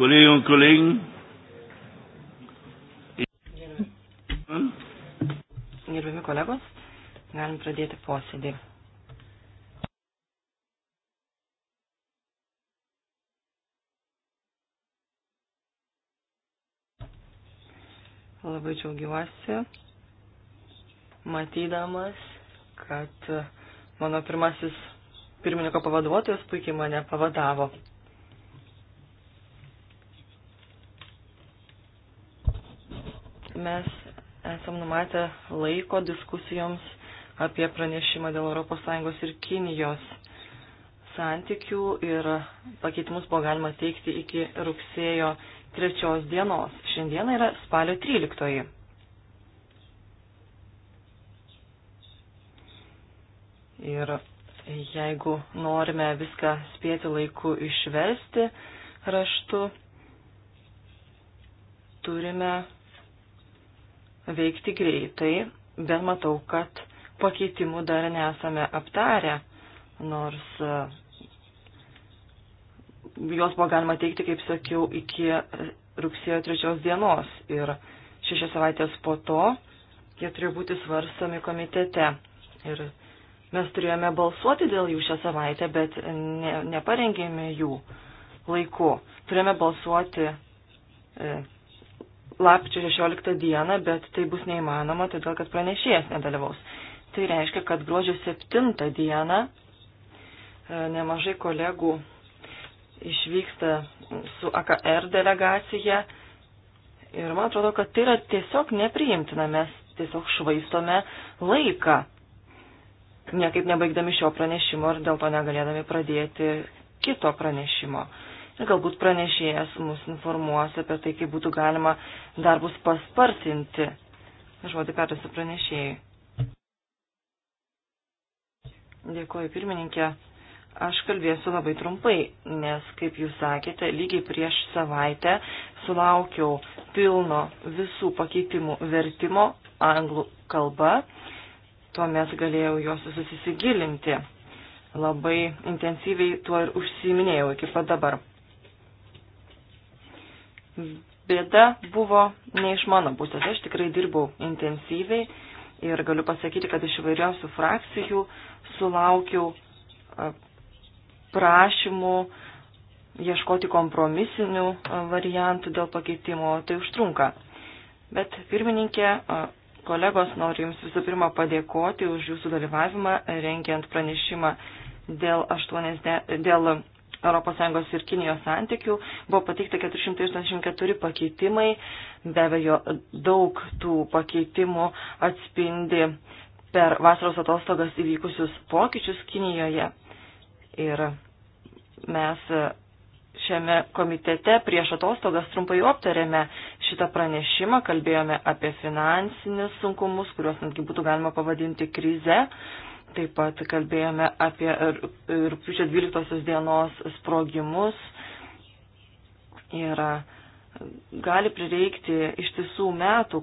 Kolleginnen und Kollegen, Gerbiami kolegos, galim pradėti posėdį. Labai džiaugiuosi, matydamas, kad mano pirmasis pirmininko pavaduotojas puikiai mane pavadavo. mes esam numatę laiko diskusijoms apie pranešimą dėl ES ir Kinijos santykių ir pakeitimus buvo galima teikti iki rugsėjo 3 dienos. Šiandien yra spalio 13. Ir jeigu norime viską spėti laiku išversti raštu, turime veikti greitai, bet matau, kad pakeitimų dar nesame aptarę, nors e, juos buvo galima teikti, kaip sakiau, iki rugsėjo trečios dienos ir šešias savaitės po to jie turėjo būti svarstami komitete. Ir mes turėjome balsuoti dėl jų šią savaitę, bet ne, neparengėme jų laiku. Turėjome balsuoti e, lapčio 16 dieną, bet tai bus neįmanoma, todėl kad pranešėjas nedalyvaus. Tai reiškia, kad gruodžio 7 dieną e, nemažai kolegų išvyksta su AKR delegacija ir man atrodo, kad tai yra tiesiog nepriimtina, mes tiesiog švaistome laiką, niekaip nebaigdami šio pranešimo ir dėl to negalėdami pradėti kito pranešimo. Galbūt pranešėjas mus informuos apie tai, kaip būtų galima darbus paspartinti. Žodį perduosiu pranešėjai. Dėkuoju pirmininkė. Aš kalbėsiu labai trumpai, nes, kaip jūs sakėte, lygiai prieš savaitę sulaukiau pilno visų pakeitimų vertimo anglų kalba. Tuomet galėjau juos susigilinti. Labai intensyviai tuo ir užsiminėjau iki pat dabar. Bėda buvo ne iš mano pusės. Aš tikrai dirbau intensyviai ir galiu pasakyti, kad iš įvairiausių frakcijų sulaukiau prašymų ieškoti kompromisinių variantų dėl pakeitimo. Tai užtrunka. Bet pirmininkė, kolegos, noriu Jums visų pirma padėkoti už Jūsų dalyvavimą rengiant pranešimą dėl, 80, dėl ES ir Kinijos santykių buvo pateikta 484 pakeitimai. Be abejo, daug tų pakeitimų atspindi per vasaros atostogas įvykusius pokyčius Kinijoje. Ir mes šiame komitete prieš atostogas trumpai aptarėme šitą pranešimą, kalbėjome apie finansinius sunkumus, kuriuos netgi būtų galima pavadinti krize. Taip pat kalbėjome apie rūpiučio 12 dienos sprogimus ir gali prireikti ištisų metų,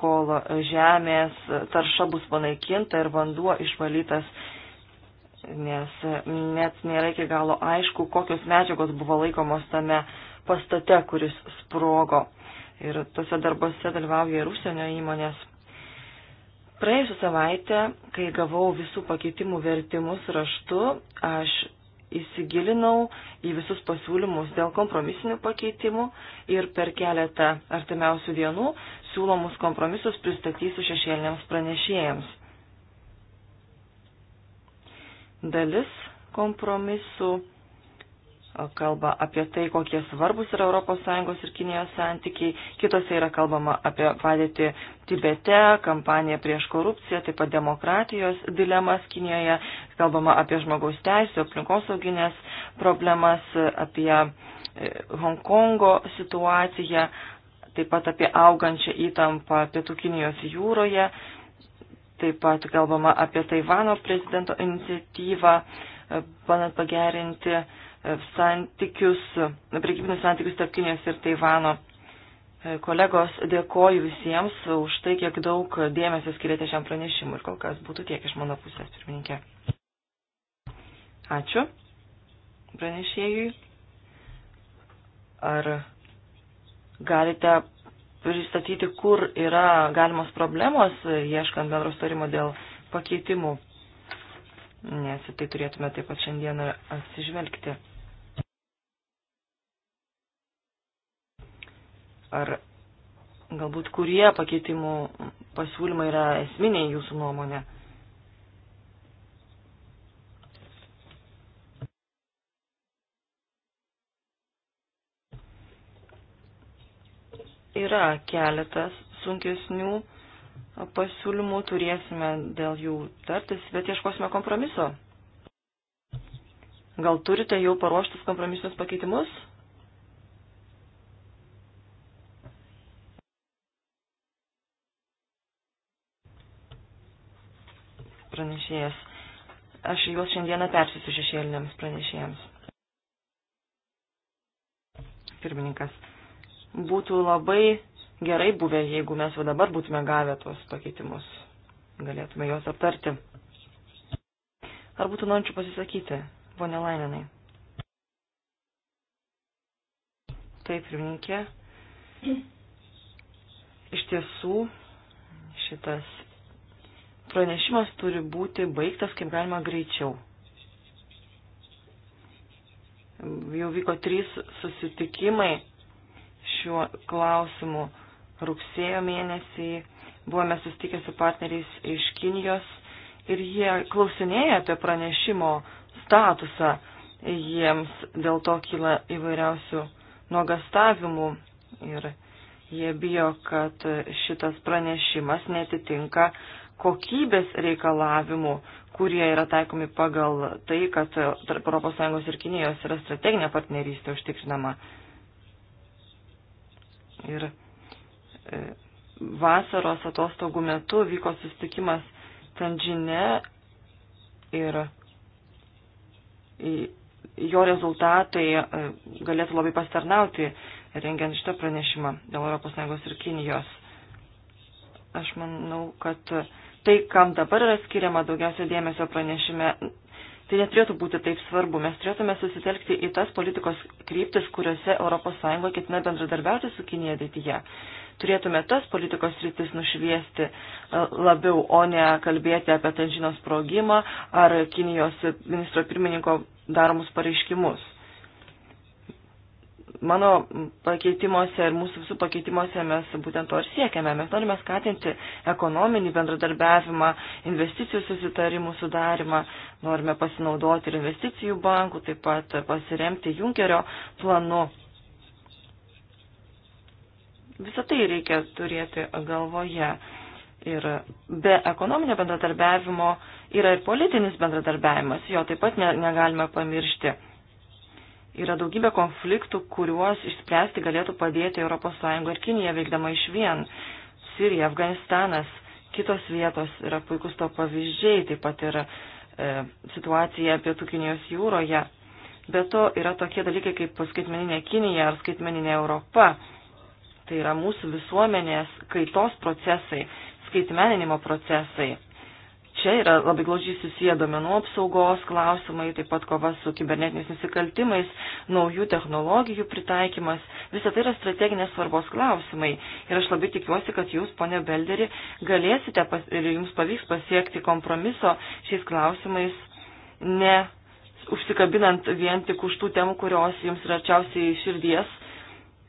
kol žemės tarša bus panaikinta ir vanduo išvalytas, nes net nėra iki galo aišku, kokios medžiagos buvo laikomos tame pastate, kuris sprogo. Ir tuose darbose dalyvauja ir užsienio įmonės Praėjusią savaitę, kai gavau visų pakeitimų vertimus raštu, aš įsigilinau į visus pasiūlymus dėl kompromisinių pakeitimų ir per keletą artimiausių dienų siūlomus kompromisus pristatysiu šešėliniams pranešėjams. Dalis kompromisų kalba apie tai, kokie svarbus yra ES ir Kinijos santykiai, kitose yra kalbama apie padėtį Tibete, kampaniją prieš korupciją, taip pat demokratijos dilemas Kinijoje, kalbama apie žmogaus teisų, aplinkosauginės problemas, apie e, Hongkongo situaciją, taip pat apie augančią įtampą pietų Kinijos jūroje, taip pat kalbama apie Taivano prezidento iniciatyvą, e, bandant pagerinti santykius, prekybinius santykius tarp Kinijos ir Taivano. E, kolegos, dėkoju visiems už tai, kiek daug dėmesio skiriate šiam pranešimui ir kol kas būtų tiek iš mano pusės, pirmininkė. Ačiū pranešėjui. Ar galite pristatyti, kur yra galimos problemos, ieškant bendro starimo dėl pakeitimų, nes tai turėtume taip pat šiandieną atsižvelgti. Ar galbūt kurie pakeitimų pasiūlymai yra esminiai jūsų nuomonė? Yra keletas sunkesnių pasiūlymų, turėsime dėl jų tartis, bet ieškosime kompromiso. Gal turite jau paruoštus kompromisinius pakeitimus? pranešėjas. Aš juos šiandieną persisiu šešėliniams pranešėjams. Pirmininkas. Būtų labai gerai buvę, jeigu mes jau dabar būtume gavę tuos pakeitimus. Galėtume juos aptarti. Ar būtų norinčių pasisakyti, ponė Laininai? Taip, pirmininkė. Iš tiesų, šitas pranešimas turi būti baigtas kaip galima greičiau. Jau vyko trys susitikimai šiuo klausimu. Rugsėjo mėnesį buvome sustikę su partneriais iš Kinijos ir jie klausinėja apie pranešimo statusą. Jiems dėl to kyla įvairiausių nuogastavimų ir jie bijo, kad šitas pranešimas netitinka kokybės reikalavimų, kurie yra taikomi pagal tai, kad tarp ES ir Kinijos yra strateginė partnerystė užtikrinama. Ir e, vasaros atostogų metu vyko susitikimas Tandžine ir e, jo rezultatai e, galėtų labai pastarnauti rengiant šitą pranešimą dėl ES ir Kinijos. Aš manau, kad tai, kam dabar yra skiriama daugiausia dėmesio pranešime, tai neturėtų būti taip svarbu. Mes turėtume susitelkti į tas politikos kryptis, kuriuose ES ketina bendradarbiauti su Kinėje ateityje. Turėtume tas politikos rytis nušviesti e, labiau, o ne kalbėti apie Tanžino sprogimą ar Kinijos ministro pirmininko daromus pareiškimus mano pakeitimuose ir mūsų visų pakeitimuose mes būtent to ir siekiame. Mes norime skatinti ekonominį bendradarbiavimą, investicijų susitarimų sudarimą, norime pasinaudoti ir investicijų bankų, taip pat pasiremti Junkerio planu. Visą tai reikia turėti galvoje. Ir be ekonominio bendradarbiavimo yra ir politinis bendradarbiavimas, jo taip pat ne, negalime pamiršti. Yra daugybė konfliktų, kuriuos išspręsti galėtų padėti ES ir Kinija veikdama iš vien. Sirija, Afganistanas, kitos vietos yra puikus to pavyzdžiai, taip pat ir e, situacija pietų Kinijos jūroje. Be to yra tokie dalykai kaip skaitmeninė Kinija ar skaitmeninė Europa. Tai yra mūsų visuomenės kaitos procesai, skaitmeninimo procesai čia yra labai glaudžiai susiję domenų apsaugos klausimai, taip pat kova su kibernetiniais nusikaltimais, naujų technologijų pritaikymas. Visą tai yra strateginės svarbos klausimai. Ir aš labai tikiuosi, kad jūs, ponė Belderi, galėsite pas, ir jums pavyks pasiekti kompromiso šiais klausimais, ne užsikabinant vien tik už tų temų, kurios jums yra arčiausiai širdies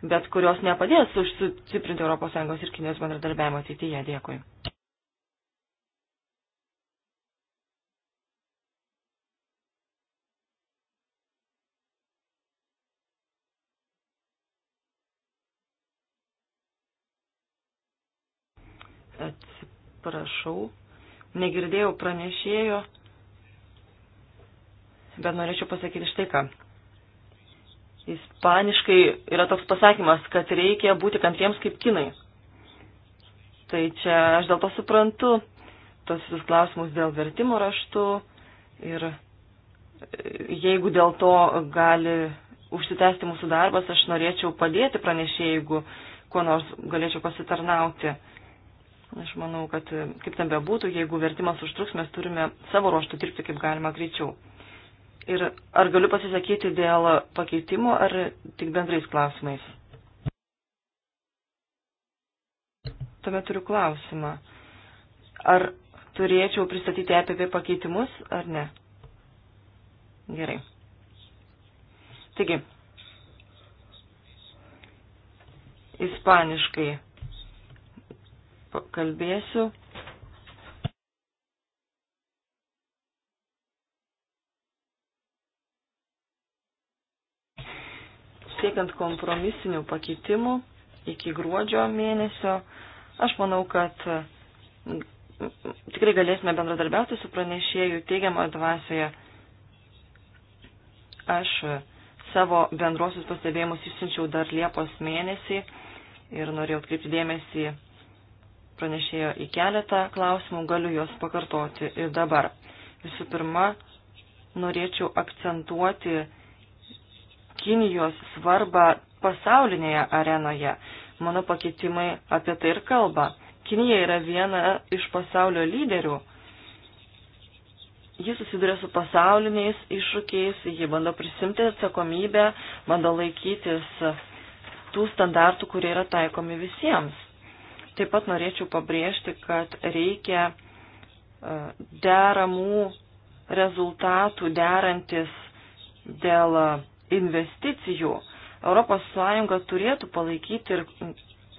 bet kurios nepadės užsitiprinti ES ir Kinijos bendradarbiavimo ateityje. Dėkui. atsiprašau, negirdėjau pranešėjo, bet norėčiau pasakyti štai ką. Ispaniškai yra toks pasakymas, kad reikia būti kantriems kaip kinai. Tai čia aš dėl to suprantu tos visus klausimus dėl vertimo raštų ir e, jeigu dėl to gali užsitęsti mūsų darbas, aš norėčiau padėti pranešėjai, jeigu kuo nors galėčiau pasitarnauti. Aš manau, kad e, kaip tam bebūtų, jeigu vertimas užtruks, mes turime savo ruoštų dirbti kaip galima greičiau. Ir ar galiu pasisakyti dėl pakeitimo, ar tik bendrais klausimais? Tuomet turiu klausimą. Ar turėčiau pristatyti EPP pakeitimus, ar ne? Gerai. Taigi, ispaniškai kalbėsiu. Siekiant kompromisinių pakeitimų iki gruodžio mėnesio, aš manau, kad tikrai galėsime bendradarbiauti su pranešėjų teigiamoje dvasioje. Aš savo bendrosius pastebėjimus išsiunčiau dar Liepos mėnesį ir norėjau atkreipti dėmesį pranešėjo į keletą klausimų, galiu juos pakartoti ir dabar. Visų pirma, norėčiau akcentuoti Kinijos svarbą pasaulinėje arenoje. Mano pakeitimai apie tai ir kalba. Kinija yra viena iš pasaulio lyderių. Ji susiduria su pasauliniais iššūkiais, ji bando prisimti atsakomybę, bando laikytis tų standartų, kurie yra taikomi visiems. Taip pat norėčiau pabrėžti, kad reikia e, deramų rezultatų derantis dėl investicijų. ES turėtų palaikyti ir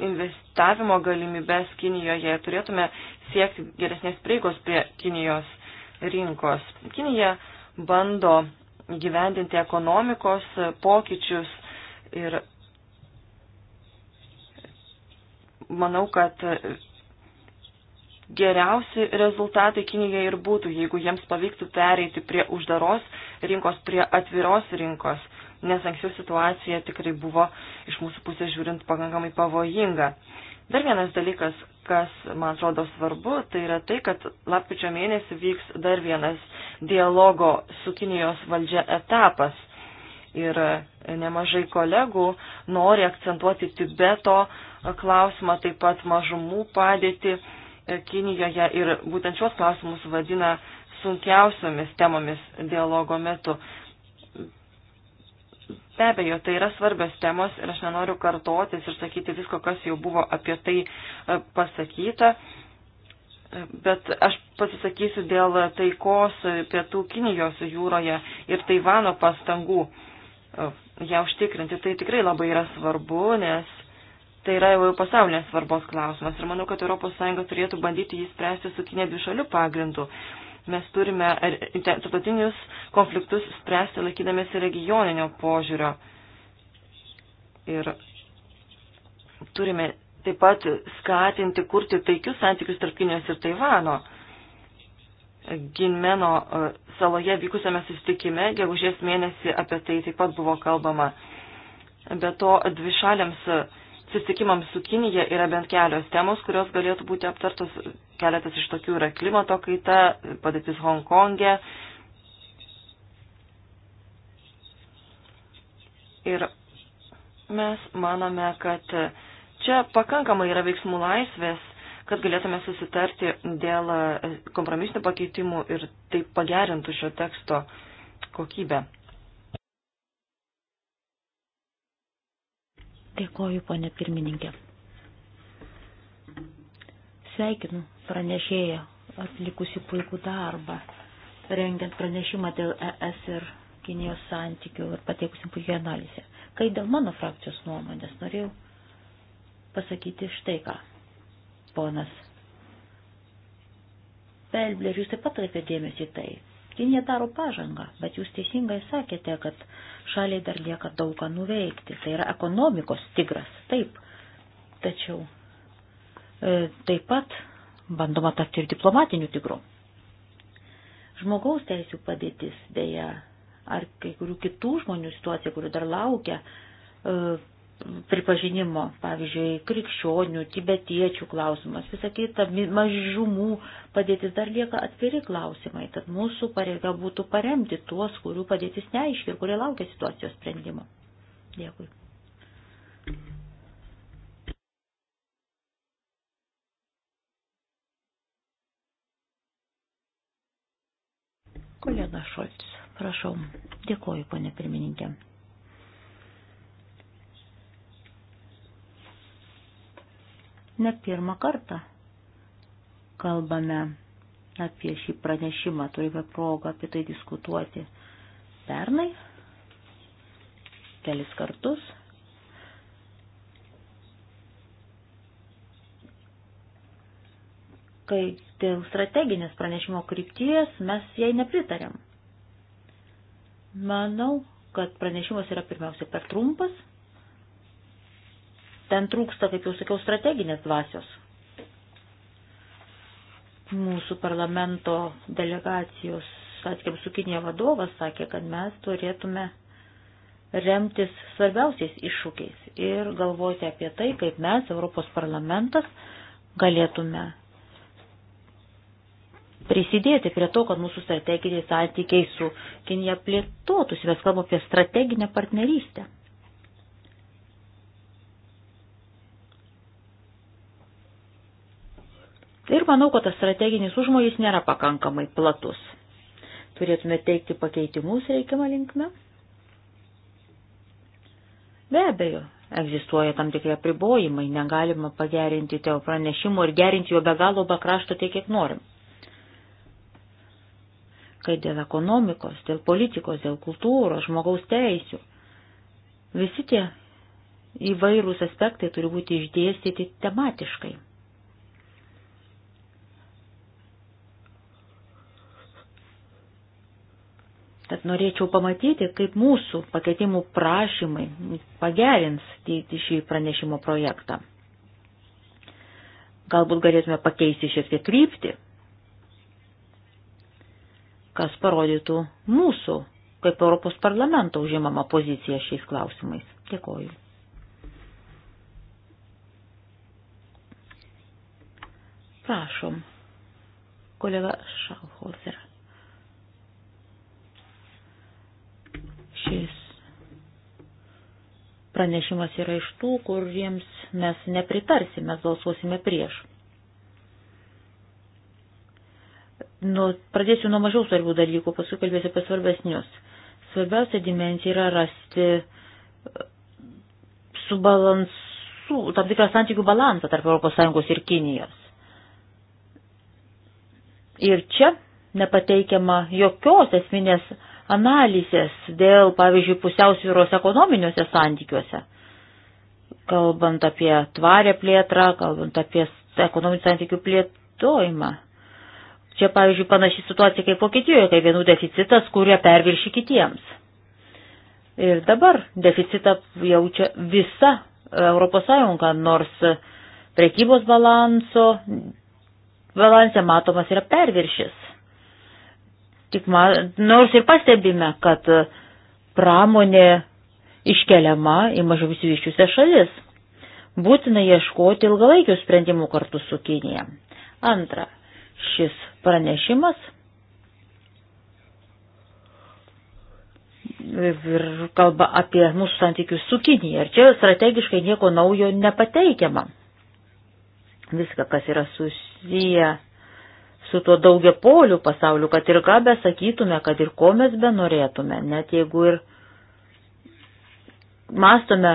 investavimo galimybės Kinijoje ir turėtume siekti geresnės prieigos prie Kinijos rinkos. Kinija bando gyvendinti ekonomikos pokyčius ir manau, kad geriausi rezultatai Kinijai ir būtų, jeigu jiems pavyktų pereiti prie uždaros rinkos, prie atviros rinkos, nes anksčiau situacija tikrai buvo iš mūsų pusės žiūrint pakankamai pavojinga. Dar vienas dalykas, kas man atrodo svarbu, tai yra tai, kad lapkričio mėnesį vyks dar vienas dialogo su Kinijos valdžia etapas. Ir nemažai kolegų nori akcentuoti Tibeto klausimą, taip pat mažumų padėtį e, Kinijoje ir būtent šios klausimus vadina sunkiausiomis temomis dialogo metu. Be abejo, tai yra svarbios temos ir aš nenoriu kartotis ir sakyti visko, kas jau buvo apie tai e, pasakyta, e, bet aš pasisakysiu dėl taikos pietų Kinijos jūroje ir Taivano pastangų ją užtikrinti. Tai tikrai labai yra svarbu, nes Tai yra jau pasaulinės svarbos klausimas ir manau, kad ES turėtų bandyti jį spręsti su Kinė dvišalių pagrindų. Mes turime tarptautinius konfliktus spręsti laikydamėsi regioninio požiūrio. Ir turime taip pat skatinti kurti taikius santykius tarp Kinijos ir Taivano. Ginmeno e, saloje vykusiame susitikime, gegužės mėnesį apie tai taip pat buvo kalbama. Be to, dvišaliams susitikimams su Kinija yra bent kelios temos, kurios galėtų būti aptartos. Keletas iš tokių yra klimato kaita, padėtis Hongkonge. Ir mes manome, kad čia pakankamai yra veiksmų laisvės, kad galėtume susitarti dėl kompromisinių pakeitimų ir taip pagerintų šio teksto kokybę. Dėkoju, ponė pirmininkė. Sveikinu pranešėją atlikusi puikų darbą, rengiant pranešimą dėl ES ir Kinijos santykių ir pateikusim puikią analizę. Kai dėl mano frakcijos nuomonės norėjau pasakyti štai ką, ponas Pelbler, jūs taip pat atkreipėte dėmesį tai, Kinija daro pažangą, bet jūs teisingai sakėte, kad šaliai dar lieka daug ką nuveikti. Tai yra ekonomikos tigras, taip. Tačiau e, taip pat bandoma tapti ir diplomatiniu tigru. Žmogaus teisų padėtis, dėja, ar kai kurių kitų žmonių situacija, kurių dar laukia, e, pripažinimo, pavyzdžiui, krikščionių, tibetiečių klausimas, visa kita, mažumų padėtis dar lieka atviri klausimai, tad mūsų pareiga būtų paremti tuos, kurių padėtis neaiški ir kurie laukia situacijos sprendimo. Dėkui. Kolega Šolcis, prašau. Dėkoju, ponė pirmininkė. Ne pirmą kartą kalbame apie šį pranešimą, turime progą apie tai diskutuoti pernai, kelis kartus. Kai dėl strateginės pranešimo krypties mes jai nepritarėm. Manau, kad pranešimas yra pirmiausia per trumpas, Ten trūksta, kaip jau sakiau, strateginės dvasios. Mūsų parlamento delegacijos santykiams su Kinėje vadovas sakė, kad mes turėtume remtis svarbiausiais iššūkiais ir galvoti apie tai, kaip mes, Europos parlamentas, galėtume prisidėti prie to, kad mūsų strateginiai santykiai su Kinija plėtotųsi. Mes kalbame apie strateginę partnerystę. Ir manau, kad tas strateginis užmojis nėra pakankamai platus. Turėtume teikti pakeitimus reikiamą linkme. Be abejo, egzistuoja tam tikrie pribojimai, negalima pagerinti tėvo pranešimo ir gerinti jo be galo be krašto tiek, kiek norim. Kai dėl ekonomikos, dėl politikos, dėl kultūros, žmogaus teisių, visi tie įvairūs aspektai turi būti išdėstyti tematiškai. Tad norėčiau pamatyti, kaip mūsų pakeitimų prašymai pagerins šį pranešimo projektą. Galbūt galėtume pakeisti šiek tiek kryptį, kas parodytų mūsų kaip Europos parlamento užimama pozicija šiais klausimais. Dėkoju. Prašom, kolega Šauholzer. Šis pranešimas yra iš tų, kuriems mes nepritarsime, mes balsuosime prieš. Nu, pradėsiu nuo mažiau svarbių dalykų, paskui kalbėsiu apie svarbesnius. Svarbiausia dimensija yra rasti e, subalansų, tam tikrą santykių balansą tarp ES ir Kinijos. Ir čia nepateikiama jokios esminės analizės dėl, pavyzdžiui, pusiausvyros ekonominiuose santykiuose. Kalbant apie tvarę plėtrą, kalbant apie ekonominių santykių plėtojimą. Čia, pavyzdžiui, panaši situacija kaip Vokietijoje, kai vienų deficitas kuria perviršį kitiems. Ir dabar deficitą jaučia visa ES, nors prekybos balanso, balansė matomas yra perviršis tik man, nors ir pastebime, kad pramonė iškeliama į mažiau įsivyščiusią šalis. Būtina ieškoti ilgalaikių sprendimų kartu su Kinija. Antra, šis pranešimas ir kalba apie mūsų santykius su Kinija. Ir čia strategiškai nieko naujo nepateikiama. Viską, kas yra susiję su tuo daugia polių pasauliu, kad ir ką besakytume, kad ir ko mes benorėtume, net jeigu ir mastome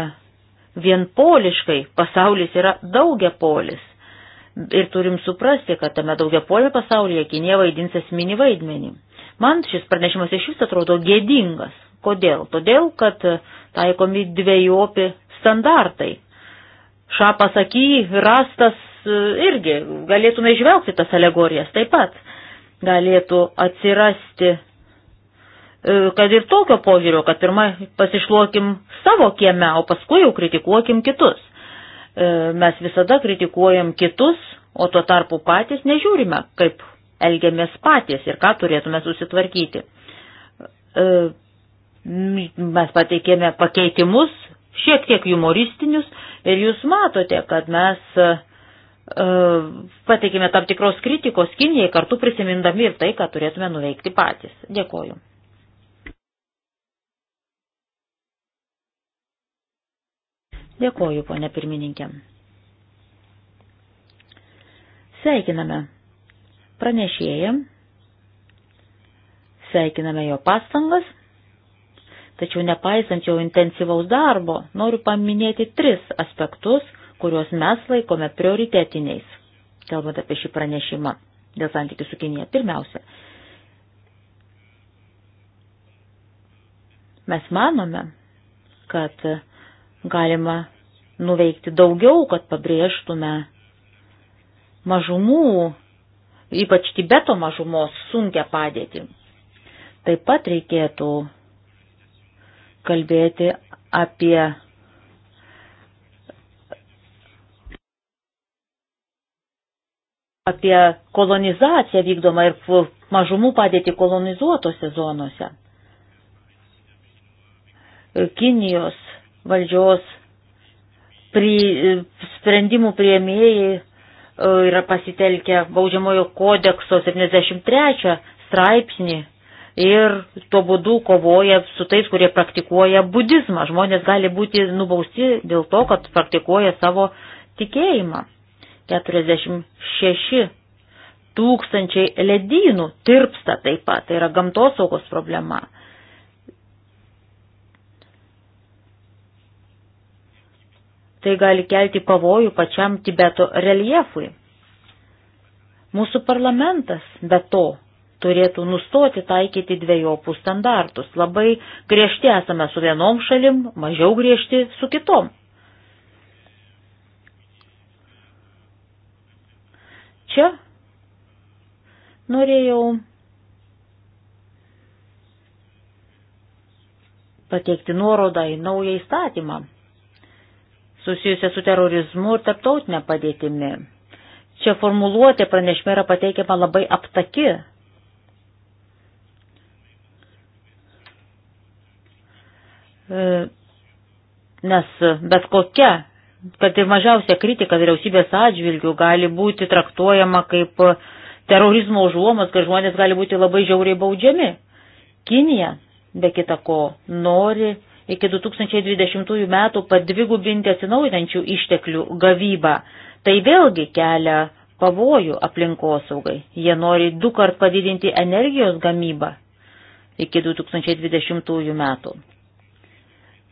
vienpoliškai, pasaulis yra daugia polis. Ir turim suprasti, kad tame daugia polio pasaulyje Kinė vaidins esminį vaidmenį. Man šis pranešimas iš vis atrodo gėdingas. Kodėl? Todėl, kad taikomi dviejopi standartai. Šapasaky rastas E, irgi galėtume žvelgti tas alegorijas taip pat. Galėtų atsirasti, e, kad ir tokio požiūrio, kad pirmai pasišluokim savo kieme, o paskui jau kritikuokim kitus. E, mes visada kritikuojam kitus, o tuo tarpu patys nežiūrime, kaip elgiamės patys ir ką turėtume susitvarkyti. Mes pateikėme pakeitimus, šiek tiek humoristinius ir jūs matote, kad mes E, pateikėme tam tikros kritikos Kinijai, kartu prisimindami ir tai, ką turėtume nuveikti patys. Dėkoju. Dėkoju, ponė pirmininkė. Sveikiname pranešėją, sveikiname jo pastangas, tačiau nepaisant jo intensyvaus darbo, noriu paminėti tris aspektus – kuriuos mes laikome prioritetiniais, kalbant apie šį pranešimą dėl santykių su Kinija. Pirmiausia, mes manome, kad galima nuveikti daugiau, kad pabrėžtume mažumų, ypač Tibeto mažumos sunkia padėtį. Taip pat reikėtų kalbėti apie apie kolonizaciją vykdomą ir mažumų padėti kolonizuotose zonose. Kinijos valdžios pri, sprendimų prieimėjai e, yra pasitelkę baudžiamojo kodekso 73 straipsnį ir tuo būdu kovoja su tais, kurie praktikuoja budizmą. Žmonės gali būti nubausti dėl to, kad praktikuoja savo tikėjimą. 46 tūkstančiai ledynų tirpsta taip pat, tai yra gamtosaugos problema. Tai gali kelti pavojų pačiam Tibeto reljefui. Mūsų parlamentas be to turėtų nustoti taikyti dviejopų standartus. Labai griežti esame su vienom šalim, mažiau griežti su kitom. Čia norėjau pateikti nuorodą į naują įstatymą susijusią su terorizmu ir tarptautinę padėtimi. Čia formuluotė pranešime yra pateikiama labai aptaki. E, nes bet kokia kad ir mažiausia kritika vyriausybės atžvilgių gali būti traktuojama kaip terorizmo užuomas, kad žmonės gali būti labai žiauriai baudžiami. Kinija, be kita ko, nori iki 2020 metų padvigubinti atsinaujinančių išteklių gavybą. Tai vėlgi kelia pavojų aplinkosaugai. Jie nori du kart padidinti energijos gamybą iki 2020 metų.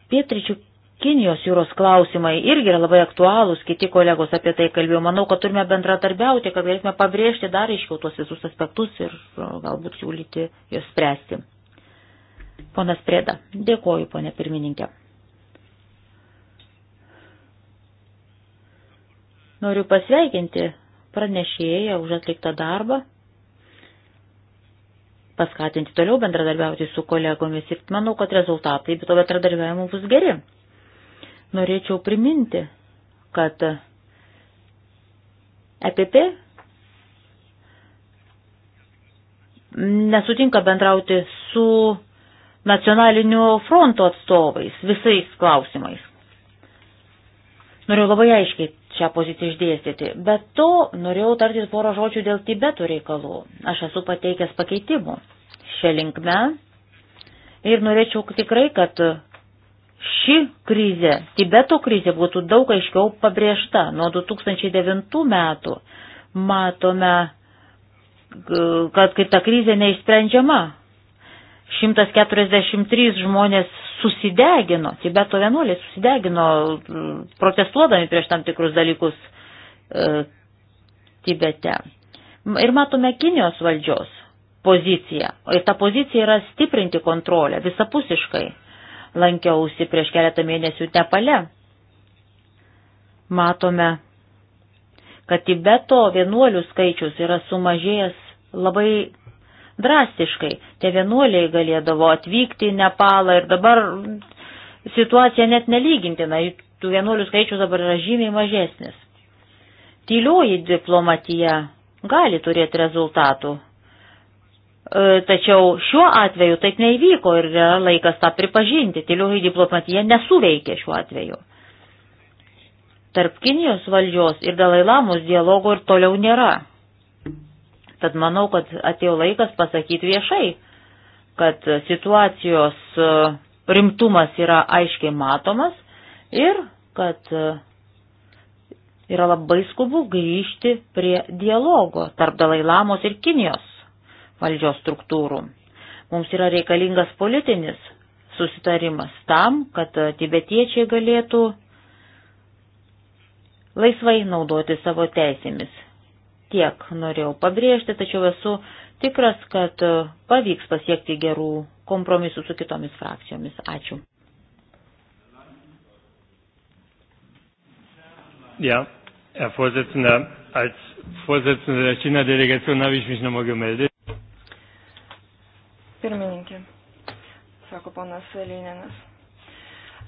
Pietričių Kinijos jūros klausimai irgi yra labai aktualūs, kiti kolegos apie tai kalbėjo. Manau, kad turime bendratarbiauti, kad galėtume pabrėžti dar aiškiau tuos visus aspektus ir galbūt siūlyti juos spręsti. Ponas Prėda, dėkoju, ponė pirmininkė. Noriu pasveikinti pranešėją už atliktą darbą, paskatinti toliau bendradarbiauti su kolegomis ir manau, kad rezultatai to bendradarbiavimo bus geri. Norėčiau priminti, kad EPP nesutinka bendrauti su nacionaliniu fronto atstovais visais klausimais. Noriu labai aiškiai šią poziciją išdėstyti, bet to norėjau tartis porą žodžių dėl Tibeto reikalų. Aš esu pateikęs pakeitimų šią linkmę ir norėčiau tikrai, kad ši krizė, Tibeto krizė būtų daug aiškiau pabrėžta. Nuo 2009 metų matome, kad kai ta krizė neišsprendžiama, 143 žmonės susidegino, Tibeto vienuoliai susidegino protestuodami prieš tam tikrus dalykus e, Tibete. Ir matome Kinijos valdžios poziciją, ir ta pozicija yra stiprinti kontrolę visapusiškai lankiausi prieš keletą mėnesių Nepale. Matome, kad Tibeto vienuolių skaičius yra sumažėjęs labai drastiškai. Tie vienuoliai galėdavo atvykti į Nepalą ir dabar situacija net nelygintina, tų vienuolių skaičius dabar yra žymiai mažesnis. Tylioji diplomatija gali turėti rezultatų, E, tačiau šiuo atveju taip neįvyko ir yra laikas tą pripažinti. Tylioji diplomatija nesuveikė šiuo atveju. Tarp Kinijos valdžios ir Dalailamos dialogo ir toliau nėra. Tad manau, kad atėjo laikas pasakyti viešai, kad situacijos e, rimtumas yra aiškiai matomas ir kad e, yra labai skubu grįžti prie dialogo tarp Dalailamos ir Kinijos valdžios struktūrų. Mums yra reikalingas politinis susitarimas tam, kad tibetiečiai galėtų laisvai naudoti savo teisėmis. Tiek norėjau pabrėžti, tačiau esu tikras, kad pavyks pasiekti gerų kompromisų su kitomis frakcijomis. Ačiū. Ja, Herr Vorsitzender, als Vorsitzender der China-Delegation habe ich mich nochmal gemeldet. Pirmininkė, sako ponas Lininas.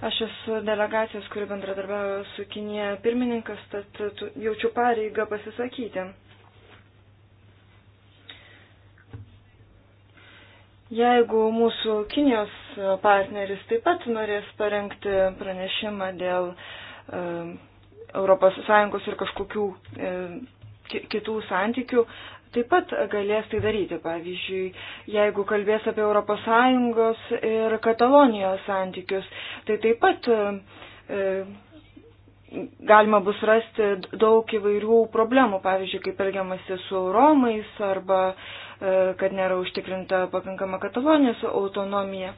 Aš esu delegacijos, kuri bendradarbiavo su Kinėje pirmininkas, tad jaučiu pareigą pasisakyti. Jeigu mūsų Kinijos partneris taip pat norės parengti pranešimą dėl ES ir kažkokių e, kitų santykių, taip pat galės tai daryti. Pavyzdžiui, jeigu kalbės apie ES ir Katalonijos santykius, tai taip pat e, galima bus rasti daug įvairių problemų, pavyzdžiui, kaip elgiamasi su Romais arba e, kad nėra užtikrinta pakankama Katalonijos autonomija.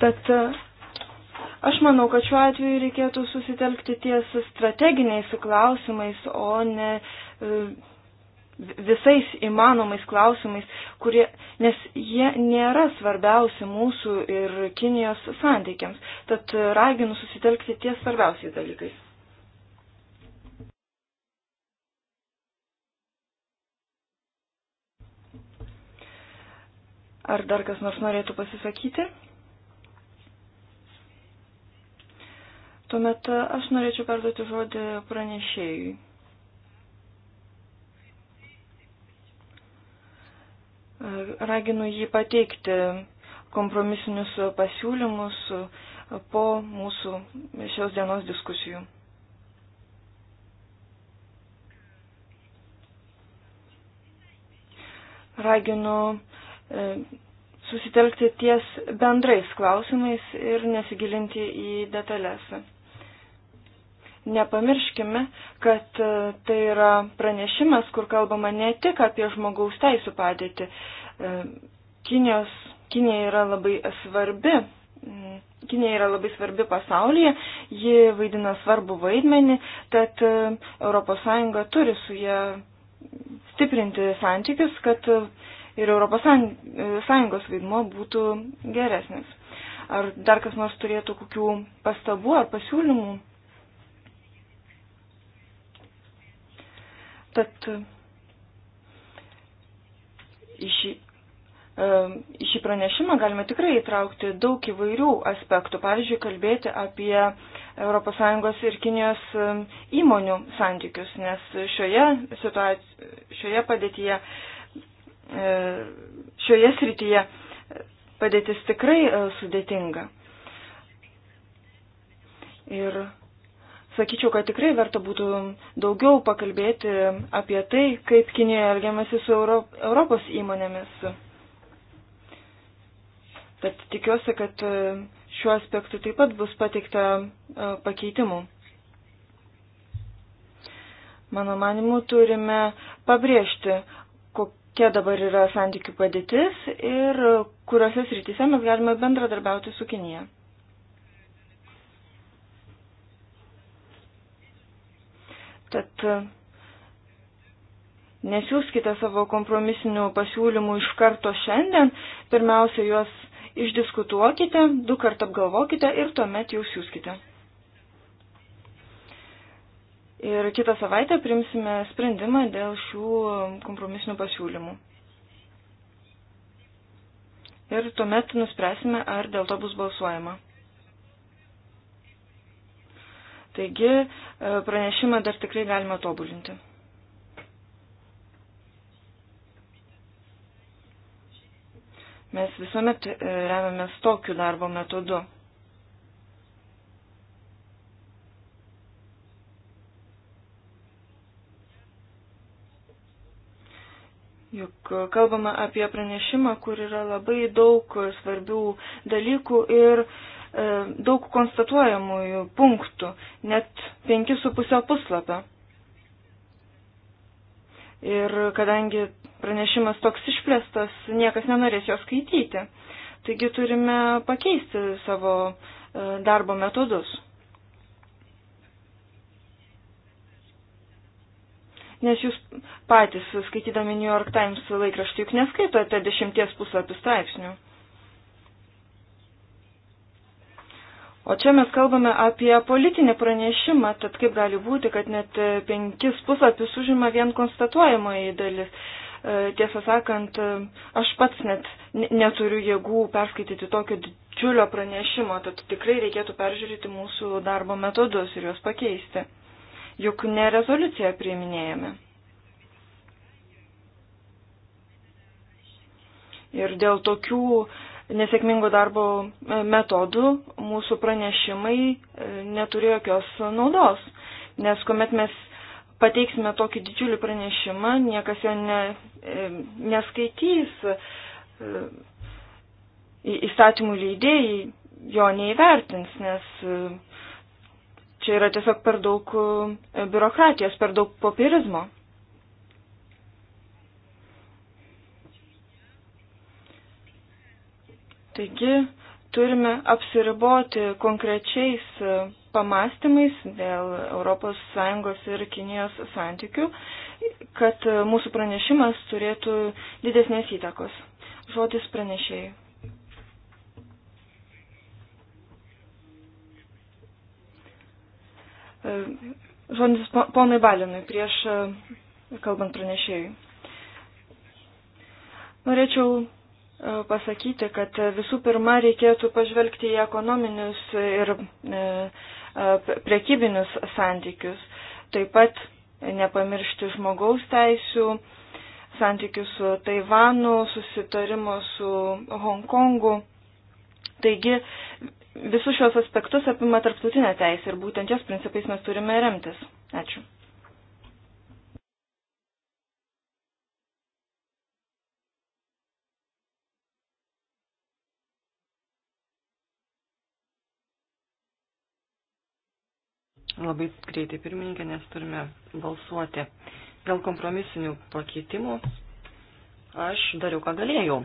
Tad Aš manau, kad šiuo atveju reikėtų susitelkti ties strateginiais klausimais, o ne e, visais įmanomais klausimais, kurie, nes jie nėra svarbiausi mūsų ir Kinijos santykiams. Tad raginu susitelkti ties svarbiausiais dalykais. Ar dar kas nors norėtų pasisakyti? Tuomet e, aš norėčiau perduoti žodį pranešėjui. E, raginu jį pateikti kompromisinius pasiūlymus po mūsų šios dienos diskusijų. Raginu e, susitelkti ties bendrais klausimais ir nesigilinti į detalės. Nepamirškime, kad e, tai yra pranešimas, kur kalbama ne tik apie žmogaus teisų padėtį. E, Kinijos, Kinija yra labai svarbi. Kinija yra labai svarbi pasaulyje, ji vaidina svarbu vaidmenį, tad ES turi su ją stiprinti santykius, kad e, ir ES vaidmo būtų geresnis. Ar dar kas nors turėtų kokių pastabų ar pasiūlymų? Tad į šį, e, į šį pranešimą galime tikrai įtraukti daug įvairių aspektų. Pavyzdžiui, kalbėti apie ES ir Kinijos e, įmonių santykius, nes šioje, šioje padėtyje, e, šioje srityje padėtis tikrai sudėtinga. Ir sakyčiau, kad tikrai verta būtų daugiau pakalbėti apie tai, kaip Kinijoje elgiamasi su Euro, Europos įmonėmis. Tad tikiuosi, kad e, šiuo aspektu taip pat bus pateikta e, pakeitimų. Mano manimu, turime pabrėžti, kokia dabar yra santykių padėtis ir kuriuose srityse mes galime bendradarbiauti su Kinija. Tad e, nesiūskite savo kompromisinių pasiūlymų iš karto šiandien, pirmiausia juos išdiskutuokite, du kartą apgalvokite ir tuomet jau siūskite. Ir kitą savaitę primsime sprendimą dėl šių kompromisinių pasiūlymų. Ir tuomet nuspręsime, ar dėl to bus balsuojama. Taigi e, pranešimą dar tikrai galima tobulinti. Mes visuomet e, remiamės tokiu darbo metodu. Juk kalbama apie pranešimą, kur yra labai daug svarbių dalykų ir uh, E, daug konstatuojamųjų punktų, net 5,5 puslapio. Ir kadangi pranešimas toks išplėstas, niekas nenorės jo skaityti. Taigi turime pakeisti savo e, darbo metodus. Nes jūs patys, skaitydami New York Times laikraštį, juk neskaitote dešimties puslapių straipsnių. O čia mes kalbame apie politinį pranešimą, tad kaip gali būti, kad net e, penkis puslapius užima vien konstatuojamoji dalis. E, tiesą sakant, e, aš pats net neturiu jėgų perskaityti tokio didžiulio pranešimo, tad tikrai reikėtų peržiūrėti mūsų darbo metodus ir juos pakeisti. Juk ne rezoliuciją priiminėjame. Ir dėl tokių uh, nesėkmingų darbo e, metodų mūsų pranešimai e, neturi jokios naudos, nes kuomet mes pateiksime tokį didžiulį pranešimą, niekas jo ne, e, neskaitys, įstatymų leidėjai jo neįvertins, nes čia yra tiesiog per daug biurokratijos, per daug popierizmo. Taigi turime apsiriboti konkrečiais e, pamastymais dėl ES ir Kinijos santykių, kad e, mūsų pranešimas turėtų didesnės įtakos. Žodis pranešėjai. E, žodis ponui Balinui prieš kalbant pranešėjui. Norėčiau pasakyti, kad visų pirma reikėtų pažvelgti į ekonominius ir e, e, prekybinius santykius. Taip pat nepamiršti žmogaus teisių, santykių su Taivanu, susitarimo su Hongkongu. Taigi visus šios aspektus apima tarptautinė teisė ir būtent jos principais mes turime remtis. Ačiū. Labai greitai pirmininkė, nes turime balsuoti. Dėl kompromisinių pakeitimų aš dariau, ką galėjau.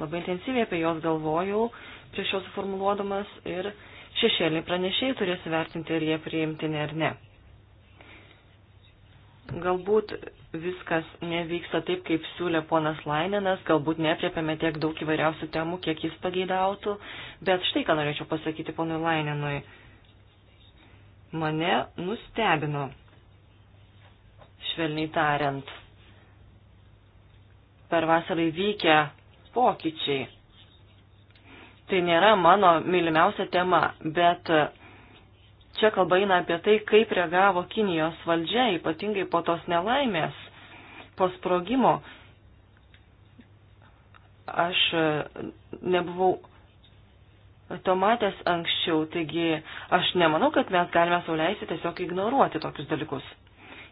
Labai intensyviai apie juos galvojau prieš juos formuluodamas ir šešėlį pranešėjai turės vertinti, ar jie priimtini ar ne. Galbūt viskas nevyksta taip, kaip siūlė ponas Laininas, galbūt neapriepiame tiek daug įvairiausių temų, kiek jis pageidautų, bet štai ką norėčiau pasakyti ponui Laininui mane nustebino, švelniai tariant, per vasarą įvykę pokyčiai. Tai nėra mano mylimiausia tema, bet čia kalba eina apie tai, kaip reagavo Kinijos valdžia, ypatingai po tos nelaimės, po sprogimo. Aš nebuvau to matęs anksčiau, taigi aš nemanau, kad mes galime sauliaisi tiesiog ignoruoti tokius dalykus.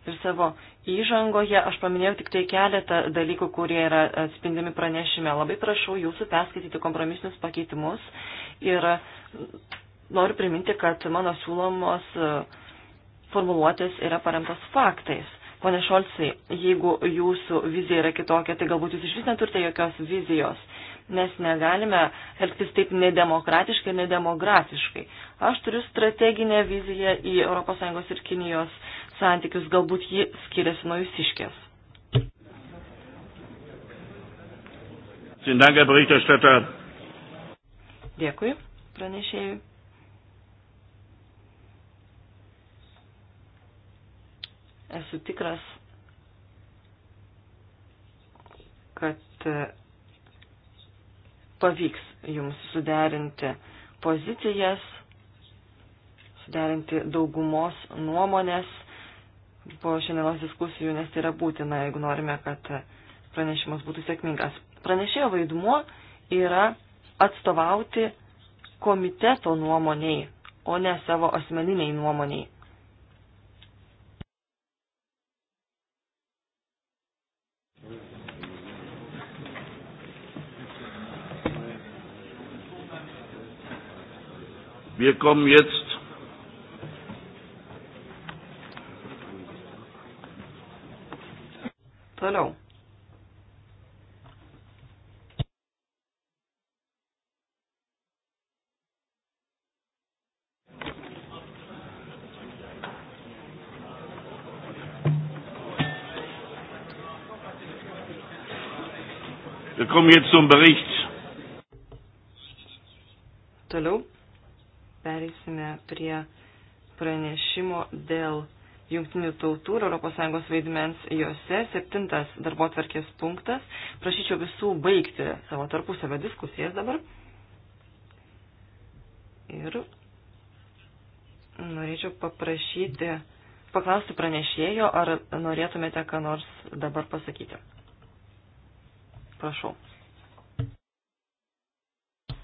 Ir savo įžangoje aš paminėjau tik tai keletą dalykų, kurie yra atspindimi pranešime. Labai prašau jūsų perskaityti kompromisinius pakeitimus ir noriu priminti, kad mano siūlomos e, formuluotės yra paremtos faktais. Pone Šolcai, jeigu jūsų vizija yra kitokia, tai galbūt jūs iš vis neturite jokios vizijos Mes negalime elgtis taip nedemokratiškai, nedemografiškai. Aš turiu strateginę viziją į ES ir Kinijos santykius, galbūt ji skiriasi nuo jūsiškės. Dėkui, pranešėjai. Esu tikras, kad pavyks jums suderinti pozicijas, suderinti daugumos nuomonės po šiandienos diskusijų, nes tai yra būtina, jeigu norime, kad pranešimas būtų sėkmingas. Pranešėjo vaidmuo yra atstovauti komiteto nuomoniai, o ne savo asmeniniai nuomoniai. Wir kommen jetzt Toliau. Wir kommen jetzt zum Bericht. Toliau. Pereisime prie pranešimo dėl Junktinių tautų ir ES vaidmens juose. Septintas darbo tvarkės punktas. Prašyčiau visų baigti savo tarpusavę diskusijas dabar. Ir norėčiau paprašyti, paklausti pranešėjo, ar norėtumėte ką nors dabar pasakyti. Prašau.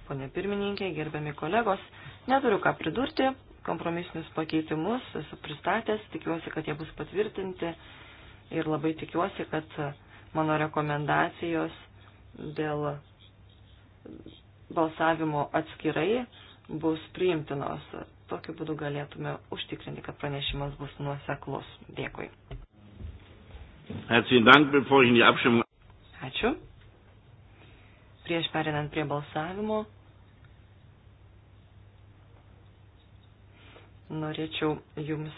Pone pirmininkė, gerbiami kolegos. Neturiu ką pridurti, kompromisinius pakeitimus esu pristatęs, tikiuosi, kad jie bus patvirtinti ir labai tikiuosi, kad mano rekomendacijos dėl balsavimo atskirai bus priimtinos. Tokiu būdu galėtume užtikrinti, kad pranešimas bus nuoseklus. Dėkui. Ačiū. Prieš perinant prie balsavimo norėčiau Jums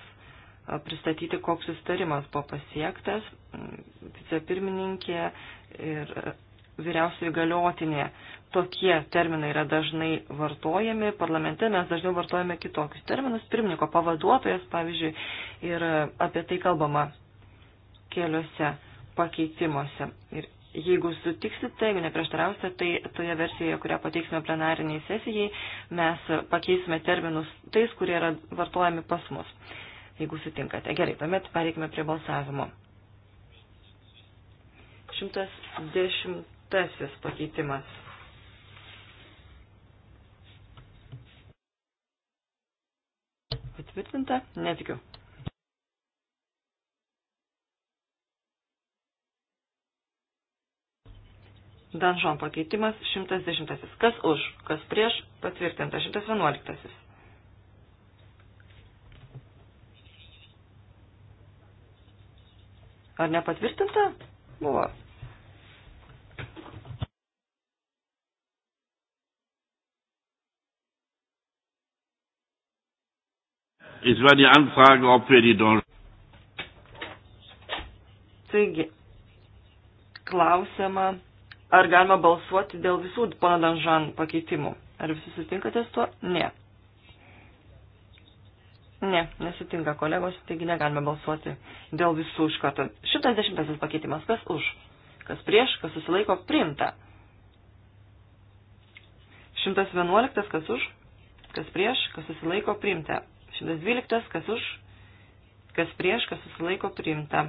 pristatyti, koks sustarimas buvo pasiektas. Vicepirmininkė ir vyriausiai galiotinė. Tokie terminai yra dažnai vartojami. Parlamente mes dažniau vartojame kitokius terminus. Pirmininko pavaduotojas, pavyzdžiui, ir apie tai kalbama keliose pakeitimuose. Ir Jeigu sutiksite, jeigu neprieštarausite, tai toje versijoje, kurią pateiksime plenariniai sesijai, mes pakeisime terminus tais, kurie yra vartojami pas mus. Jeigu sutinkate. Gerai, tuomet pareikime prie balsavimo. 110 pakeitimas. Patvirtinta? Netikiu. Danžon pakeitimas 110. Kas už, kas prieš, patvirtinta 111. Ar nepatvirtinta? Buvo. Es war die Anfrage, ob wir die Don Taigi, klausimą Ar galima balsuoti dėl visų pono Danžan pakeitimų? Ar visi sutinkate su tuo? Ne. Ne, nesutinka kolegos, taigi negalime balsuoti dėl visų iš karto. Šitas dešimtasis pakeitimas, kas už, kas prieš, kas susilaiko, priimta. 111, kas už, kas prieš, kas susilaiko, priimta. 112, kas už, kas prieš, kas susilaiko, priimta.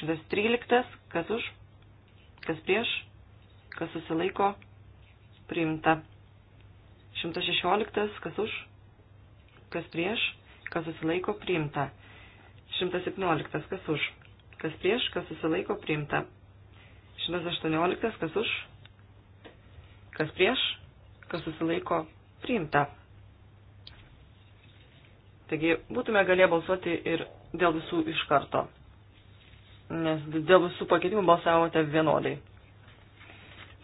113, kas už, kas prieš, kas susilaiko, priimta. 116, kas už, kas prieš, kas susilaiko, priimta. 117, kas už, kas prieš, kas susilaiko, priimta. 118, kas už, kas prieš, kas susilaiko, priimta. Taigi būtume galėję balsuoti ir dėl visų iš karto, nes dėl visų pakeitimų balsavote vienodai.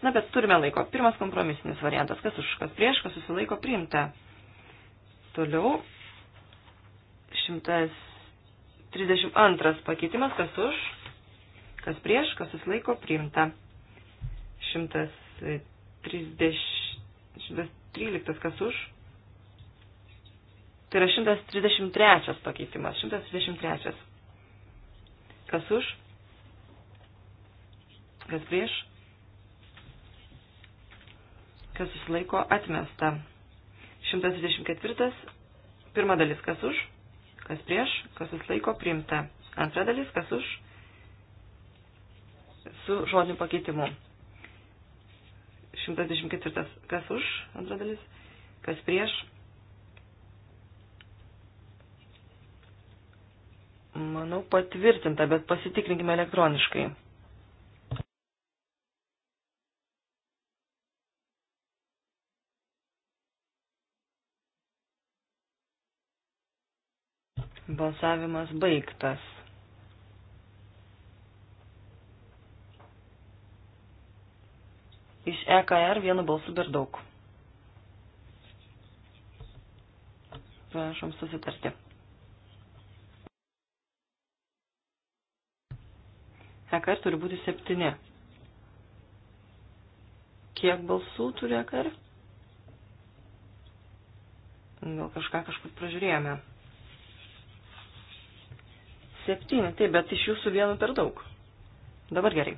Na, bet turime laiko. Pirmas kompromisinis variantas. Kas už, kas prieš, kas susilaiko priimta. Toliau. 132 pakeitimas. Kas už, kas prieš, kas susilaiko priimta. 130, 113 kas už. Tai yra 133 pakeitimas. 133. Kas už? Kas prieš? kas susilaiko atmesta. 124. Pirma dalis, kas už, kas prieš, kas susilaiko priimta. Antra dalis, kas už, su žodiniu pakeitimu. 124. Kas už, antra dalis, kas prieš. Manau patvirtinta, bet pasitikrinkime elektroniškai. Balsavimas baigtas. Iš EKR vienu balsu per daug. Prašom susitarti. EKR turi būti septyni. Kiek balsų turi EKR? Gal kažką kažkur pražiūrėjome. Septyni, taip, bet iš jūsų vienu per daug. Dabar gerai.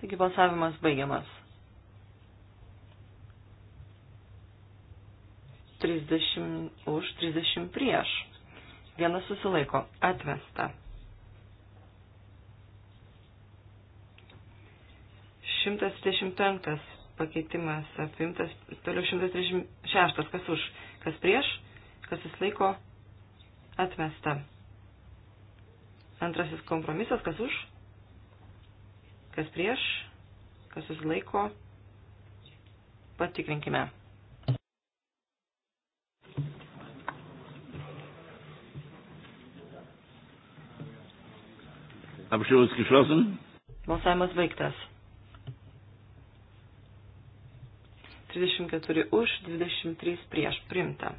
Taigi balsavimas baigiamas. 30 už, 30 prieš. Vienas susilaiko. Atmesta. 125 pakeitimas apimtas, toliau 136, kas už, kas prieš, kas susilaiko, Atmesta. Antrasis kompromisas, kas už, kas prieš, kas susilaiko. Patikrinkime. Apšiaus geschlossen. Balsavimas baigtas. 34 už, 23 prieš. Primta.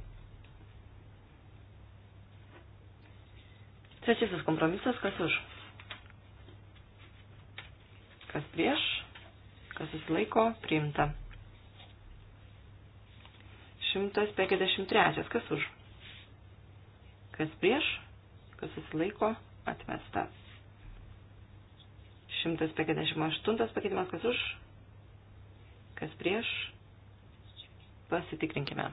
Trečiasis kompromisas, kas už? Kas prieš? Kas susilaiko? Priimta. 153. Kas už? Kas prieš? Kas susilaiko? Atmesta. 158 pakeitimas, kas už, kas prieš, pasitikrinkime.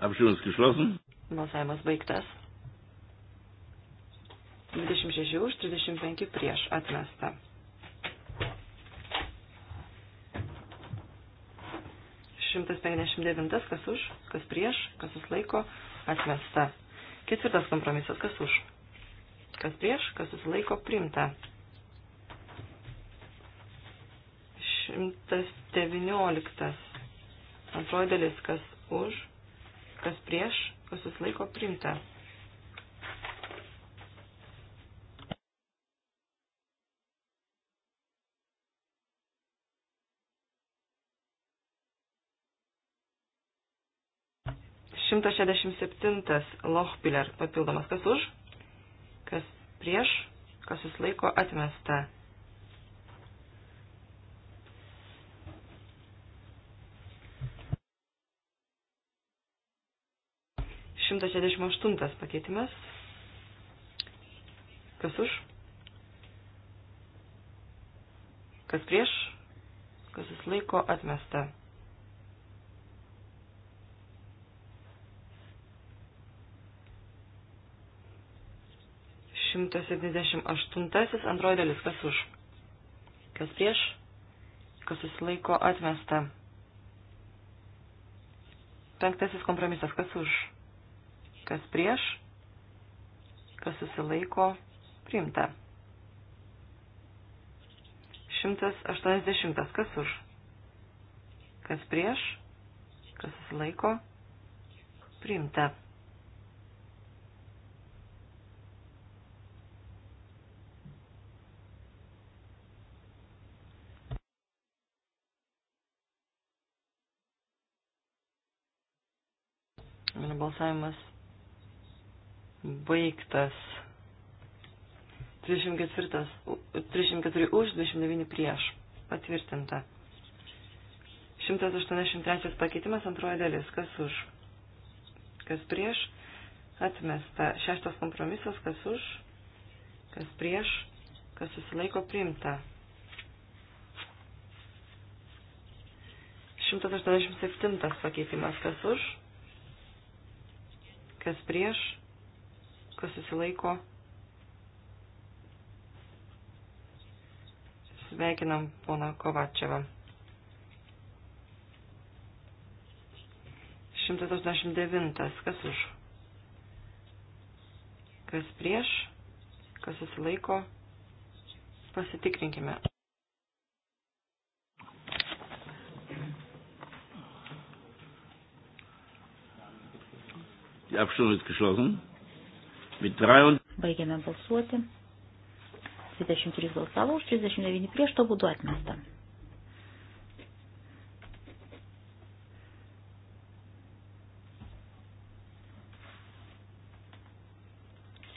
Apšimas geschlossen. Balsavimas baigtas. 26 už, 35 prieš atmesta. Šimtas penkiasdešimt devintas, kas už, kas prieš, kas susilaiko, atmesta. Ketvirtas kompromisas, kas už, kas prieš, kas susilaiko, primta. 119. Antroji dalis, kas už, kas prieš, kas susilaiko priimta. Šimtas šešiasdešimt septintas Lochpiller papildomas kas už, kas prieš, kas susilaiko atmesta. 168 pakeitimas. Kas už? Kas prieš? Kas susilaiko atmesta. Šimtas septyniasdešimt aštuntasis antroji dalis. Kas už? Kas prieš? Kas susilaiko atmesta. Penktasis kompromisas. Kas už? kas prieš, kas susilaiko, priimta. 180, kas už, kas prieš, kas susilaiko, priimta. balsavimas baigtas. 34, 34 už, 29 prieš. Patvirtinta. 183 pakeitimas antroji dalis. Kas už? Kas prieš? Atmesta. Šeštas kompromisas. Kas už? Kas prieš? Kas susilaiko priimta. 187 pakeitimas. Kas už? Kas prieš? kas susilaiko. Sveikinam poną Kovačevą. 189. Kas už? Kas prieš? Kas susilaiko? Pasitikrinkime. Die Abstimmung ist geschlossen. Baigiame balsuoti. 23 balsavo už, 39 prieš, to būdu atmesta.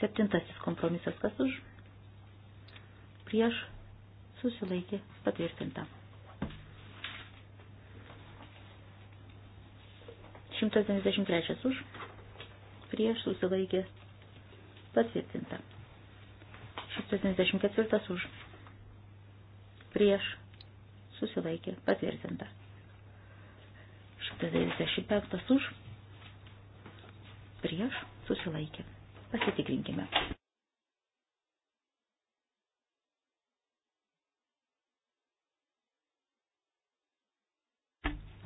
Septintasis kompromisas kas už? Prieš susilaikė patvirtinta. 193 už. Prieš susilaikė Patvirtinta. 174 už. Prieš. Susilaikė. Patvirtinta. 195 už. Prieš. Susilaikė. Pasitikrinkime.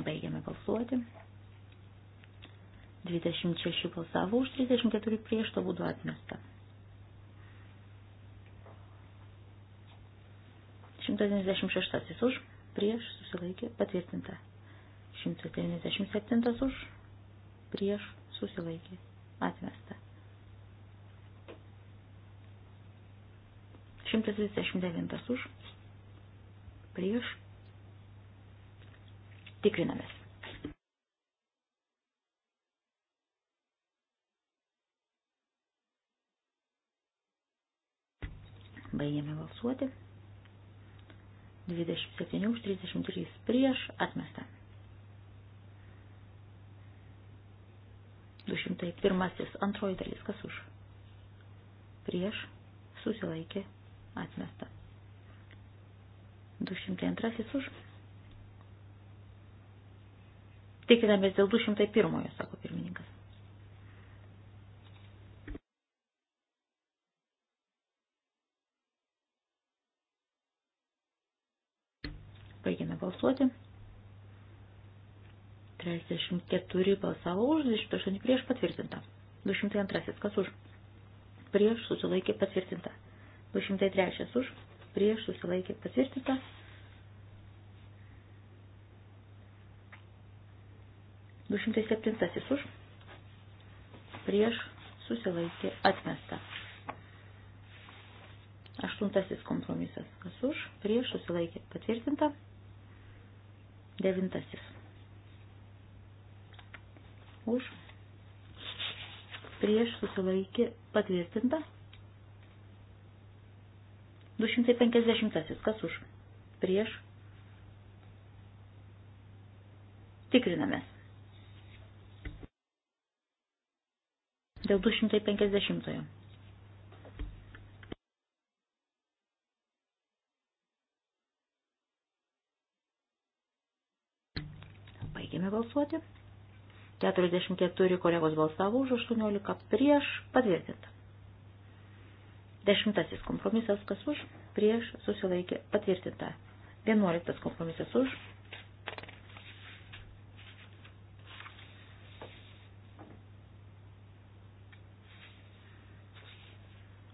Baigiame balsuoti. 26 balsavo už, 34 prieš, to būdu atmesta. 196 už, prieš, susilaikė, patvirtinta. 197 už, prieš, susilaikė, atmesta. 139 už, prieš, tikrinamės. Baigėme balsuoti. 27 už 33 prieš atmestą. 201 antroji dalis kas už. Prieš susilaikė atmestą. 202 už. Tikinamės dėl 201, sako pirmininkas. Baigiame balsuoti. 34 balsavo už, 28 prieš patvirtinta. 202 kas už? Prieš susilaikė patvirtinta. 203 už, prieš susilaikė patvirtinta. Du šimtai septintasis už, prieš susilaikė atmesta. Aštuntasis kompromisas. Kas už, prieš susilaikė patvirtinta. Devintasis. Už. Prieš susilaikė patvirtinta. 250. Kas už? Prieš. Tikrinamės. Dėl 250. Baigėme balsuoti. 44 kolegos balsavo už, 18 prieš patvirtinta. Dešimtasis kompromisas, kas už, prieš susilaikė patvirtinta. Vienuoliktas kompromisas už.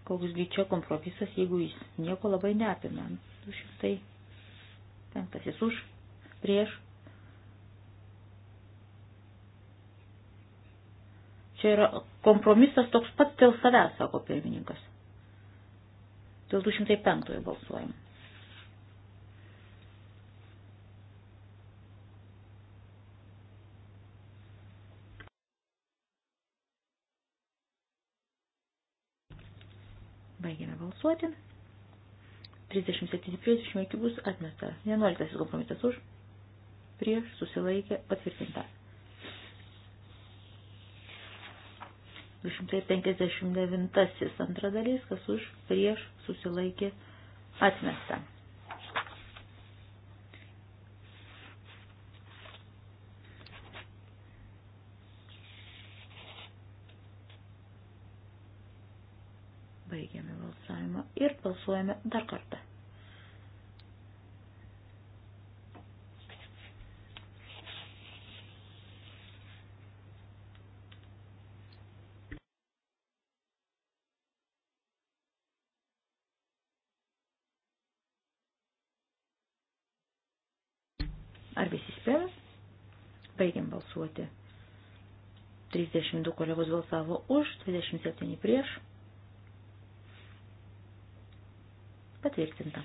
Koksgi čia kompromisas, jeigu jis nieko labai neapima. 205 už, prieš Čia yra kompromisas toks pats dėl savęs, sako pirmininkas. Dėl 205 balsuojam. Baigėme balsuoti. 37 prieš išmėgi bus atmesta. 11 kompromisas už. Prieš susilaikė patvirtinta. 259 antra dalis, kas už prieš susilaikė atmesta. Baigiame balsavimą ir balsuojame dar kartą. balsuoti. 32 kolegos balsavo už, 27 prieš. Patvirtinta.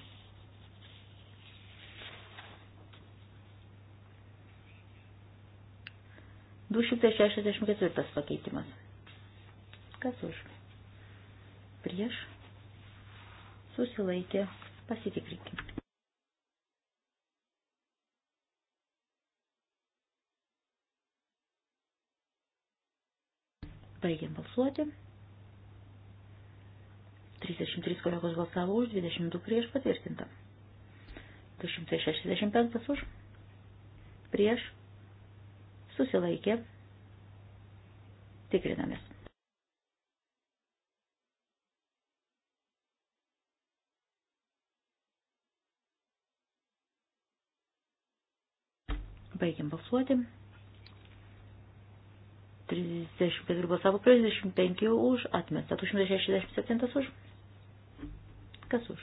Du šimtai šešiasdešimt ketvirtas pakeitimas. Kas už? Prieš. Susilaikė. Pasitikrinkime. Baigiam balsuoti. 33 kolegos balsavo už, 22 prieš patvirtinta. 265 už, prieš, susilaikė, tikrinamės. Baigiam balsuoti. 34 balsavo prieš, 25 už, atmesta 267 už. Kas už?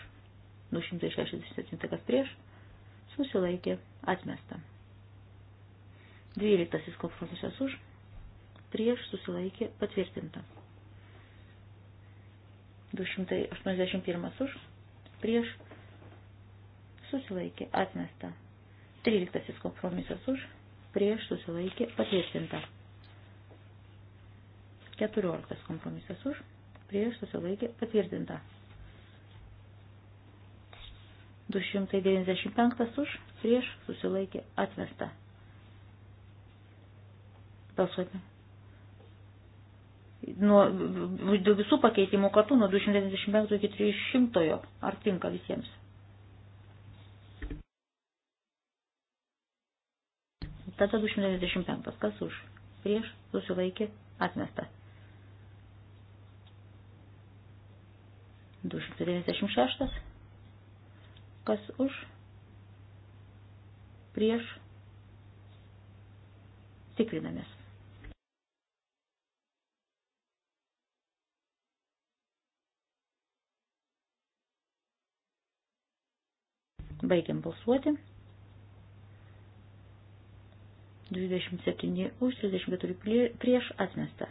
267 kas prieš, susilaikė, atmesta. 12 konfrontacijos už, prieš, susilaikė, patvirtinta. 281 už, prieš, susilaikė, atmesta. 13 kompromisas už, prieš, susilaikė, patvirtinta. 14 kompromisas už, prieš susilaikė patvirtinta. 295 už, prieš susilaikė atvesta. Balsuokime. Nuo visų pakeitimų kartų nuo 295 iki 300 ar tinka visiems. Tada 295 kas už, prieš susilaikė atmestas. 296. Kas už? Prieš. Tikrinamės. Baigiam balsuoti. 27 už 34 prieš atmestą.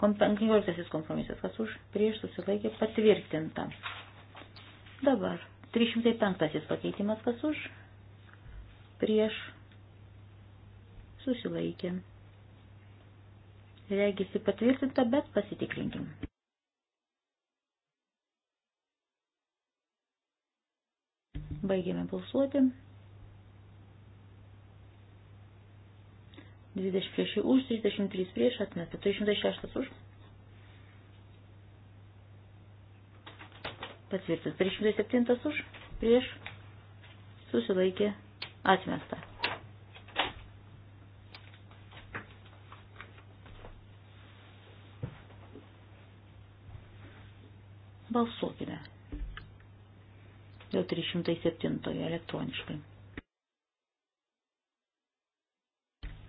15 kompromisas, kas už prieš susilaikė patvirtinta. Dabar 305 pakeitimas, kas už prieš susilaikė. Regisi patvirtinta, bet pasitikrinkim. Baigėme balsuoti. 26 už, 33 prieš, atmesta 306 už. Patvirtas 307 už, prieš, susilaikė, atmesta. Balsuokime dėl 307 elektroniškai.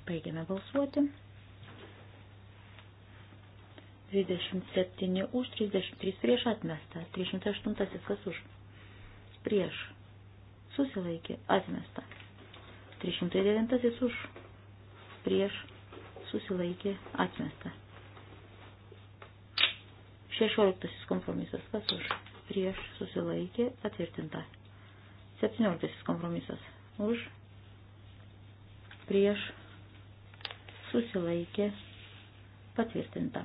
Baigiame balsuoti. 27 už, 33 prieš atmestą, 308 kas už, prieš, susilaikė, atmestą, 309 už, prieš, susilaikė, atmestą, 16 kompromisas kas už, prieš, susilaikė, patvirtinta, 17 kompromisas už, prieš, susilaikė patvirtinta.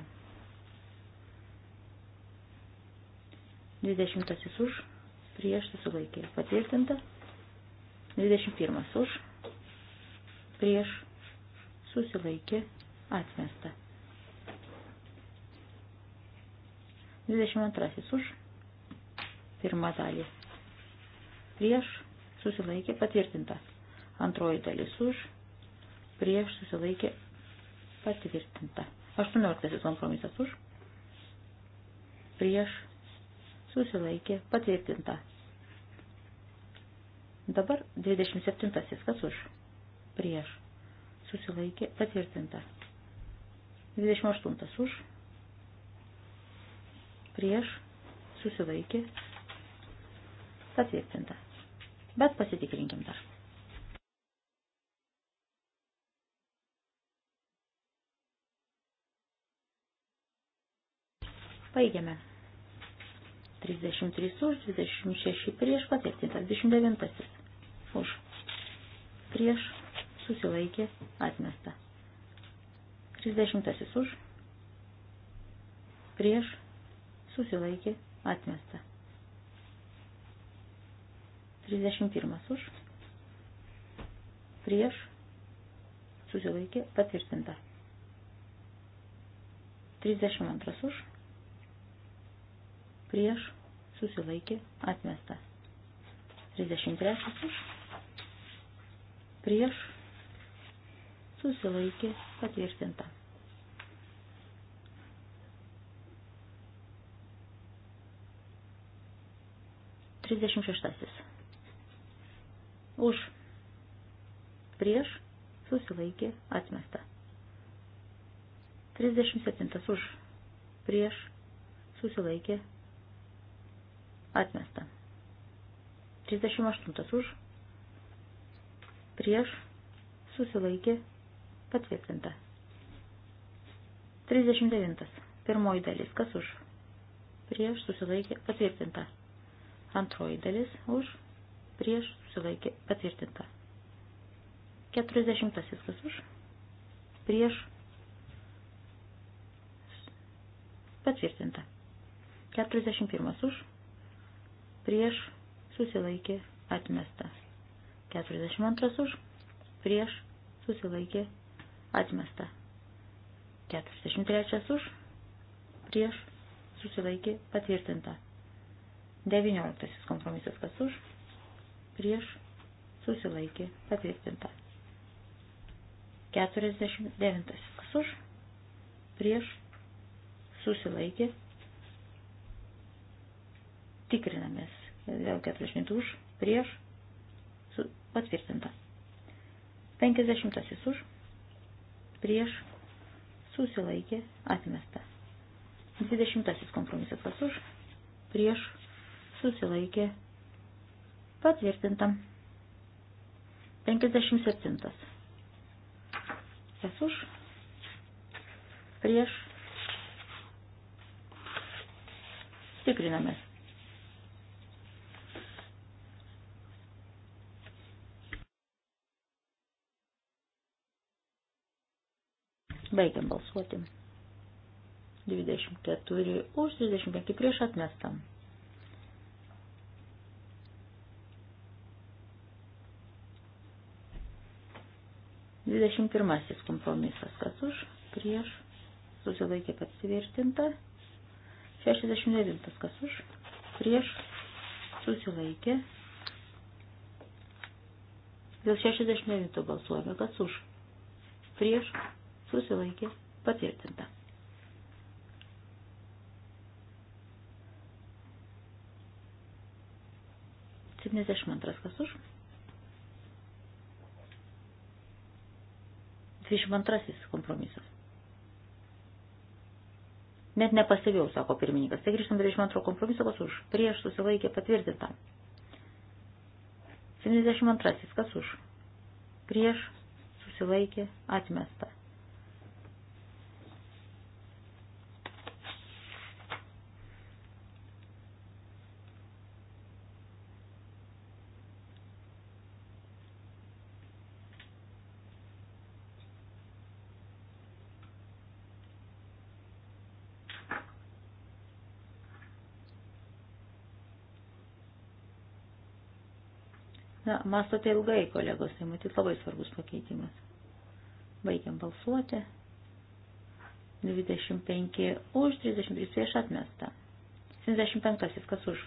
20 už, prieš susilaikė patvirtinta. 21 už, prieš susilaikė atmesta. 22 už, pirmą dalį, prieš susilaikė patvirtinta. Antroji dalis už, prieš susilaikė patvirtinta. 18 kompromisas už, prieš, susilaikė, patvirtinta. Dabar 27 kas už, prieš, susilaikė, patvirtinta. 28 už, prieš, susilaikė, patvirtinta. Bet pasitikrinkim dar. Baigiame. 33 už, 26 prieš, patvirtintas 29 už, prieš, susilaikė, atmesta. 30 už, prieš, susilaikė, atmesta. 31 už, prieš, susilaikė, patvirtinta. 32 už, prieš, susilaikė, atmesta. 33 už, prieš, susilaikė, patvirtinta. Trisdešimt šeštasis. Už. Prieš. Susilaikė. Atmesta. Trisdešimt septintas. Už. Prieš. Susilaikė. Atmesta. 38 už. Prieš. Susilaikė. Patvirtinta. 39. Pirmoji dalis. Kas už? Prieš. Susilaikė. Patvirtinta. Antroji dalis. Už. Prieš. Susilaikė. Patvirtinta. 40. Kas už? Prieš. Patvirtinta. 41 už prieš susilaikė atmesta. 42 už prieš susilaikė atmesta. 43 už prieš susilaikė patvirtinta. 19 kompromisas kas už prieš susilaikė patvirtinta. 49 kas už prieš susilaikė tikrinamės. Vėl 40 už, prieš, su, patvirtinta. 50 už, prieš, susilaikė, atmesta. 20 kompromisas kas už, prieš, susilaikė, patvirtinta. 57 kas už, prieš, tikrinamės. Baigiam balsuoti. 24 už 25 prieš atmestam. Dvidešimt pirmasis kompromisas, kas už, prieš, susilaikė patvirtinta. Šešiasdešimt devintas, kas už, prieš, susilaikė. Dėl šešiasdešimt devinto balsuojame, kas už, prieš, susilaikė patvirtinta. Septyniasdešimt antras kas už. Dvidešimt antrasis kompromisas. Net nepastebėjau, sako pirmininkas. Tai grįžtam 22 kompromiso, kas už. Prieš susilaikė patvirtinta. 72. Kas už? Prieš susilaikė atmesta. Mastote ilgai, kolegos, tai matyt labai svarbus pakeitimas. Baigiam balsuoti. 25 už, 33 prieš atmestą. 75 kas už.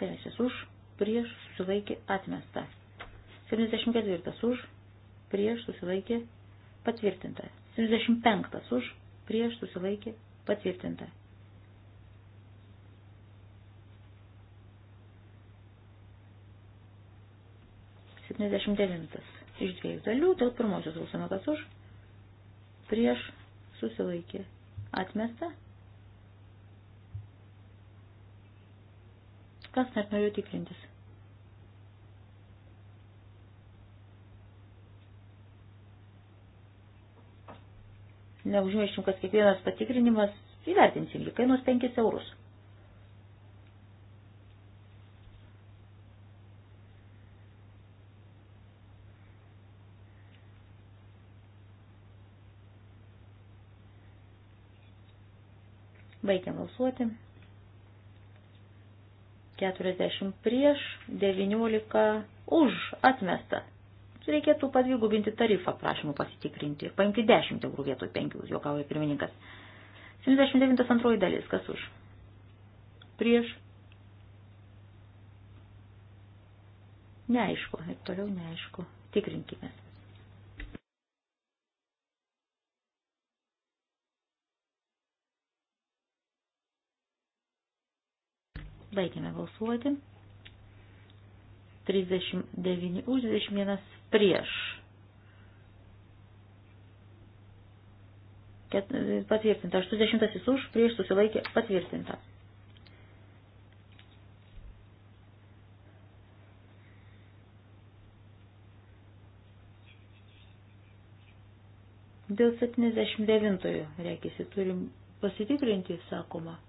Trečias už, prieš susilaikė atmesta. 74 už, prieš susilaikė patvirtintas. 35 už, prieš susilaikė patvirtinta. Septyniasdešimt devintas iš dviejų dalių, dėl pirmosios balsuojame kas už, prieš susilaikė atmesta. Kas net norėjo tikrintis? neužmirškim, kad kiekvienas patikrinimas įvertinsim, jį kainuos 5 eurus. Baigiam balsuoti. 40 prieš, 19 už atmestą reikėtų padvigubinti tarifą prašymų pasitikrinti ir paimti 10 eurų vietoj 5, juokauja pirmininkas. 79 antroji dalis, kas už? Prieš. Neaišku, ir toliau neaišku. Tikrinkime. Baigėme balsuoti. 39 už 21 prieš. Ket, patvirtinta. 80 už, prieš susilaikė patvirtinta. Dėl 79-ojo, reikėsi, turim pasitikrinti, sakoma.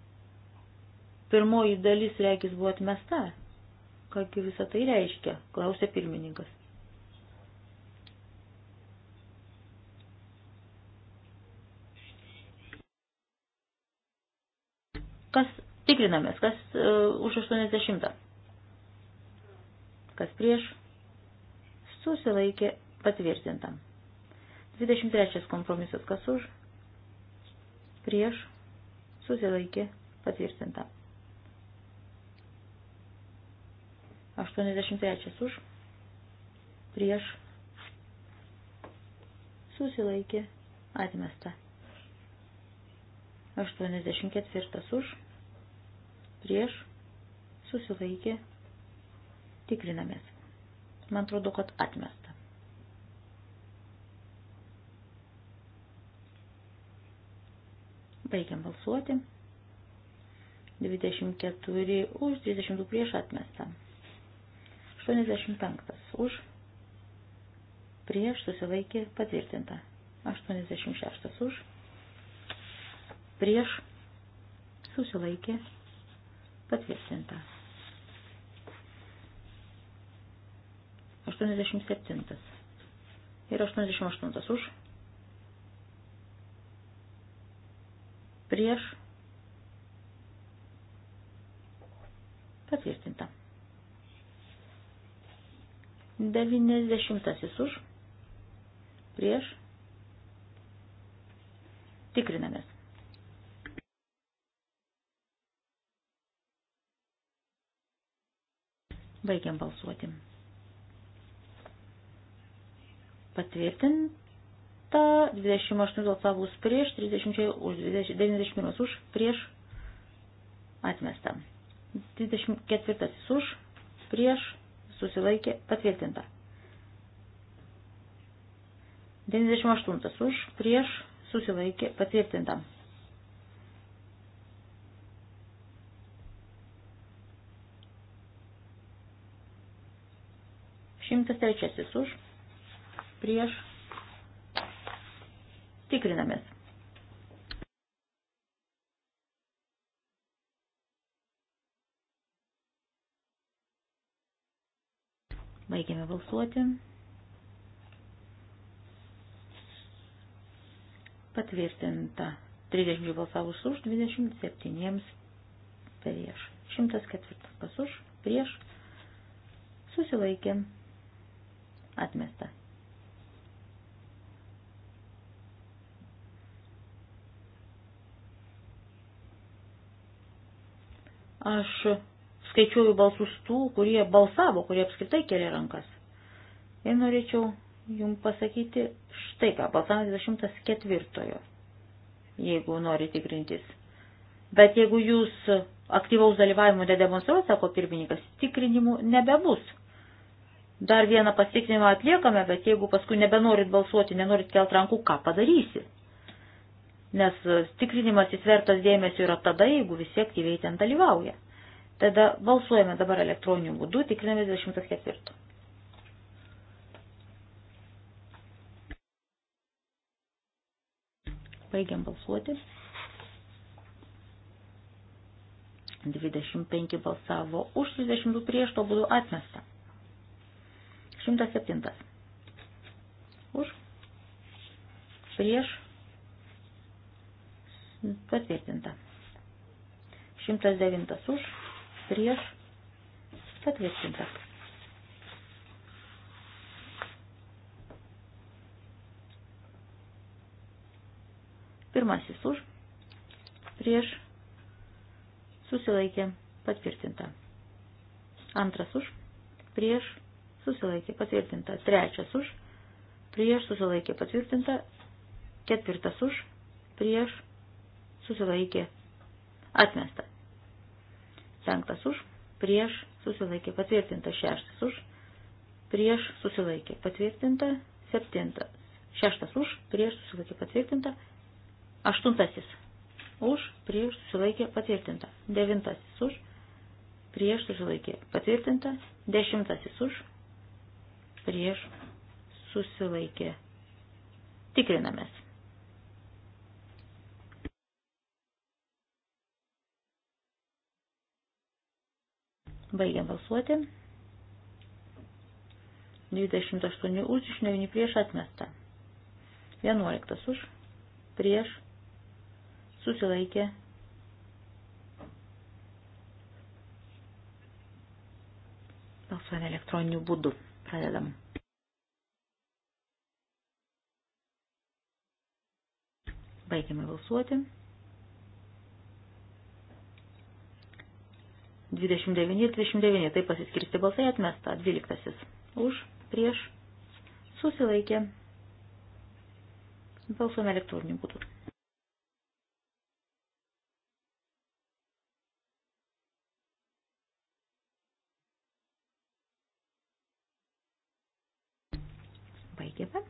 Pirmoji dalis reikės buvo atmesta. Kągi visą tai reiškia, klausė pirmininkas. Kas tikrinamės, kas uh, už 80. Kas prieš susilaikė patvirtintam. 23 kompromisas kas už, prieš susilaikė patvirtintam. 83 už, prieš susilaikė atmesta. 84 už, prieš, susilaikė, tikrinamės. Man atrodo, kad atmesta. Baigiam balsuoti. 24 už, 22 prieš atmesta. 85 už, prieš susilaikė patvirtinta. 86 už, prieš susilaikė patvirtinta. 87 ir 88 už prieš patvirtinta. 90 už prieš tikrinamės. Baigiam balsuoti. Patvirtinta 28 balsavus prieš, 30 už, 91 už, prieš, atmesta. 24 už, prieš, susilaikė, patvirtinta. 98 už, prieš, susilaikė, patvirtinta. 103 už, prieš, tikrinamės. Baigiame balsuoti. Patvirtinta 30 balsavus už, 27 prieš. 104 pas už, prieš. Susilaikėm. Atmesta. Aš skaičiuoju balsus tų, kurie balsavo, kurie apskritai kelia rankas. Ir norėčiau jums pasakyti štai ką, balsavimas 104, jeigu nori tikrintis. Bet jeigu jūs aktyvaus dalyvavimo nedemonstruos, sako pirmininkas, tikrinimų nebebus dar vieną pasitikrinimą atliekame, bet jeigu paskui nebenorit balsuoti, nenorit kelt rankų, ką padarysi? Nes tikrinimas įsvertas dėmesio yra tada, jeigu visi aktyviai ten dalyvauja. Tada balsuojame dabar elektroniniu būdu, tikrinamės 24. Baigiam balsuoti. 25 balsavo už 32 prieš, to būdu atmesta. 107. Už. Prieš. Patvirtinta. 109 už. Prieš. Patvirtinta. Pirmasis už. Prieš. Susilaikė. Patvirtinta. Antras už. Prieš susilaikė patvirtinta. Trečias už, prieš susilaikė patvirtinta. Ketvirtas už, prieš susilaikė atmesta. Penktas už, prieš susilaikė patvirtinta. Šeštas už, prieš susilaikė patvirtinta. Septintas. Šeštas už, prieš susilaikė patvirtinta. Aštuntasis. Už, prieš susilaikė patvirtinta. Devintasis už, prieš susilaikė patvirtinta. Dešimtasis už, prieš susilaikė. Tikrinamės. Baigiam balsuoti. 28 už, 9 prieš atmesta. 11 už, prieš, susilaikė. Balsuojame elektroniniu būdu. Pradedam. Baigiame balsuoti. 29 ir 29, taip pasiskirsti balsai atmesta, 12 už, prieš, susilaikė, balsuome elektroniniu būdu. Kiek?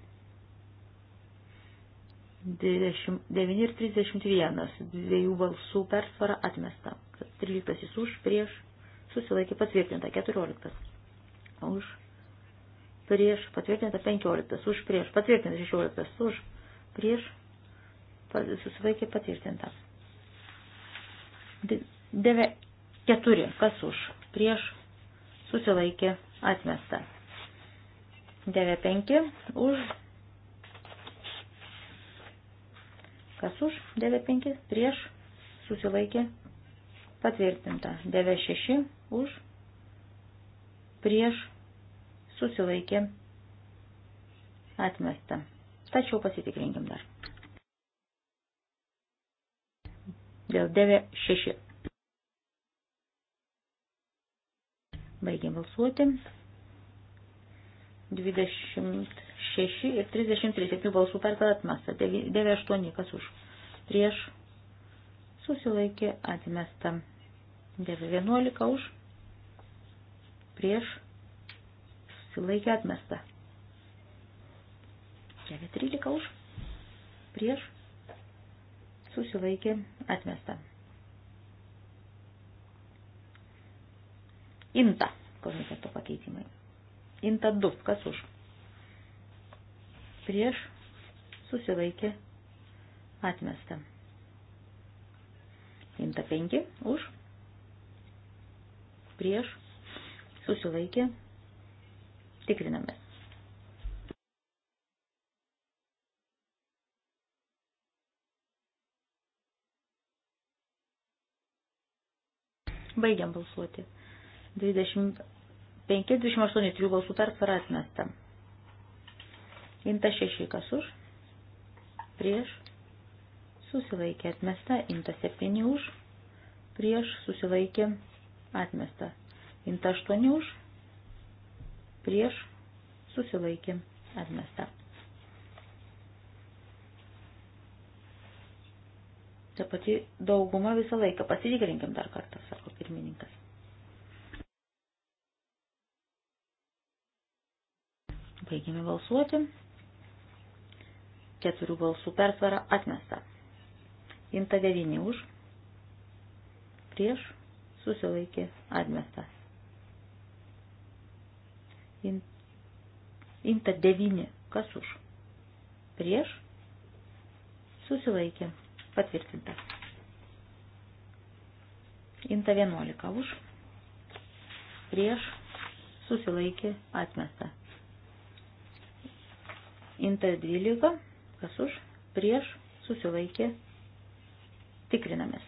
29 ir 31. Dviejų balsų persvara atmesta. 13 už, prieš, susilaikė patvirtinta. 14. Už, prieš, patvirtinta. 15. Už, prieš, patvirtinta. 16. Už, prieš, susilaikė patvirtinta. 9. 4. Kas už, prieš, susilaikė atmesta. 9.5 už. Kas už? 9.5 prieš susilaikė patvirtinta. 9.6 už prieš susilaikė atmesta. Tačiau pasitikrinkim dar. Dėl 9.6. Baigiam balsuoti. 26 ir 33 balsų perkada atmesta. 98 kas už. Prieš susilaikė atmesta. 11 už. Prieš susilaikė atmesta. 13 už. Prieš susilaikė atmesta. Imta komiteto pakeitimai. Inta 2. Kas už? Prieš susilaikė atmesta. Inta 5. Už. Prieš susilaikė. Tikrinamės. Baigiam balsuoti. 20 5, 28, 3 balsų persvara atmesta. Inta 6, kas už, prieš, susilaikė atmesta. Inta 7 už, prieš, susilaikė atmesta. Inta 8 už, prieš, susilaikė atmesta. Ta pati dauguma visą laiką. Pasitikrinkim dar kartą, sako pirmininkas. Baigime balsuoti. Keturių balsų persvara atmesta. Imta devyni už. Prieš susilaikė atmestas. Imta devyni. Kas už? Prieš susilaikė patvirtinta. Imta vienuolika už. Prieš susilaikė atmestas. Inta 12, kas už, prieš, susilaikė, tikrinamės.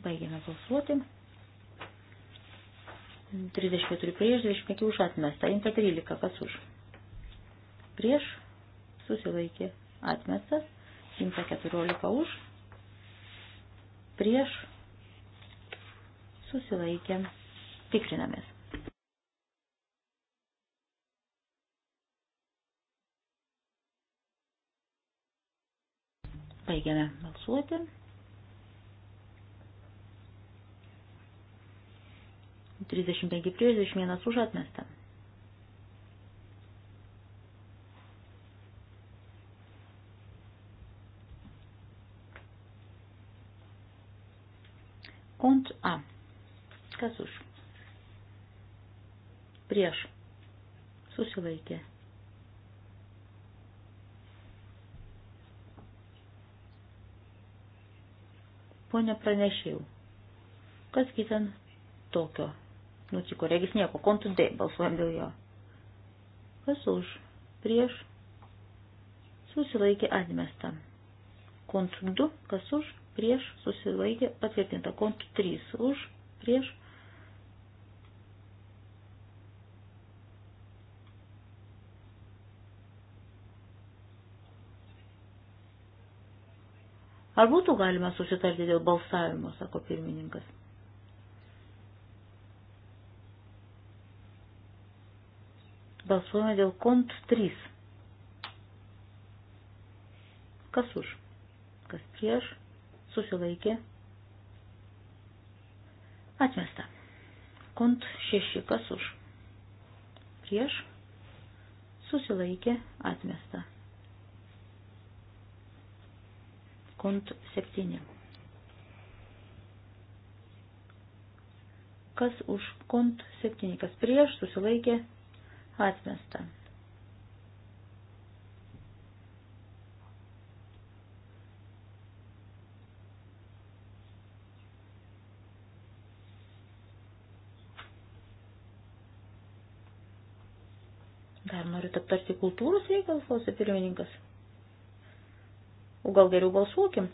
Baigiame balsuoti. 34 prieš, 25 už atmesta, inta 13, kas už. Prieš susilaikė atmestas, inta 14 už, prieš susilaikė Tikrinamės. Baigiame balsuoti. Trisdešimt penki prieš, dvidešimt vienas už atmestą. Kont A. Kas už? prieš susilaikė. Pone pranešėjau, kas gi ten tokio? Nutiko, regis nieko, kontudai balsuojam dėl jo. Kas už, prieš, susilaikė atmestą. Kontu 2, kas už, prieš, susilaikė patvirtinta. Kontu 3, už, prieš, susilaikė Ar būtų galima susitarti dėl balsavimo, sako pirmininkas. Balsuojame dėl kont 3. Kas už? Kas prieš? Susilaikė. Atmesta. Kont 6. Kas už? Prieš? Susilaikė. Atmesta. kont 7. Kas už kont 7, kas prieš susilaikė atmesta. Dar norit aptarti kultūros reikalus, klausė pirmininkas. O gal geriau balsuokim?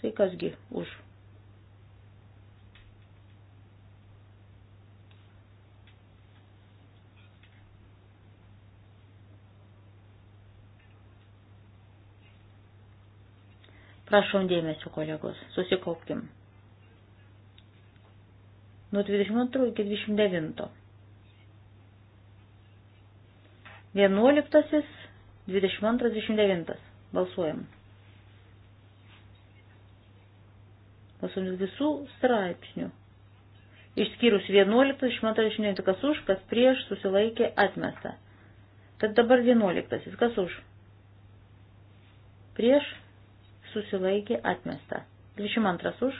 Tai kasgi už. Prašom dėmesio, kolegos, susikaupkim. Nuo 22 iki 29. Vienuoliktasis 22-29. Balsuojam. Balsuojam visų straipsnių. Išskyrus 11-29. Kas už, kas prieš, susilaikė, atmesta. Tad dabar 11. Kas už? Prieš, susilaikė, atmesta. 22 už.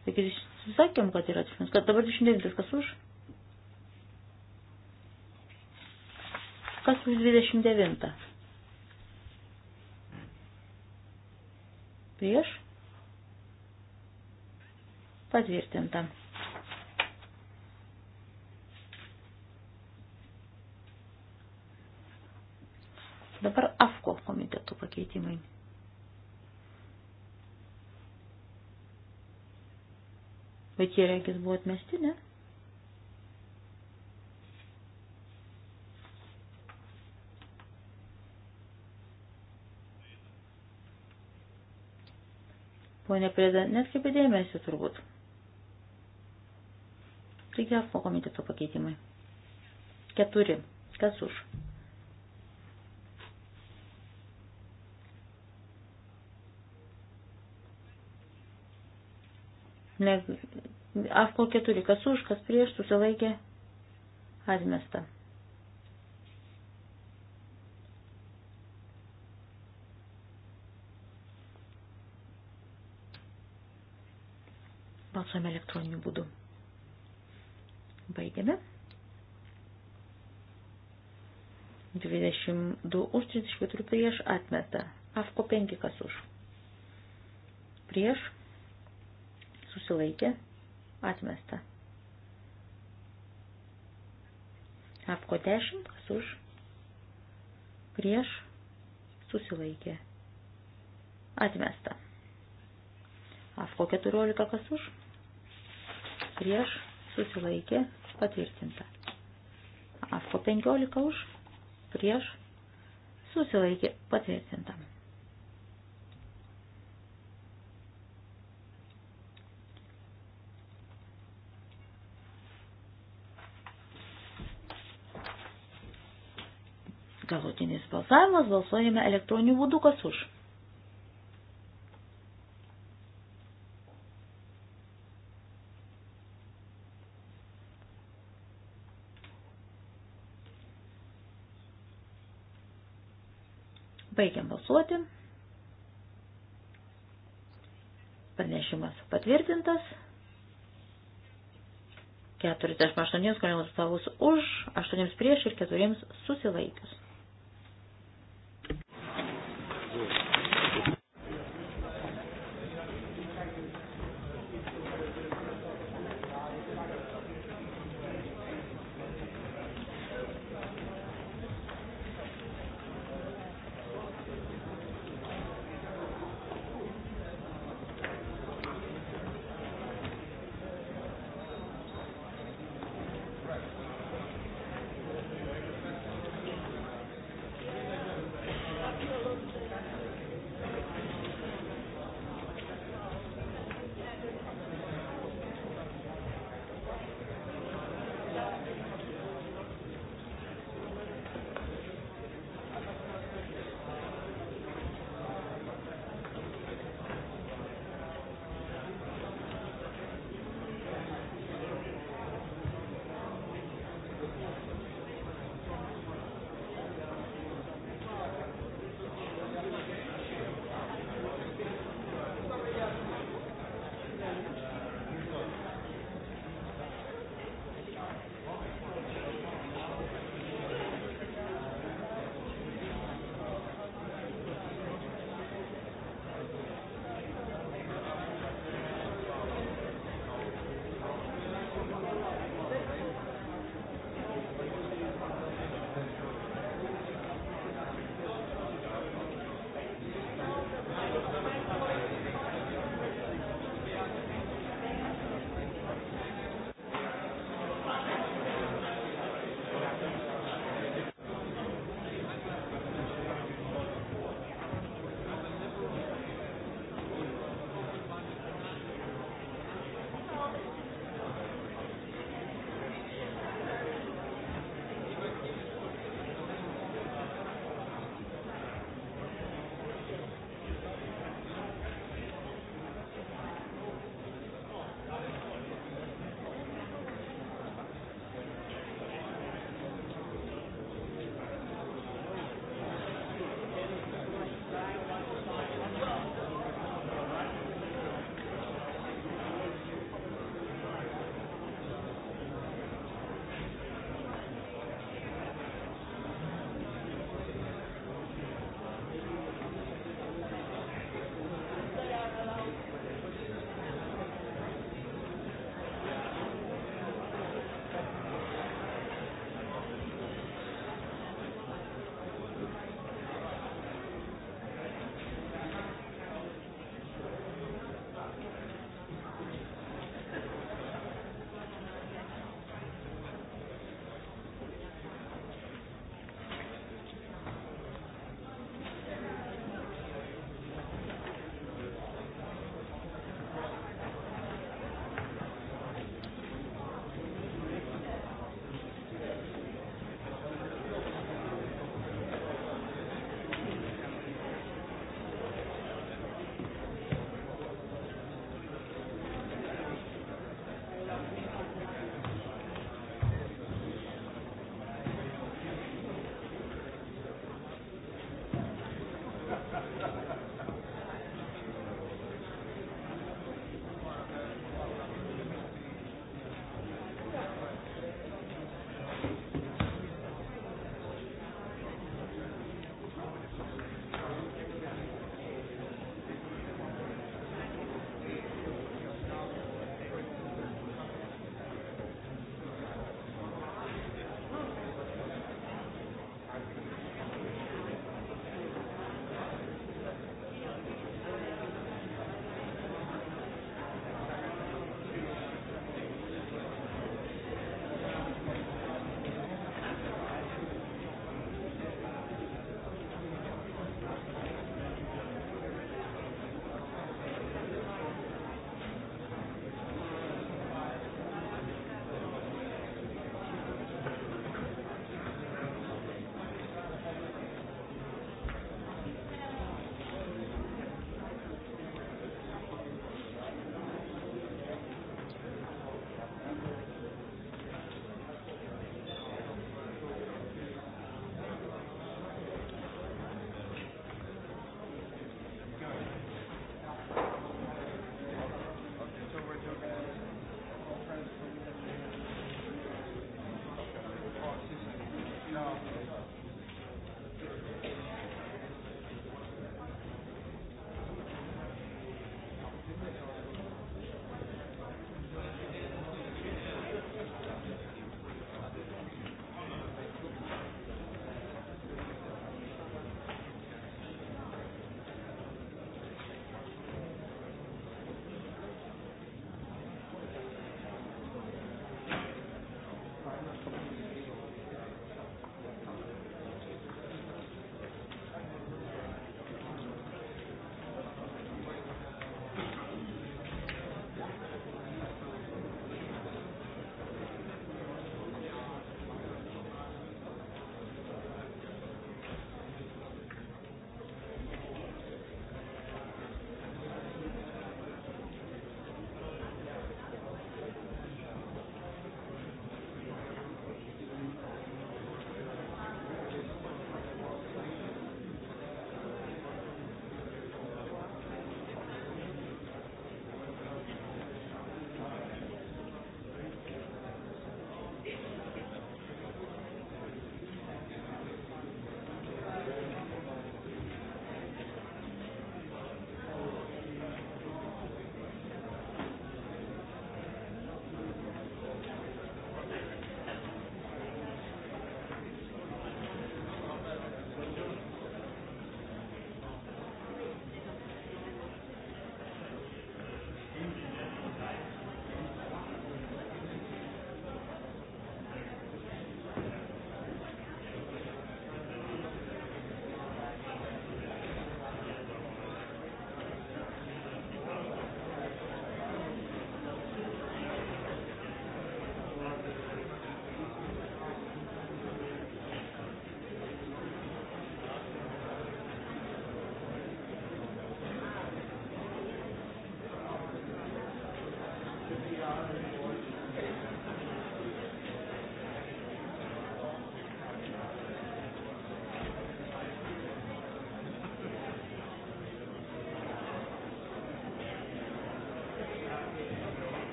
Taigi sakėm, kad yra atsimins, kad dabar 29 kas už. Kas už 29? Prieš? Patvirtinta. Dabar AFKO komitetų pakeitimai. Bet jie reikės buvo atmesti, ne? Pone Prėda, neskaipė dėmesį turbūt. Reikia asmo komiteto pakeitimai. Keturi. Kas už? Ne, Afko keturi, kas už, kas prieš, susilaikė, atmesta. Balsuojame elektroniniu būdu. Baigiame. 22 už 34 prieš atmeta. Afko 5 kas už. Prieš susilaikė atmesta. Afko 10 kas už. Prieš susilaikė atmesta. Afko 14 kas už prieš, susilaikė, patvirtinta. AFO 15 už, prieš, susilaikė, patvirtinta. Galutinis balsavimas balsuojame elektroniniu būdu, kas už. Baigiam balsuoti. Pranešimas patvirtintas. 48 kolegos atstovus už, 8 prieš ir 4 susilaikius.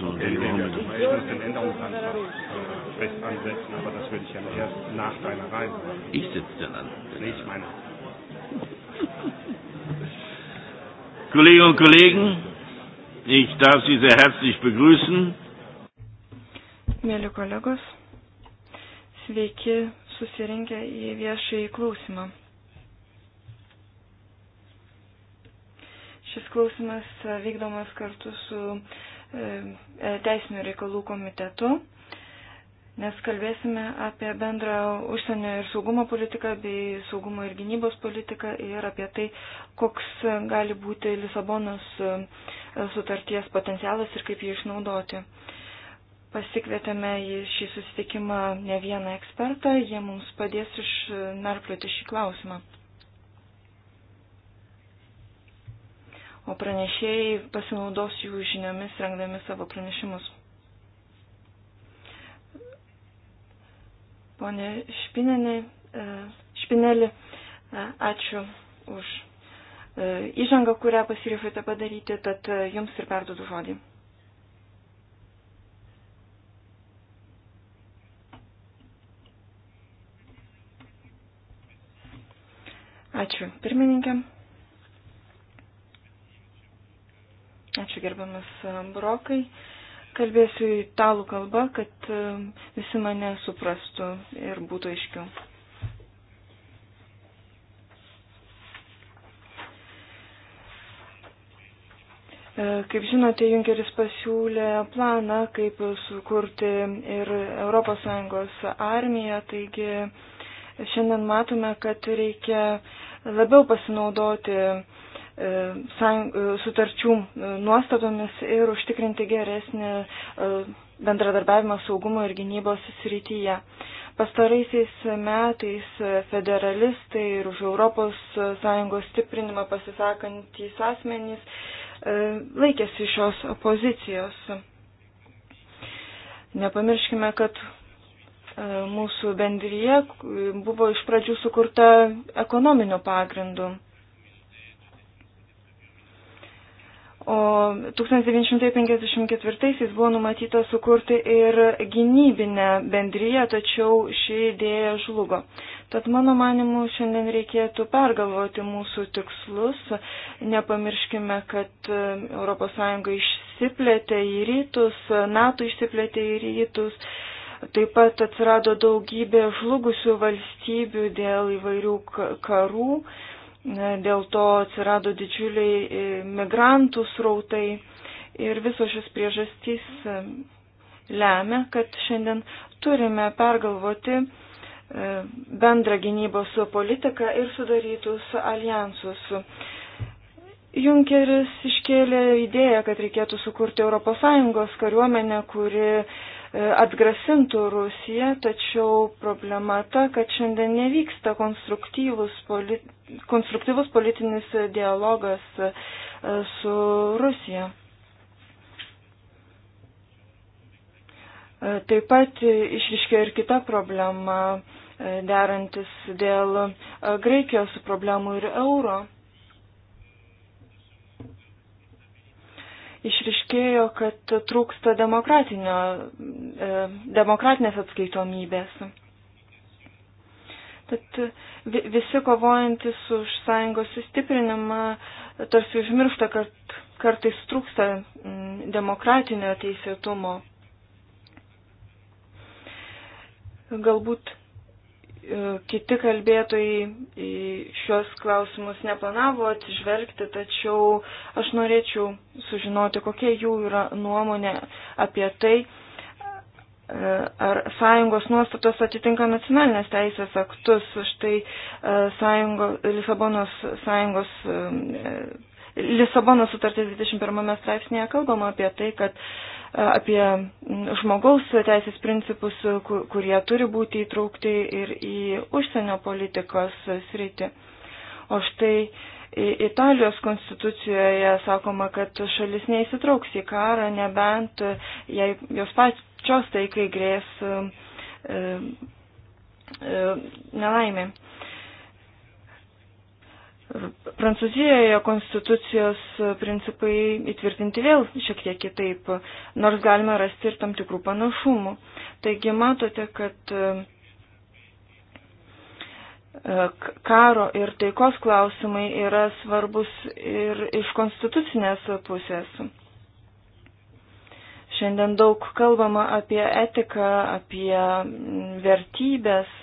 so regeln. Du möchtest den Änderungsantrag äh, fest ansetzen, aber das würde ich ja erst nach deiner Reise. Ich sitze dann an. Nee, ich meine. Kolleginnen und Kollegen, ich darf Sie sehr herzlich begrüßen. Mėly kolegos, sveiki susirinkę į viešąjį klausimą. Šis klausimas vykdomas kartu su uh, E, e, teisinių reikalų komitetu, nes kalbėsime apie bendrą užsienio ir saugumo politiką bei saugumo ir gynybos politiką ir apie tai, koks gali būti Lisabonos e, sutarties potencialas ir kaip jį išnaudoti. Pasikvietėme į šį susitikimą ne vieną ekspertą, jie mums padės išnarplioti šį klausimą. o pranešėjai pasinaudos jų žiniomis rengdami savo pranešimus. Pone Špinelį, e, Špinelį e, ačiū už e, įžangą, kurią pasirinkote padaryti, tad jums ir perdodu žodį. Ačiū pirmininkėm. Ačiū gerbiamas e, Brokai. Kalbėsiu italų kalbą, kad e, visi mane suprastų ir būtų aiškiau. E, kaip žinote, Junkeris pasiūlė planą, kaip sukurti ir ES armiją, taigi šiandien matome, kad reikia labiau pasinaudoti uh, E, e, sutarčių e, nuostatomis ir užtikrinti geresnį bendradarbiavimą saugumo ir gynybos srityje. Pastaraisiais metais federalistai ir už ES stiprinimą pasisakantys asmenys laikėsi šios pozicijos. Nepamirškime, kad mūsų bendryje buvo iš pradžių sukurta ekonominiu pagrindu. O 1954-aisiais buvo numatyta sukurti ir gynybinę bendryją, tačiau ši idėja žlugo. Tad mano manimu, šiandien reikėtų pergalvoti mūsų tikslus. Nepamirškime, kad ES išsiplėtė į rytus, NATO išsiplėtė į rytus. Taip pat atsirado daugybė žlugusių valstybių dėl įvairių karų dėl to atsirado didžiuliai e, migrantų srautai ir visos šios priežastys e, lemia, kad šiandien turime pergalvoti e, bendrą gynybos politiką ir sudarytus alijansus. Junkeris iškėlė idėją, kad reikėtų sukurti ES kariuomenę, kuri E, atgrasintų Rusiją, tačiau problema ta, kad šiandien nevyksta konstruktyvus, polit, konstruktyvus politinis dialogas e, su Rusija. E, taip pat išriškėjo ir kita problema, derantis dėl Graikijos problemų ir euro. išriškėjo, kad trūksta e, demokratinės atskaitomybės. Tad visi kovojantis už sąjungos sustiprinimą tarsi užmiršta, kad kartais trūksta mm, demokratinio teisėtumo. Galbūt E, kiti kalbėtojai šios klausimus neplanavo atsižvelgti, tačiau aš norėčiau sužinoti, kokia jų yra nuomonė apie tai, e, ar sąjungos nuostatos atitinka nacionalinės teisės aktus. Štai e, sąjungo, Lisabonos sąjungos. Lisabono sutartys 21 straipsnėje kalbama apie tai, kad uh, apie mm, žmogaus teisės principus, kurie turi būti įtraukti ir į užsienio politikos sritį. O štai Italijos konstitucijoje sakoma, kad šalis neįsitrauks į karą, nebent e, jei jos pačios taikai grės e, e, nelaimė. Prancūzijoje konstitucijos principai įtvirtinti vėl šiek tiek kitaip, nors galime rasti ir tam tikrų panašumų. Taigi matote, kad e, karo ir taikos klausimai yra svarbus ir iš konstitucinės pusės. Šiandien daug kalbama apie etiką, apie vertybės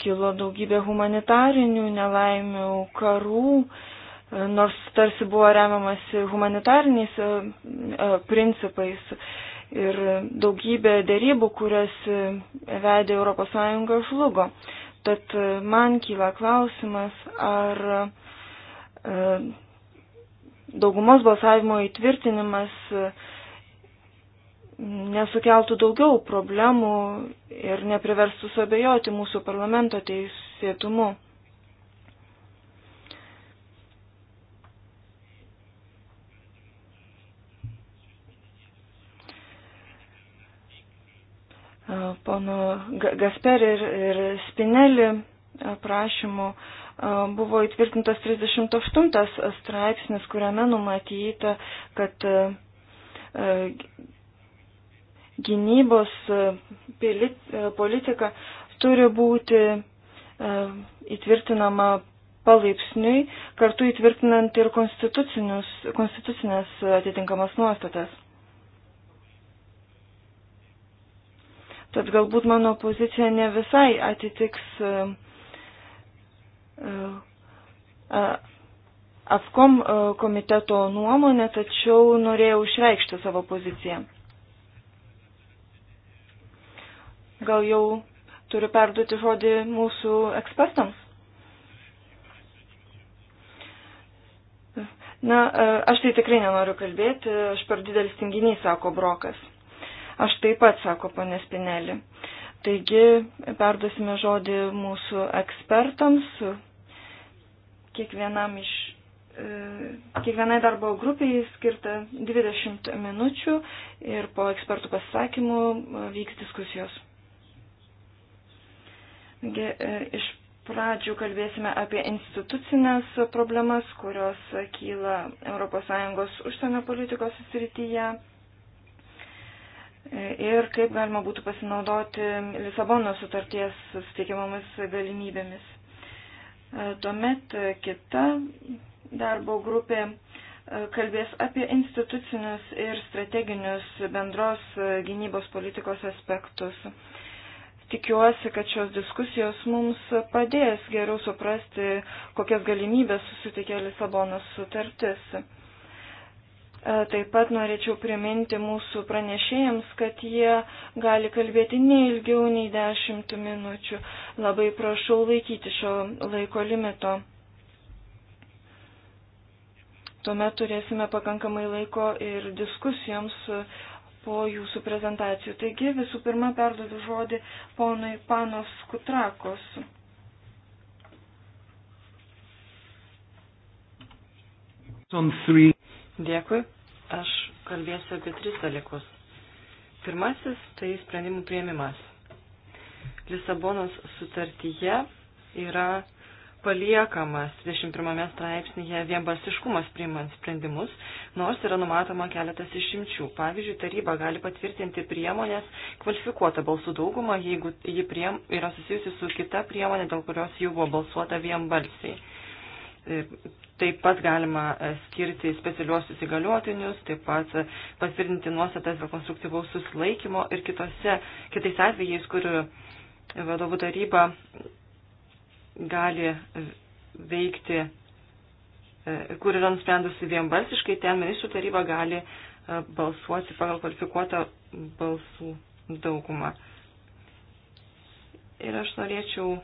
kilo daugybė humanitarinių nelaimių, karų, e, nors tarsi buvo remiamasi humanitariniais e, e, principais ir daugybė dėrybų, kurias vedė ES žlugo. Tad man kyla klausimas, ar daugumos balsavimo įtvirtinimas nesukeltų daugiau problemų ir nepriverstų sabėjoti mūsų parlamento teisėtumu. Pono Gasperi ir, ir Spinelli prašymų buvo įtvirtintas 38 straipsnis, kuriame numatyta, kad gynybos politika turi būti įtvirtinama palaipsniui, kartu įtvirtinant ir konstitucinės atitinkamas nuostatas. Tad galbūt mano pozicija ne visai atitiks AFKOM komiteto nuomonę, tačiau norėjau išreikšti savo poziciją. Gal jau turiu perduoti žodį mūsų ekspertams? Na, e, aš tai tikrai nenoriu kalbėti, aš per didelis tinginys, sako Brokas. Aš taip pat, sako ponė Spinelį. Taigi, perduosime žodį mūsų ekspertams, kiekvienam iš, e, kiekvienai darbo grupiai skirta 20 minučių ir po ekspertų pasisakymų vyks diskusijos. E, iš pradžių kalbėsime apie institucinės problemas, kurios kyla ES užsienio politikos srityje e, ir kaip galima būtų pasinaudoti Lisabono sutarties suteikiamomis galimybėmis. E, tuomet kita darbo grupė kalbės apie institucinius ir strateginius bendros gynybos politikos aspektus. Tikiuosi, kad šios diskusijos mums padės geriau suprasti, kokias galimybės susitikė Lisabonos sutartis. E, taip pat norėčiau priminti mūsų pranešėjams, kad jie gali kalbėti ne ilgiau nei 10 minučių. Labai prašau laikyti šio laiko limito. Tuomet turėsime pakankamai laiko ir diskusijoms po jūsų prezentacijų. Taigi visų pirma perdodu žodį ponui Panos Kutrakos. Dėkui. Aš kalbėsiu apie tris dalykus. Pirmasis - tai sprendimų prieimimas. Lisabonos sutartyje yra paliekamas 21 straipsnėje vienbalsiškumas priimant sprendimus, nors yra numatoma keletas išimčių. Pavyzdžiui, taryba gali patvirtinti priemonės kvalifikuotą balsų daugumą, jeigu ji priem, yra susijusi su kita priemonė, dėl kurios jau buvo balsuota vienbalsiai. E, taip pat galima e, skirti specialiuosius įgaliuotinius, taip pat e, patvirtinti nuostatas dėl konstruktyvaus susilaikymo ir kitose, kitais atvejais, kur vadovų taryba gali veikti, e, kur yra nusprendusi vienbalsiškai, ten ministrų taryba gali e, balsuoti pagal kvalifikuotą balsų daugumą. Ir aš norėčiau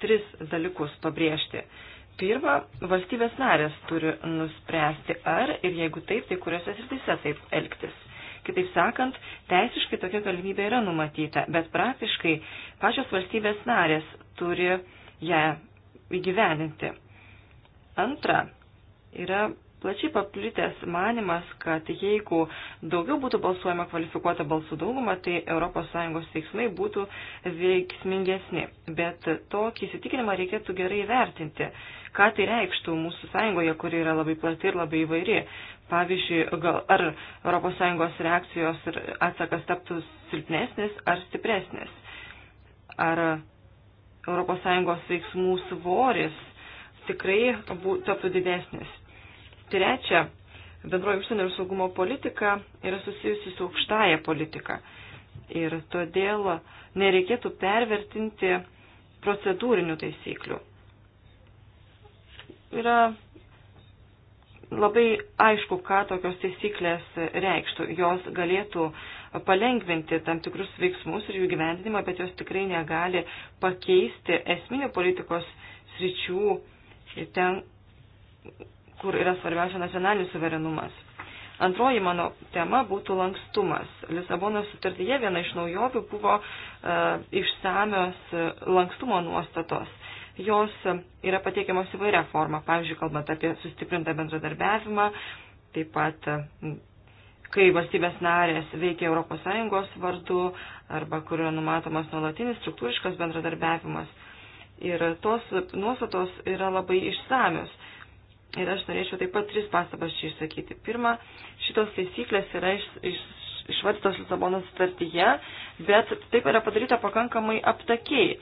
tris dalykus pabrėžti. Pirma, valstybės narės turi nuspręsti ar ir jeigu taip, tai kuriuose srityse taip elgtis. Kitaip sakant, teisiškai tokia galimybė yra numatyta, bet praktiškai pačios valstybės narės turi ją įgyveninti. Antra, yra plačiai paplitęs manimas, kad jeigu daugiau būtų balsuojama kvalifikuota balsų dauguma, tai ES veiksmai būtų veiksmingesni. Bet tokį įsitikinimą reikėtų gerai vertinti. Ką tai reikštų mūsų sąjungoje, kuri yra labai plati ir labai įvairi? Pavyzdžiui, gal, ar ES reakcijos ir atsakas taptų silpnesnis ar stipresnis? Ar ES veiksmų svoris tikrai taptų didesnis. Trečia, bendroji užsienio ir saugumo politika yra susijusi su aukštaja politika. Ir todėl nereikėtų pervertinti procedūrinių taisyklių. Yra labai aišku, ką tokios taisyklės reikštų. Jos galėtų uh, palengvinti tam tikrus veiksmus ir jų gyvendinimą, bet jos tikrai negali pakeisti esminių politikos sričių ten, kur yra svarbiausia nacionalinis suverenumas. Antroji mano tema būtų lankstumas. Lisabono sutartyje viena iš naujovių buvo e, išsamios e, lankstumo nuostatos. Jos e, yra pateikiamos įvairia forma, pavyzdžiui, kalbant apie sustiprintą bendradarbiavimą, taip pat kai valstybės narės veikia ES vardu arba kur yra numatomas nuolatinis struktūriškas bendradarbiavimas. Ir tos nuostatos yra labai išsamios. Ir aš norėčiau taip pat tris pastabas čia išsakyti. Pirma, šitos taisyklės yra iš, iš, išvardytos Lisabonos sutartyje, bet taip yra padaryta pakankamai aptakiai.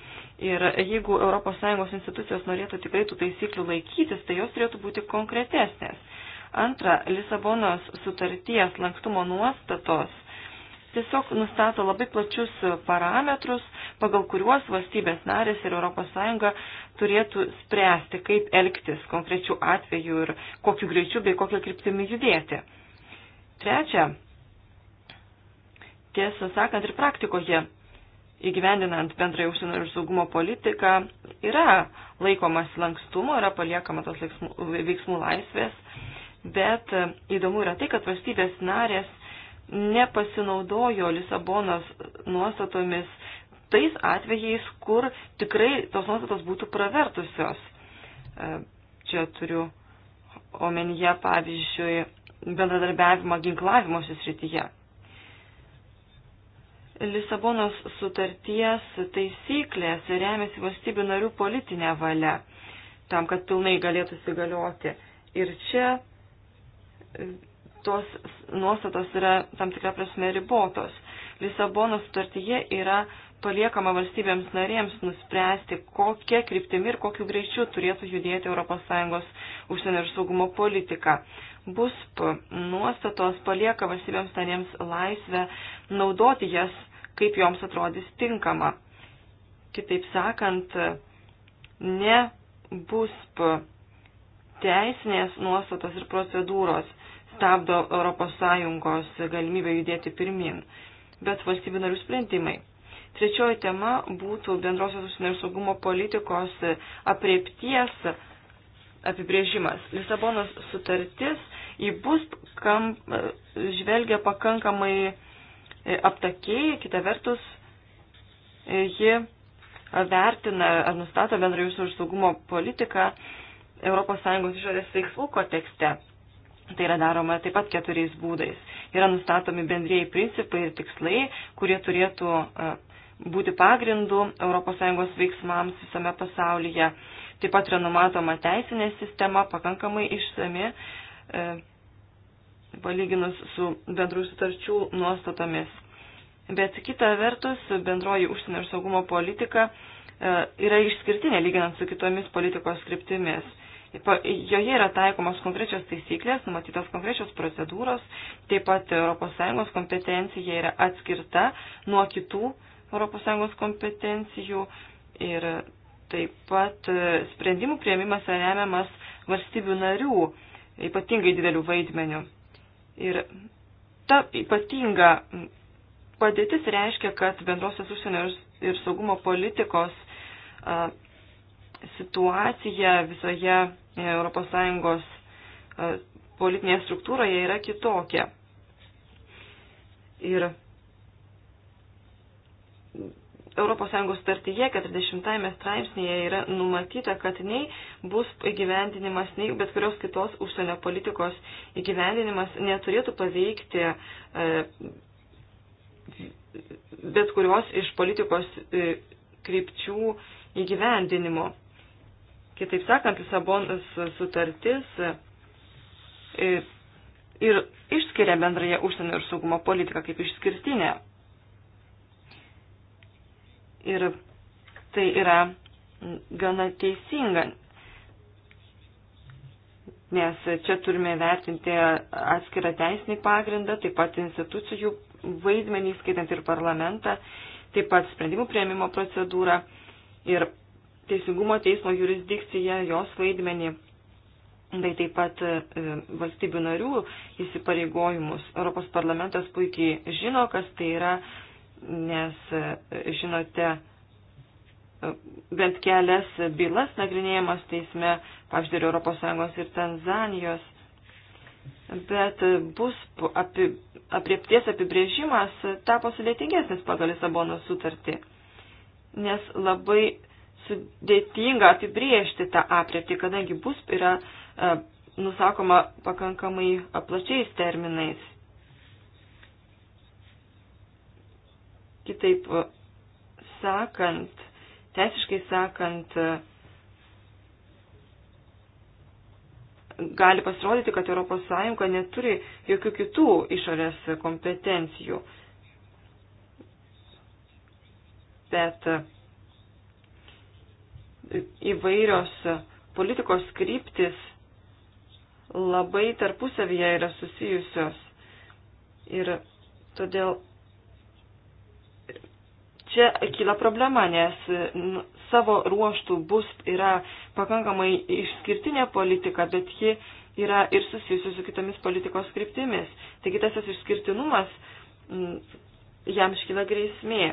Ir jeigu ES institucijos norėtų tikrai tų taisyklių laikytis, tai jos turėtų būti konkretesnės. Antra, Lisabonos sutarties lankstumo nuostatos tiesiog nustato labai plačius parametrus, pagal kuriuos valstybės narės ir ES turėtų spręsti, kaip elgtis konkrečių atvejų ir kokiu greičiu bei kokią kryptimį judėti. Trečia, tiesą sakant ir praktikoje įgyvendinant bendrąją užsienio ir saugumo politiką yra laikomas lankstumo, yra paliekama tos veiksmų laisvės bet e, įdomu yra tai, kad valstybės narės nepasinaudojo Lisabonos nuostatomis tais atvejais, kur tikrai tos nuostatos būtų pravertusios. E, čia turiu omenyje, pavyzdžiui, bendradarbiavimą ginklavimosi srityje. Lisabonos sutarties taisyklės remiasi valstybių narių politinė valia, tam, kad pilnai galėtų įsigalioti. Ir čia tos nuostatos yra tam tikra prasme ribotos. Lisabono sutartyje yra paliekama valstybėms narėms nuspręsti, kokie kryptimi ir kokiu greičiu turėtų judėti ES užsienio ir saugumo politika. Bus nuostatos palieka valstybėms narėms laisvę naudoti jas, kaip joms atrodys tinkama. Kitaip sakant, ne bus teisinės nuostatos ir procedūros stabdo ES galimybę judėti pirmin, bet valstybių narių sprendimai. Trečioji tema būtų bendrosios užsienio ir saugumo politikos apriepties apibrėžimas. Lisabonos sutartis į bus kam, žvelgia pakankamai e, aptakiai, kita vertus, e, ji vertina ar nustato bendrą jūsų ir saugumo politiką ES išorės veiksmų kontekste. Tai yra daroma taip pat keturiais būdais. Yra nustatomi bendrėjai principai ir tikslai, kurie turėtų e, būti pagrindu ES veiksmams visame pasaulyje. Taip pat yra numatoma teisinė sistema, pakankamai išsami, e, palyginus su bendrų sutarčių nuostatomis. Bet kita vertus, bendroji užsienio ir saugumo politika e, yra išskirtinė lyginant su kitomis politikos skriptimis. Joje yra taikomos konkrečios taisyklės, numatytos konkrečios procedūros, taip pat ES kompetencija yra atskirta nuo kitų ES kompetencijų ir taip pat e, sprendimų prieimimas yra remiamas valstybių narių ypatingai didelių vaidmenių. Ir ta ypatinga padėtis reiškia, kad bendrosios užsienio ir saugumo politikos e, situacija visoje ES e, politinėje struktūroje yra kitokia. Ir ES startyje 40 straipsnėje yra numatyta, kad nei bus įgyvendinimas, nei bet kurios kitos užsienio politikos įgyvendinimas neturėtų paveikti e, bet kurios iš politikos e, krypčių įgyvendinimo. Kitaip sakant, Lisabonos sutartis ir, e, ir išskiria bendrąją užsienio ir saugumo politiką kaip išskirtinę. Ir tai yra gana teisinga, nes čia turime vertinti atskirą teisinį pagrindą, taip pat institucijų vaidmenį, skaitant ir parlamentą, taip pat sprendimų prieimimo procedūrą ir teisingumo teismo jurisdikciją, jos vaidmenį, tai taip pat e, valstybių narių įsipareigojimus. Europos parlamentas puikiai žino, kas tai yra, nes e, žinote, e, bent kelias bylas nagrinėjamas teisme, pavyzdžiui, ES ir Tanzanijos. Bet bus api, apriepties apibrėžimas tapo sudėtingesnis pagal Lisabono sutartį, nes labai sudėtinga apibriežti tą apriepti, kadangi bus yra e, nusakoma pakankamai plačiais terminais. Kitaip sakant, teisiškai sakant, gali pasirodyti, kad ES neturi jokių kitų išorės kompetencijų. Bet įvairios politikos kryptis labai tarpusavyje yra susijusios. Ir todėl čia kyla problema, nes savo ruoštų bus yra pakankamai išskirtinė politika, bet ji yra ir susijusi su kitomis politikos kryptimis. Taigi tas išskirtinumas, jam iškyla grėsmė.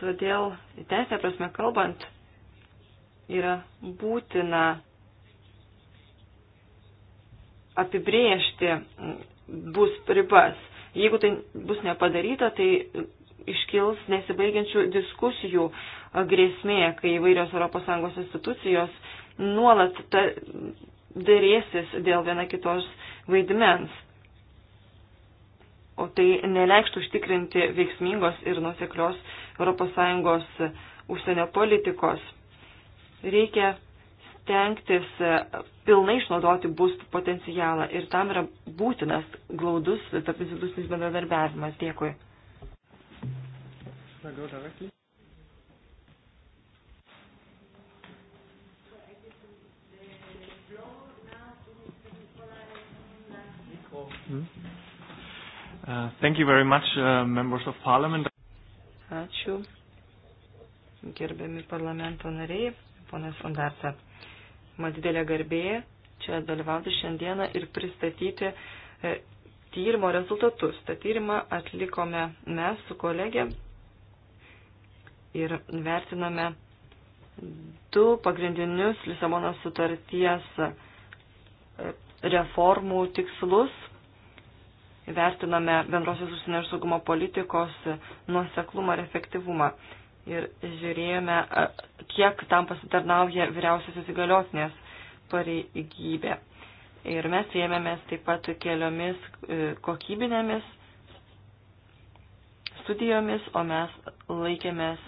Todėl, teisinė prasme kalbant, yra būtina apibrėžti bus ribas. Jeigu tai bus nepadaryta, tai iškils nesibaigiančių diskusijų grėsmė, kai įvairios ES institucijos nuolat ta, dėrėsis dėl viena kitos vaidmens. O tai neleikštų užtikrinti veiksmingos ir nuseklios ES užsienio politikos. Reikia stengtis e, pilnai išnaudoti būstų potencialą ir tam yra būtinas glaudus tarp institucinis bendradarbiavimas. Dėkui. Hmm? Uh, thank you very much, uh, members of parliament. Ačiū. Gerbiami parlamento nariai, ponas Fondarta. Man didelė garbė čia dalyvauti šiandieną ir pristatyti e, tyrimo rezultatus. Ta tyrimą atlikome mes su kolegė ir vertiname du pagrindinius Lisabonos sutarties e, reformų tikslus vertiname bendrosios užsienio ir saugumo politikos nuoseklumą ir efektyvumą. Ir žiūrėjome, kiek tam pasitarnauja vyriausiasis įgaliotinės pareigybė. Ir mes ėmėmės taip pat keliomis e, kokybinėmis studijomis, o mes laikėmės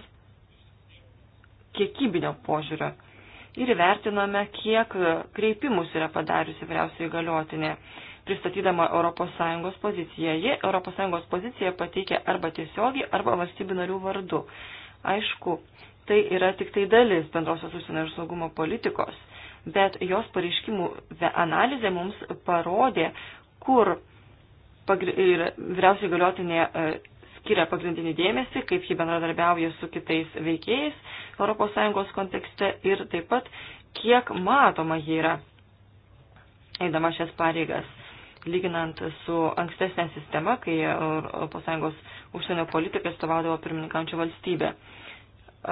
kiekybinio požiūrio ir įvertinome, kiek kreipimus yra padariusi vyriausiai galiotinė pristatydama ES poziciją. Ji ES poziciją pateikia arba tiesiogiai, arba valstybių narių vardu. Aišku, tai yra tik tai dalis bendrosios užsienio ir saugumo politikos, bet jos pareiškimų analizė mums parodė, kur vyriausiai galiotinė e, skiria pagrindinį dėmesį, kaip ji bendradarbiauja su kitais veikėjais ES kontekste ir taip pat, kiek matoma ji yra, eidama šias pareigas lyginant su ankstesnė sistema, kai ES užsienio politikai stovaudavo pirmininkančią valstybę.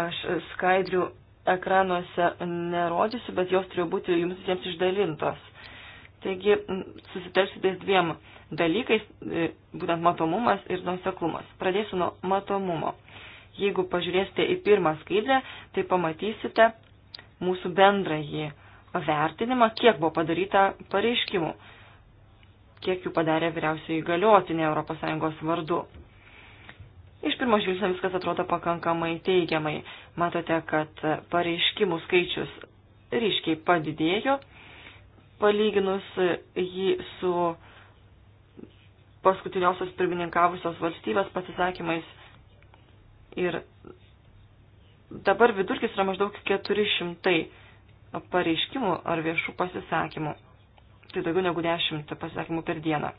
Aš skaidrių ekranuose nerodysiu, bet jos turėjo būti jums visiems išdalintos. Taigi susitelksiu ties dviem dalykais, e, būtent matomumas ir nuseklumas. Pradėsiu nuo matomumo. Jeigu pažiūrėsite į pirmą skaidrę, tai pamatysite mūsų bendrąjį vertinimą, kiek buvo padaryta pareiškimų kiek jų padarė vyriausiai įgaliotinė ES vardu. Iš pirmo žvilgsnio viskas atrodo pakankamai teigiamai. Matote, kad pareiškimų skaičius ryškiai padidėjo, palyginus jį su paskutiniosios pirmininkavusios valstybės pasisakymais. Ir dabar vidurkis yra maždaug 400 pareiškimų ar viešų pasisakymų tai daugiau negu 10 pasisakymų per dieną.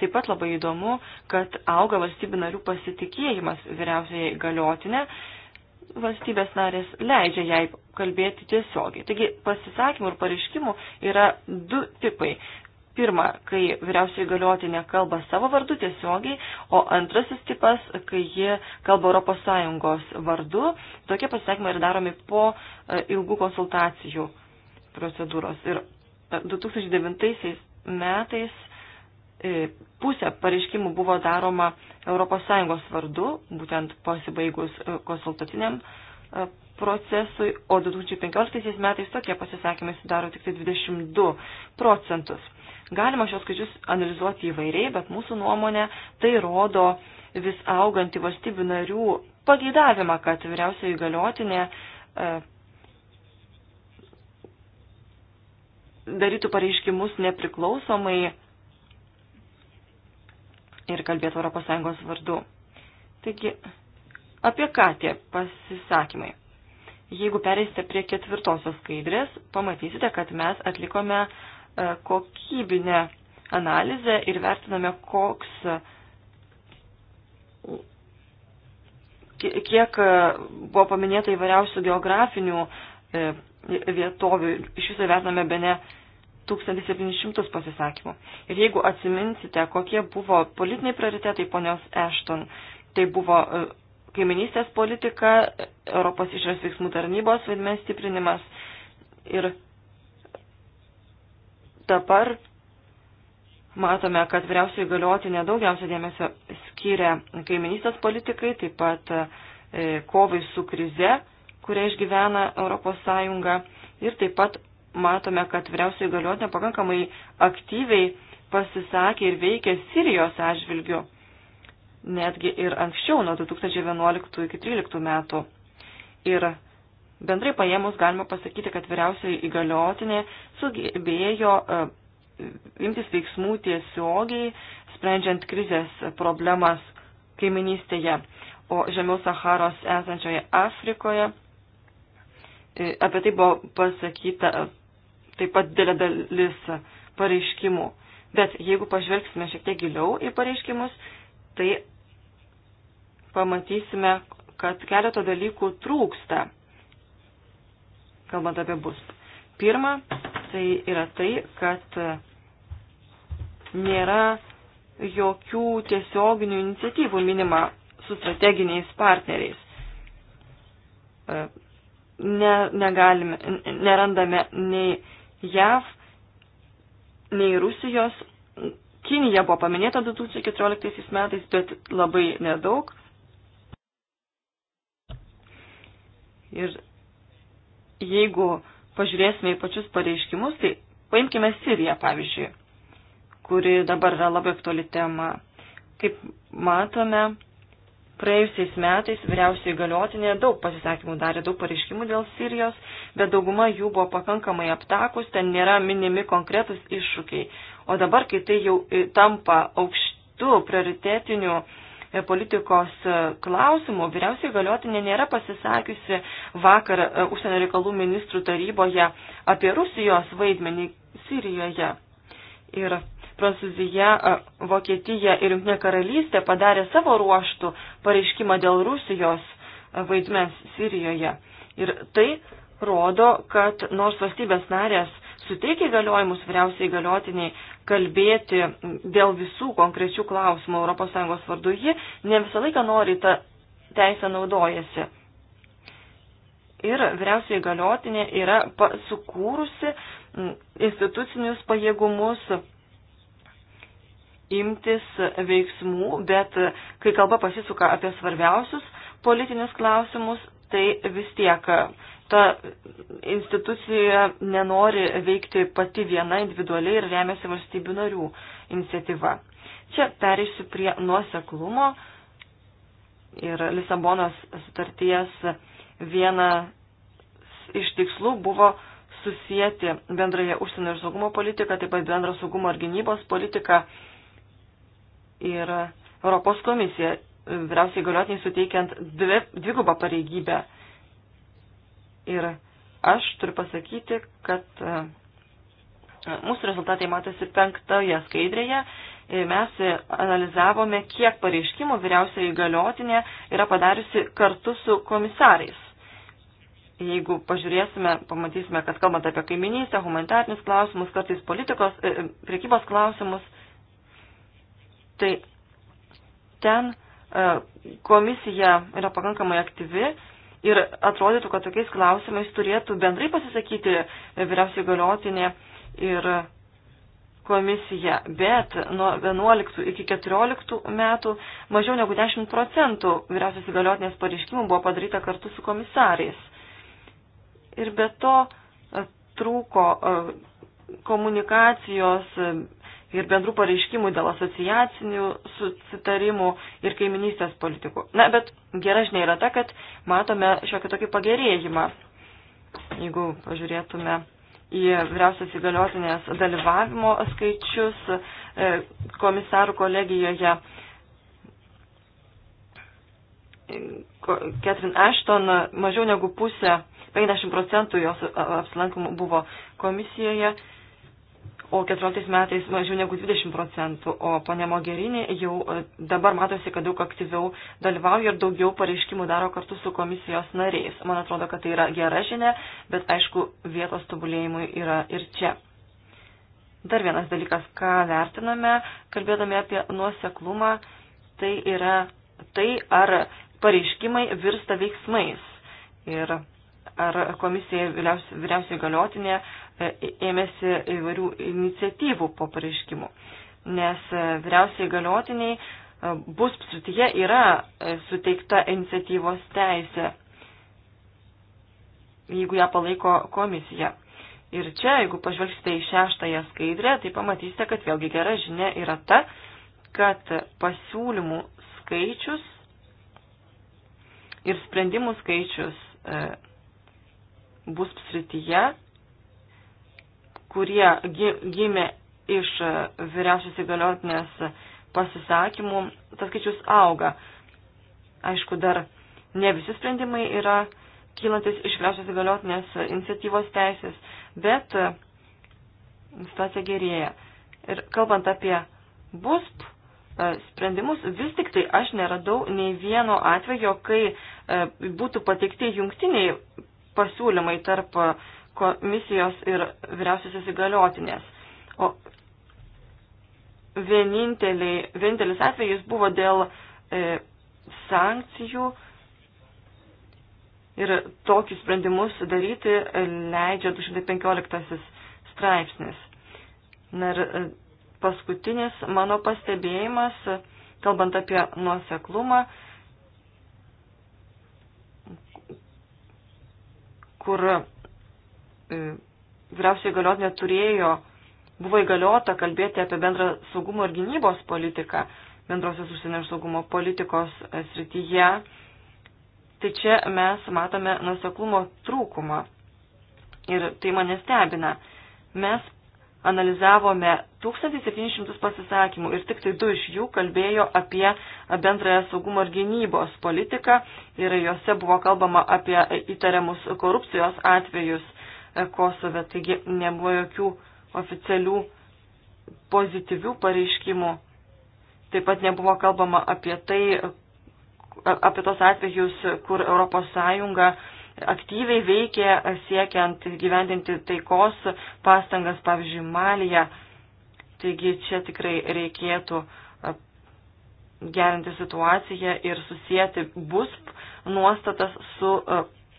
Taip pat labai įdomu, kad auga valstybių narių pasitikėjimas vyriausiai galiotinė, valstybės narės leidžia jai kalbėti tiesiogiai. Taigi pasisakymų ir pareiškimų yra du tipai. Pirma, kai vyriausiai galiotinė kalba savo vardu tiesiogiai, o antrasis tipas, kai ji kalba ES vardu, tokie pasisakymai yra daromi po e, ilgų konsultacijų procedūros. Ir 2009 metais e, pusė pareiškimų buvo daroma ES vardu, būtent pasibaigus e, konsultatiniam e, procesui, o 2015 metais tokie pasisakymai sudaro tik tai 22 procentus. Galima šios skaičius analizuoti įvairiai, bet mūsų nuomonė tai rodo vis augantį valstybių narių pageidavimą, kad vyriausioji galiotinė darytų pareiškimus nepriklausomai ir kalbėtų ES vardu. Taigi, apie ką tie pasisakymai? Jeigu pereisite prie ketvirtosios skaidrės, pamatysite, kad mes atlikome e, kokybinę analizę ir vertiname, koks, kiek e, buvo paminėta įvairiausių geografinių e, vietovių. Iš viso vertiname be ne 1700 pasisakymų. Ir jeigu atsiminsite, kokie buvo politiniai prioritetai ponios Ashton, tai buvo e, kaiminystės politika, Europos išras veiksmų tarnybos vaidmens stiprinimas ir dabar matome, kad vyriausiai galioti nedaugiausia dėmesio skiria kaiminystės politikai, taip pat e, kovai su krize kurią išgyvena ES. Ir taip pat matome, kad vyriausiai galiotinė pakankamai aktyviai pasisakė ir veikė Sirijos atžvilgiu, netgi ir anksčiau, nuo 2011 iki 2013 metų. Ir bendrai paėmus galima pasakyti, kad vyriausiai įgaliotinė sugebėjo uh, imtis veiksmų tiesiogiai, sprendžiant krizės problemas kaiminystėje, o žemiau Saharos esančioje Afrikoje E, apie tai buvo pasakyta e, taip pat didelė dalis pareiškimų. Bet jeigu pažvelgsime šiek tiek giliau į pareiškimus, tai pamatysime, kad keletą dalykų trūksta, kalbant apie bus. Pirma, tai yra tai, kad nėra jokių tiesioginių iniciatyvų minima su strateginiais partneriais. E, ne, negalime, nerandame nei JAV, nei Rusijos. Kinija buvo paminėta 2014 metais, bet labai nedaug. Ir jeigu pažiūrėsime į pačius pareiškimus, tai paimkime Siriją, pavyzdžiui, kuri dabar yra labai aktuali tema. Kaip matome, Praėjusiais metais vyriausiai galiotinė daug pasisakymų darė, daug pareiškimų dėl Sirijos, bet dauguma jų buvo pakankamai aptakus, ten nėra minimi konkretus iššūkiai. O dabar, kai tai jau e, tampa aukštų prioritetinių e, politikos e, klausimų, vyriausiai galiotinė nėra pasisakiusi vakar užsienio reikalų ministrų taryboje apie Rusijos vaidmenį Sirijoje. Ir Prancūzija, Vokietija ir Junktinė karalystė padarė savo ruoštų pareiškimą dėl Rusijos vaidmens Sirijoje. Ir tai rodo, kad nors valstybės narės suteikia įgaliojimus vyriausiai įgaliotiniai kalbėti dėl visų konkrečių klausimų ES vardu, ji ne visą laiką nori tą teisę naudojasi. Ir vyriausiai įgaliotinė yra sukūrusi institucinius pajėgumus imtis veiksmų, bet kai kalba pasisuka apie svarbiausius politinius klausimus, tai vis tiek e, ta institucija nenori veikti pati viena individualiai ir remiasi valstybių narių iniciatyva. Čia pereisiu prie nuoseklumo ir Lisabonos sutarties vienas iš tikslų buvo susijęti bendrąją užsienio ir saugumo politiką, taip pat bendrą saugumo ir gynybos politiką ir Europos komisija, vyriausiai galiotiniai suteikiant dvi, dvigubą pareigybę. Ir aš turiu pasakyti, kad e, mūsų rezultatai matosi penktoje skaidrėje. E, mes analizavome, kiek pareiškimų vyriausiai galiotinė yra padariusi kartu su komisarais. Jeigu pažiūrėsime, pamatysime, kad kalbant apie kaiminystę, humanitarinius klausimus, kartais politikos, e, priekybos klausimus, tai ten e, komisija yra pakankamai aktyvi ir atrodytų, kad tokiais klausimais turėtų bendrai pasisakyti vyriausiai galiotinė ir komisija, bet nuo 11 iki 14 metų mažiau negu 10 procentų vyriausios įgaliotinės pareiškimų buvo padaryta kartu su komisarais. Ir be to e, trūko e, komunikacijos ir bendrų pareiškimų dėl asociacinių susitarimų ir kaiminystės politikų. Na, bet gera žinia yra ta, kad matome šiokį tokį pagerėjimą. Jeigu pažiūrėtume į vyriausios įgaliotinės dalyvavimo skaičius e, komisarų kolegijoje, Ketrin Ashton mažiau negu pusė, 50 procentų jos apsilankimų buvo komisijoje o 14 metais mažiau negu 20 procentų, o ponė Mogerinė jau e, dabar matosi, kad daug aktyviau dalyvauja ir daugiau pareiškimų daro kartu su komisijos nariais. Man atrodo, kad tai yra gera žinia, bet aišku, vietos tobulėjimui yra ir čia. Dar vienas dalykas, ką vertiname, kalbėdami apie nuoseklumą, tai yra tai, ar pareiškimai virsta veiksmais. Ir ar komisija vyriausiai galiotinė e, ėmėsi įvairių iniciatyvų po pareiškimų. Nes e, vyriausiai galiotiniai e, bus srityje yra suteikta iniciatyvos teisė, jeigu ją palaiko komisija. Ir čia, jeigu pažvelgsite į šeštąją skaidrę, tai pamatysite, kad vėlgi gera žinia yra ta, kad pasiūlymų skaičius ir sprendimų skaičius bus srityje, kurie gimė iš vyriausios įgaliotinės pasisakymų, tas skaičius auga. Aišku, dar ne visi sprendimai yra kylantis iš vyriausios įgaliotinės iniciatyvos teisės, bet situacija gerėja. Ir kalbant apie BUSP e, sprendimus, vis tik tai aš neradau nei vieno atvejo, kai e, būtų pateikti jungtiniai pasiūlymai tarp komisijos ir vyriausiosios įgaliotinės. O vienintelis atvejis buvo dėl e, sankcijų ir tokius sprendimus daryti leidžia 215 straipsnis. Na ir e, paskutinis mano pastebėjimas, kalbant apie nuoseklumą, kur e, vyriausiai galiotinė turėjo, buvo įgaliota kalbėti apie bendrą saugumo ir gynybos politiką, bendrosios užsienio ir saugumo politikos e, srityje, tai čia mes matome nuseklumo trūkumą. Ir tai mane stebina. Mes analizavome 1700 pasisakymų ir tik tai du iš jų kalbėjo apie bendrąją saugumo ir gynybos politiką ir juose buvo kalbama apie įtariamus korupcijos atvejus Kosove, taigi nebuvo jokių oficialių pozityvių pareiškimų. Taip pat nebuvo kalbama apie tai, apie tos atvejus, kur Europos Sąjunga aktyviai veikė siekiant gyvendinti taikos pastangas, pavyzdžiui, Malija. Taigi čia tikrai reikėtų gerinti situaciją ir susijęti BUSP nuostatas su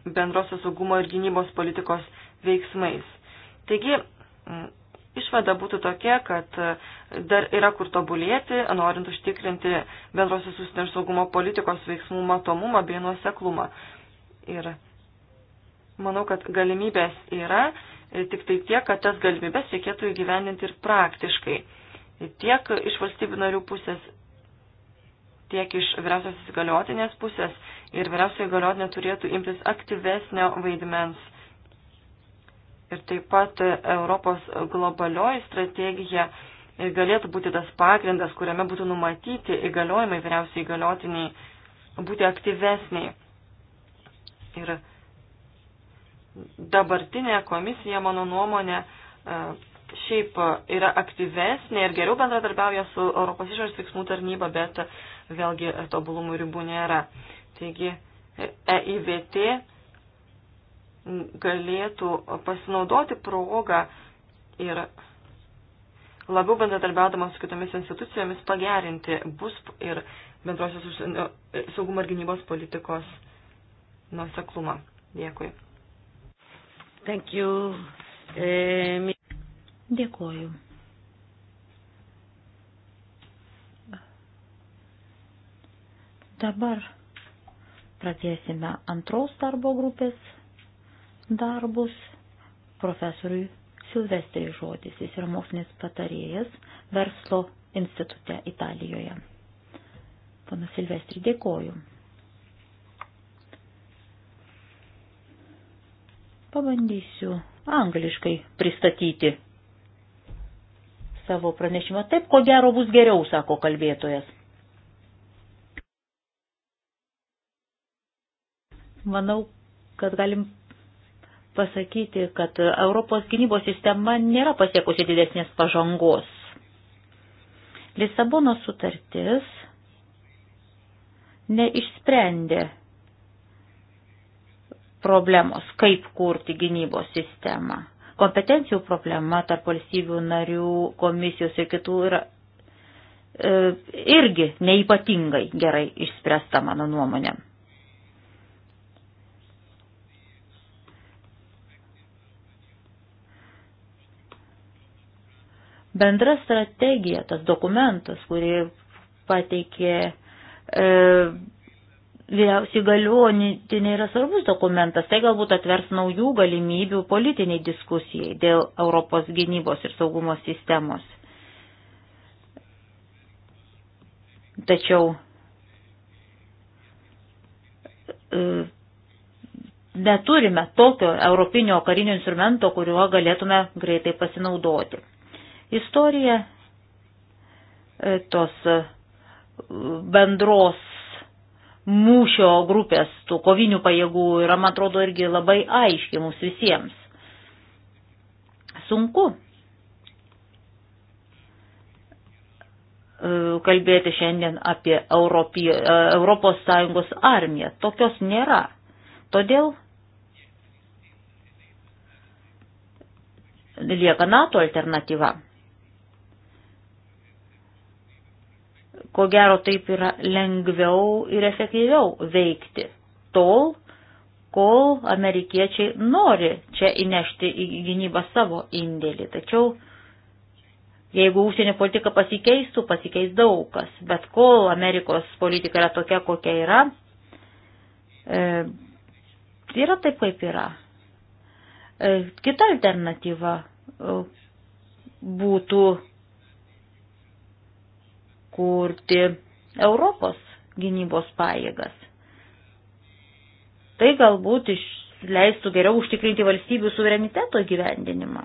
bendrosios saugumo ir gynybos politikos veiksmais. Taigi, išvada būtų tokia, kad dar yra kur tobulėti, norint užtikrinti bendrosios susitinio saugumo politikos veiksmų matomumą bei nuoseklumą. Ir Manau, kad galimybės yra, e, tik tai tiek, kad tas galimybės reikėtų įgyvendinti ir praktiškai. Tiek iš valstybių narių pusės, tiek iš vyriausios įgaliotinės pusės ir vyriausioji įgaliotinė turėtų imtis aktyvesnio vaidmens. Ir taip pat Europos globalioji strategija e, galėtų būti tas pagrindas, kuriame būtų numatyti įgaliojimai vyriausiai įgaliotiniai būti aktyvesniai. Ir dabartinė komisija, mano nuomonė, e, šiaip yra aktyvesnė ir geriau bendradarbiauja su Europos išorės veiksmų tarnyba, bet vėlgi tobulumų ribų nėra. Taigi EIVT galėtų pasinaudoti progą ir labiau bendradarbiaudama su kitomis institucijomis pagerinti BUSP ir bendrosios saugumo ir gynybos politikos nuoseklumą. Dėkui. Thank you. E, dėkoju. Dabar pradėsime antros darbo grupės darbus. Profesoriui Silvestriai žodis, jis yra mokslinis patarėjas verslo institute Italijoje. Pana Silvestri, dėkoju. Pabandysiu angliškai pristatyti savo pranešimą. Taip, ko gero bus geriau, sako kalbėtojas. Manau, kad galim pasakyti, kad Europos gynybos sistema nėra pasiekusi didesnės pažangos. Lisabono sutartis neišsprendė problemos, kaip kurti gynybos sistemą. Kompetencijų problema tarp valstybių narių, komisijos ir kitų yra e, irgi neipatingai gerai išspręsta mano nuomonė. Bendra strategija, tas dokumentas, kurį pateikė e, vyriausiai galiotinė yra svarbus dokumentas, tai galbūt atvers naujų galimybių politiniai diskusijai dėl Europos gynybos ir saugumo sistemos. Tačiau e, neturime tokio europinio karinio instrumento, kuriuo galėtume greitai pasinaudoti. Istorija e, tos e, bendros mūšio grupės, tų kovinių pajėgų yra, man atrodo, irgi labai aiški mums visiems. Sunku e, kalbėti šiandien apie Europį, e, Europos Sąjungos armiją. Tokios nėra. Todėl lieka NATO alternatyva. Ko gero taip yra lengviau ir efektyviau veikti tol, kol amerikiečiai nori čia įnešti į gynybą savo indėlį. Tačiau jeigu užsienio politika pasikeistų, pasikeis daug kas. Bet kol Amerikos politika yra tokia, kokia yra, e, yra taip, kaip yra. E, kita alternatyva e, būtų kurti Europos gynybos pajėgas. Tai galbūt iš leistų geriau užtikrinti valstybių suvereniteto gyvendinimą.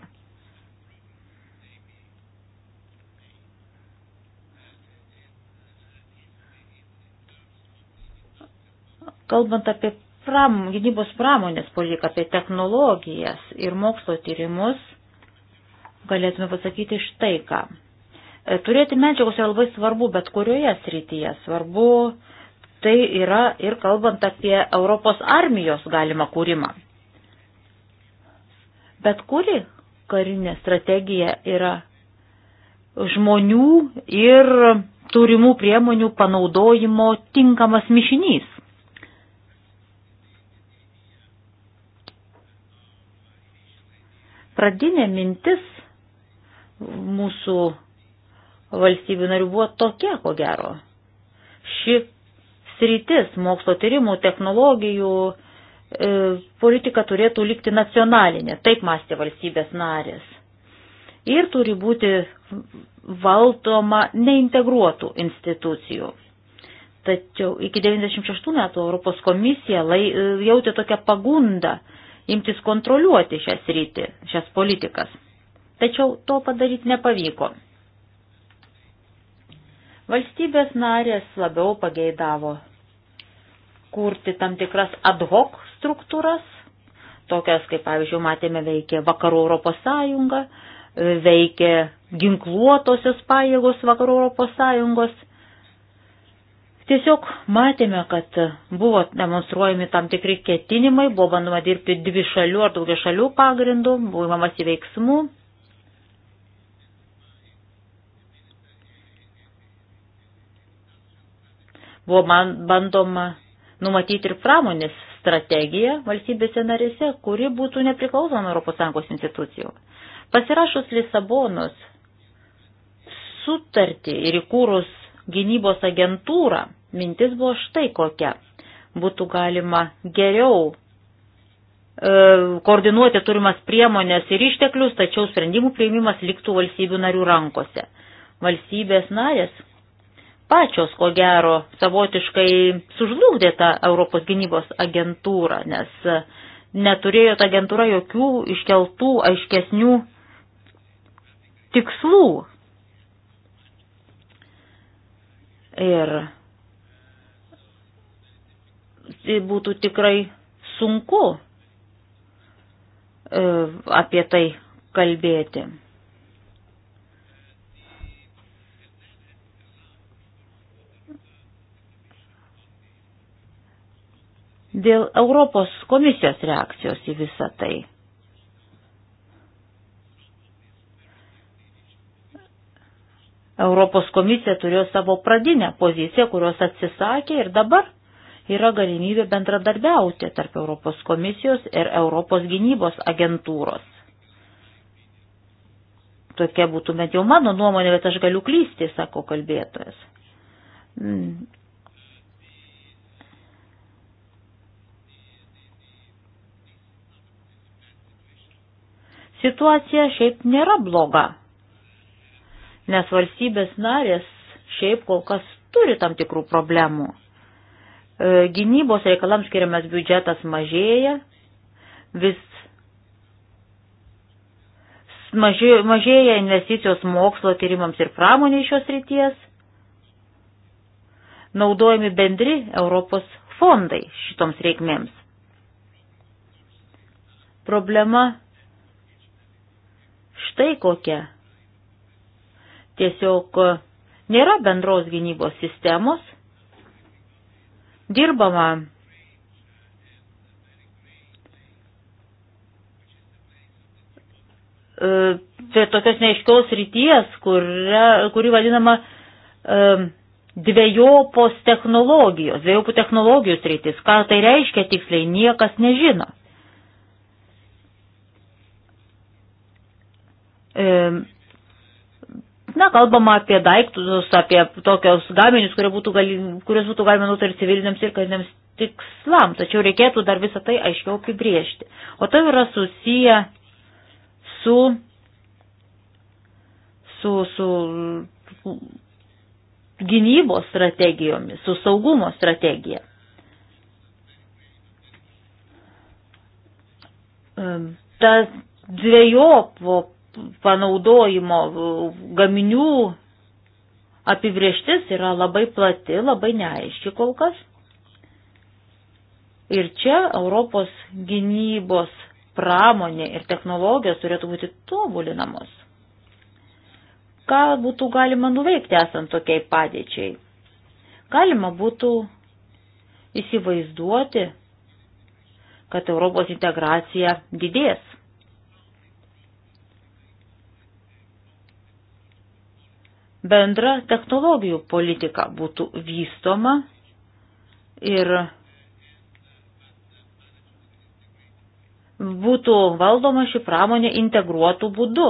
Kalbant apie pram, gynybos pramonės politiką, apie technologijas ir mokslo tyrimus, galėtume pasakyti štai ką. E, turėti medžiagos yra labai svarbu, bet kurioje srityje svarbu, tai yra ir kalbant apie Europos armijos galimą kūrimą. Bet kuri karinė strategija yra žmonių ir turimų priemonių panaudojimo tinkamas mišinys. Pradinė mintis mūsų valstybių narių buvo tokia, ko gero. Ši sritis mokslo tyrimų, technologijų e, politika turėtų likti nacionalinė, taip mąstė valstybės narės. Ir turi būti valdoma neintegruotų institucijų. Tačiau iki 96 metų Europos komisija lai, e, jautė tokią pagundą imtis kontroliuoti šias rytį, šias politikas. Tačiau to padaryti nepavyko. Valstybės narės labiau pageidavo kurti tam tikras ad hoc struktūras, tokias kaip, pavyzdžiui, matėme veikė Vakarų Europos Sąjunga, veikė ginkluotosios pajėgos Vakarų Europos Sąjungos. Tiesiog matėme, kad buvo demonstruojami tam tikri ketinimai, buvo bandoma dirbti dvi šalių ar daugia šalių pagrindų, buvo įmamas į veiksmų, Buvo man bandoma numatyti ir pramonės strategiją valstybėse narėse, kuri būtų nepriklausoma ES institucijų. Pasirašus Lisabonos sutartį ir įkūrus gynybos agentūrą, mintis buvo štai kokia. Būtų galima geriau e, koordinuoti turimas priemonės ir išteklius, tačiau sprendimų prieimimas liktų valstybių narių rankose. Valstybės narės pačios, ko gero, savotiškai sužlugdė tą Europos gynybos agentūrą, nes e, neturėjo ta agentūra jokių iškeltų aiškesnių tikslų. Ir tai būtų tikrai sunku e, apie tai kalbėti. Dėl Europos komisijos reakcijos į visą tai. Europos komisija turėjo savo pradinę poziciją, kurios atsisakė ir dabar yra galimybė bendradarbiauti tarp Europos komisijos ir Europos gynybos agentūros. Tokia būtų bent jau mano nuomonė, bet aš galiu klysti, sako kalbėtojas. Mm, Situacija šiaip nėra bloga, nes valstybės narės šiaip kol kas turi tam tikrų problemų. E, gynybos reikalams skiriamas biudžetas mažėja, vis mažėja investicijos mokslo tyrimams ir pramoniai šios ryties, naudojami bendri Europos fondai šitoms reikmėms. Problema štai kokia. Tiesiog e, nėra bendros gynybos sistemos, dirbama tai tokios neaiškios ryties, kuria, kuri vadinama e, dviejopos technologijos, dviejopų technologijų sritis. Ką tai reiškia tiksliai, niekas nežino. E, na, kalbama apie daiktus, apie tokios gaminius, būtų gali, kurios būtų galima naudoti ir civiliniams, ir kariniams tikslams, tačiau reikėtų dar visą tai aiškiau apibriežti. O tai yra susiję su, su, su gynybos strategijomis, su saugumo strategija. E, Tas dviejopo panaudojimo gaminių apibrieštis yra labai plati, labai neaiški kol kas. Ir čia Europos gynybos pramonė ir technologijos turėtų būti tobulinamos. Ką būtų galima nuveikti esant tokiai padėčiai? Galima būtų įsivaizduoti, kad Europos integracija didės. bendra technologijų politika būtų vystoma ir būtų valdoma ši pramonė integruotų būdu.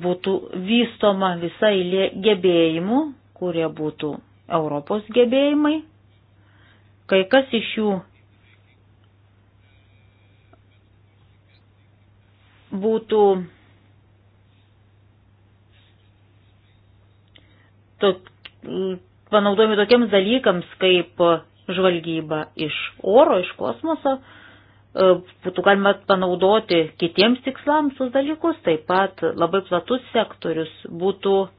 Būtų vystoma visa eilė gebėjimų, kurie būtų Europos gebėjimai. Kai kas iš jų būtų tok, panaudojami tokiems dalykams kaip žvalgyba iš oro, iš kosmoso, e, būtų galima panaudoti kitiems tikslams tos dalykus, taip pat labai platus sektorius būtų e,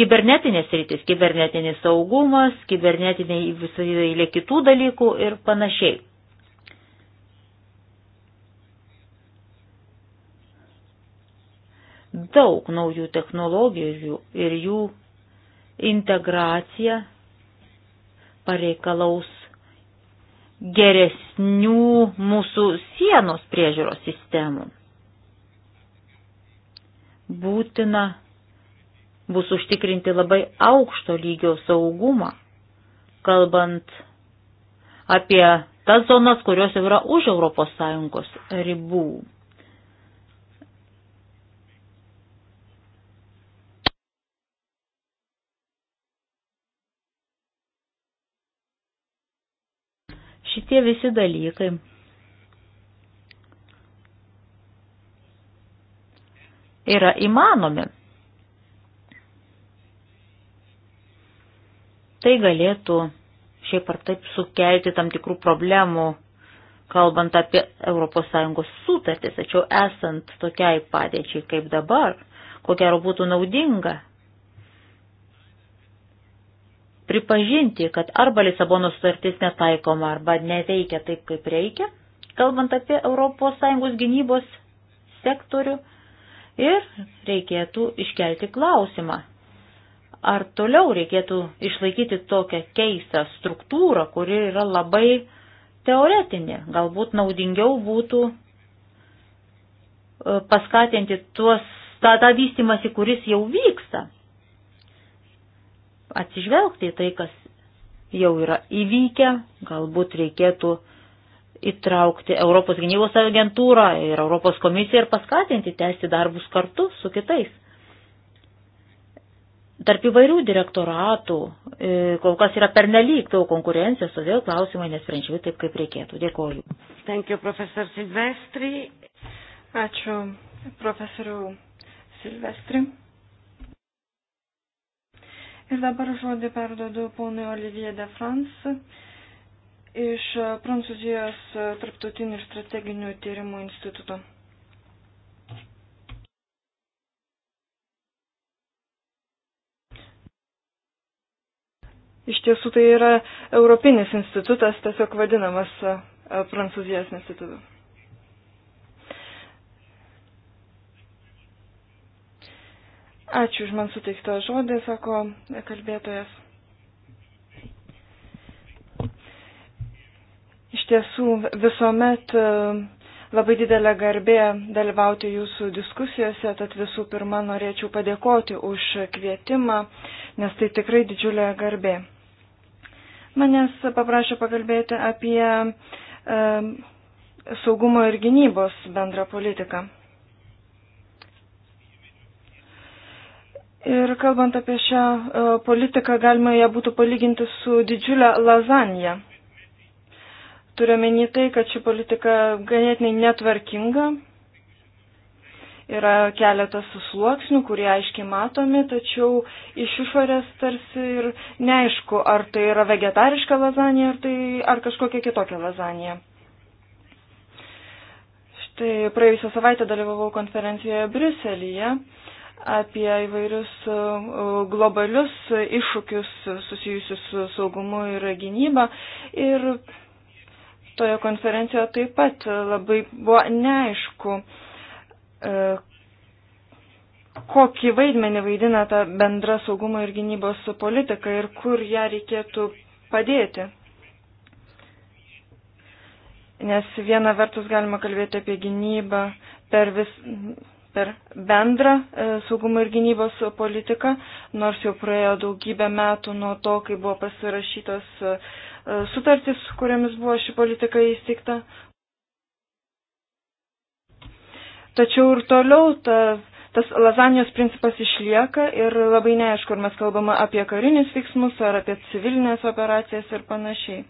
kibernetinės rytis, kibernetinis saugumas, kibernetiniai visai eilė kitų dalykų ir panašiai. daug naujų technologijų ir jų integracija pareikalaus geresnių mūsų sienos priežiūros sistemų. Būtina bus užtikrinti labai aukšto lygio saugumą, kalbant apie tas zonas, kurios yra už ES ribų. Šitie visi dalykai. Yra įmanomi. Tai galėtų šiaip ar taip sukelti tam tikrų problemų, kalbant apie ES sutartis, tačiau esant tokiai padėčiai kaip dabar, ko gero būtų naudinga pripažinti, kad arba Lisabono sutartis netaikoma, arba neveikia taip, kaip reikia, kalbant apie ES gynybos sektorių. Ir reikėtų iškelti klausimą, ar toliau reikėtų išlaikyti tokią keistą struktūrą, kuri yra labai teoretinė. Galbūt naudingiau būtų e, paskatinti tuos, tą, tą vystimąsi, kuris jau vyksta atsižvelgti į tai, kas jau yra įvykę, galbūt reikėtų įtraukti Europos gynybos agentūrą ir Europos komisiją ir paskatinti tęsti darbus kartu su kitais. Tarp įvairių direktoratų e, kol kas yra pernelyg daug konkurencijos, todėl klausimai nesprendžiami taip, kaip reikėtų. Dėkoju. Thank you, profesor Silvestri. Ačiū, profesoriu Silvestri. Ir dabar žodį perdodu ponui Olivier de France iš Prancūzijos tarptautinių ir strateginių tyrimų instituto. Iš tiesų tai yra Europinis institutas, tiesiog vadinamas Prancūzijos institutu. Ačiū už man suteiktą žodį, sako kalbėtojas. Iš tiesų visuomet e, labai didelė garbė dalyvauti jūsų diskusijose, tad visų pirma norėčiau padėkoti už kvietimą, nes tai tikrai didžiulė garbė. Manęs paprašė pakalbėti apie e, saugumo ir gynybos bendrą politiką. Ir kalbant apie šią e, politiką, galima ją būtų palyginti su didžiulė lazanija. Turiuomenį tai, kad ši politika ganėtinai netvarkinga. Yra keletas susluoksnių, kurie aiškiai matomi, tačiau iš išorės tarsi ir neaišku, ar tai yra vegetariška lazanija, ar, tai, ar kažkokia kitokia lazanija. Štai praėjusią savaitę dalyvavau konferencijoje Briuselyje apie įvairius e, globalius iššūkius susijusius su saugumu ir gynyba. Ir toje konferencijoje taip pat labai buvo neaišku, e, kokį vaidmenį vaidina ta bendra saugumo ir gynybos politika ir kur ją reikėtų padėti. Nes viena vertus galima kalbėti apie gynybą per vis, per bendrą e, saugumo ir gynybos politiką, nors jau praėjo daugybę metų nuo to, kai buvo pasirašytos e, e, sutartys, kuriamis buvo ši politika įsteigta. Tačiau ir toliau ta, tas lazanijos principas išlieka ir labai neaišku, ar mes kalbame apie karinius veiksmus, ar apie civilinės operacijas ir panašiai.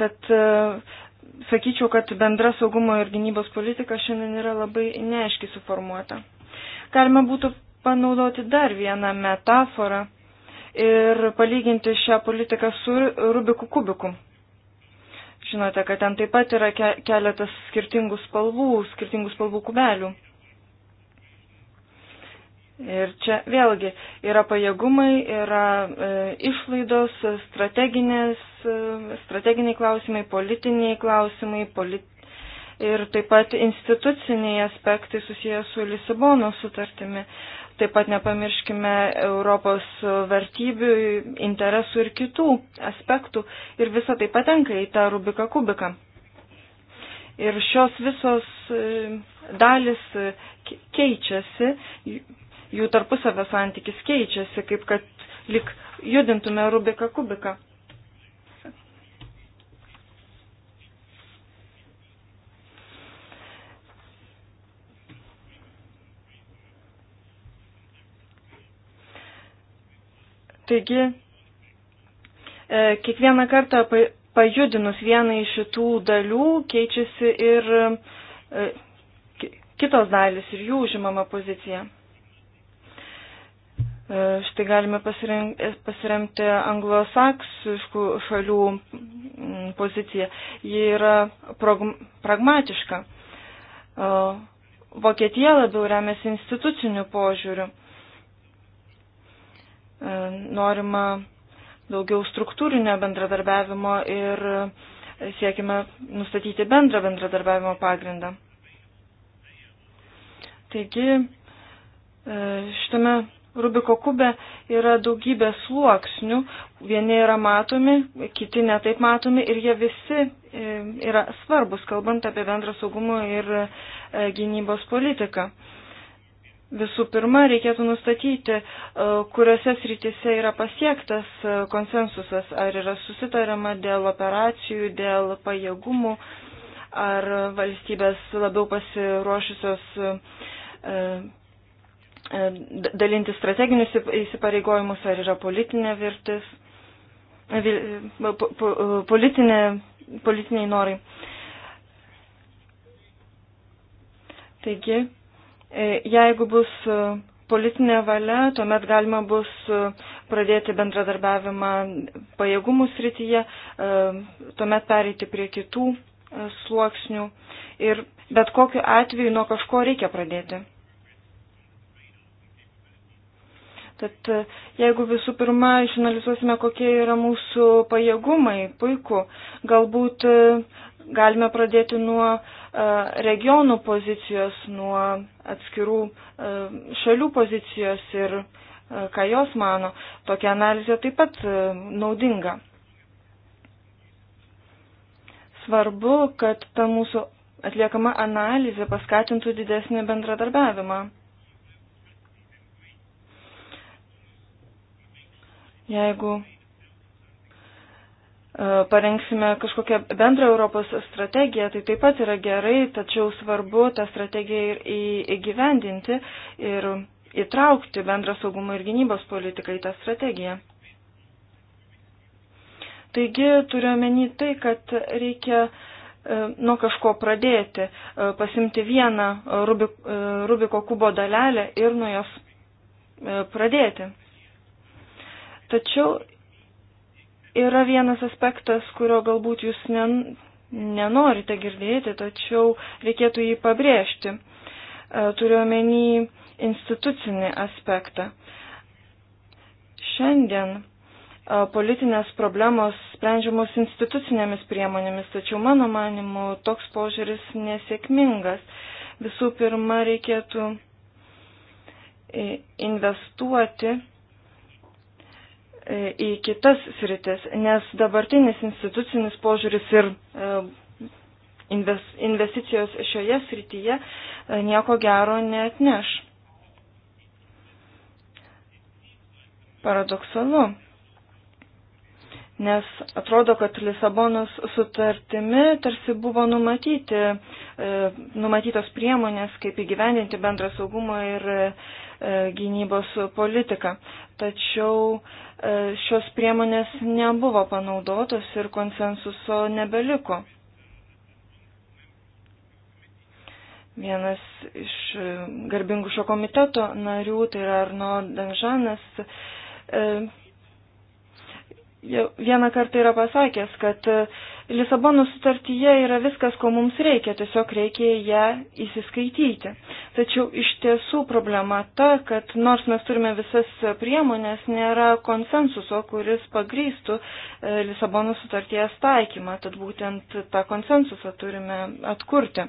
Tad sakyčiau, kad bendra saugumo ir gynybos politika šiandien yra labai neaiškiai suformuota. Galima būtų panaudoti dar vieną metaforą ir palyginti šią politiką su Rubiku kubiku. Žinote, kad ten taip pat yra keletas skirtingų spalvų, skirtingų spalvų kubelių. Ir čia vėlgi yra pajėgumai, yra e, išlaidos, strateginės, e, strateginiai klausimai, politiniai klausimai polit... ir taip pat instituciniai aspektai susijęs su Lisabono sutartimi. Taip pat nepamirškime Europos vertybių, interesų ir kitų aspektų. Ir visa tai patenka į tą rubiką kubiką. Ir šios visos e, dalis e, keičiasi, jų tarpusavio santykis keičiasi, kaip kad lik judintume Rubiką kubiką. Taigi, e, kiekvieną kartą pajudinus vieną iš šitų dalių keičiasi ir e, kitos dalis ir jų užimama pozicija. E, štai galime e, pasiremti anglosaksiškų šalių mm, poziciją. Ji yra pragmatiška. E, Vokietija labiau remiasi instituciniu požiūriu. Norima daugiau struktūrinio bendradarbiavimo ir siekime nustatyti bendrą bendradarbiavimo pagrindą. Taigi, šitame Rubiko kube yra daugybė sluoksnių, vieni yra matomi, kiti netaip matomi ir jie visi e, yra svarbus, kalbant apie bendrą saugumo ir e, gynybos politiką. Visų pirma, reikėtų nustatyti, e, kuriuose srityse yra pasiektas konsensusas, ar yra susitarama dėl operacijų, dėl pajėgumų, ar valstybės labiau pasiruošusios E, dalinti strateginius įsipareigojimus, ar yra politinė virtis, e, e, politinė, politiniai norai. Taigi, jeigu bus politinė valia, tuomet galima bus pradėti bendradarbiavimą pajėgumų srityje, tuomet pereiti prie kitų sluoksnių ir bet kokiu atveju nuo kažko reikia pradėti. Tad e, jeigu visų pirma išanalizuosime, kokie yra mūsų pajėgumai, puiku, galbūt e, galime pradėti nuo e, regionų pozicijos, nuo atskirų šalių pozicijos ir ką jos mano. Tokia analizė taip pat naudinga. Svarbu, kad ta mūsų atliekama analizė paskatintų didesnį bendradarbiavimą. Jeigu e, parengsime kažkokią bendrą Europos strategiją, tai taip pat yra gerai, tačiau svarbu tą strategiją ir įgyvendinti ir įtraukti bendrą saugumo ir gynybos politiką į tą strategiją. Taigi turiuomenį tai, kad reikia e, nuo kažko pradėti, e, pasimti vieną Rubiko kubo dalelę ir nuo jos pradėti. Tačiau yra vienas aspektas, kurio galbūt jūs nen, nenorite girdėti, tačiau reikėtų jį pabrėžti. E, Turiuomenį institucinį aspektą. Šiandien e, politinės problemos sprendžiamos institucinėmis priemonėmis, tačiau mano manimu toks požiūris nesėkmingas. Visų pirma, reikėtų e, investuoti E, į kitas sritis, nes dabartinis institucinis požiūris ir e, investicijos šioje srityje e, nieko gero net neš. Paradoksalu, nes atrodo, kad Lisabonos sutartimi tarsi buvo numatyti, numatytos priemonės, kaip įgyvendinti bendrą saugumą ir E, gynybos politiką. Tačiau e, šios priemonės nebuvo panaudotos ir konsensuso nebeliko. Vienas iš e, garbingų šio komiteto narių, tai yra Arno Danžanas, vieną kartą yra pasakęs, kad e, Lisabono sutartyje yra viskas, ko mums reikia, tiesiog reikia ją įsiskaityti. Tačiau iš tiesų problema ta, kad nors mes turime visas priemonės, nėra konsensuso, kuris pagrįstų e, Lisabono sutarties taikymą, tad būtent tą konsensusą turime atkurti.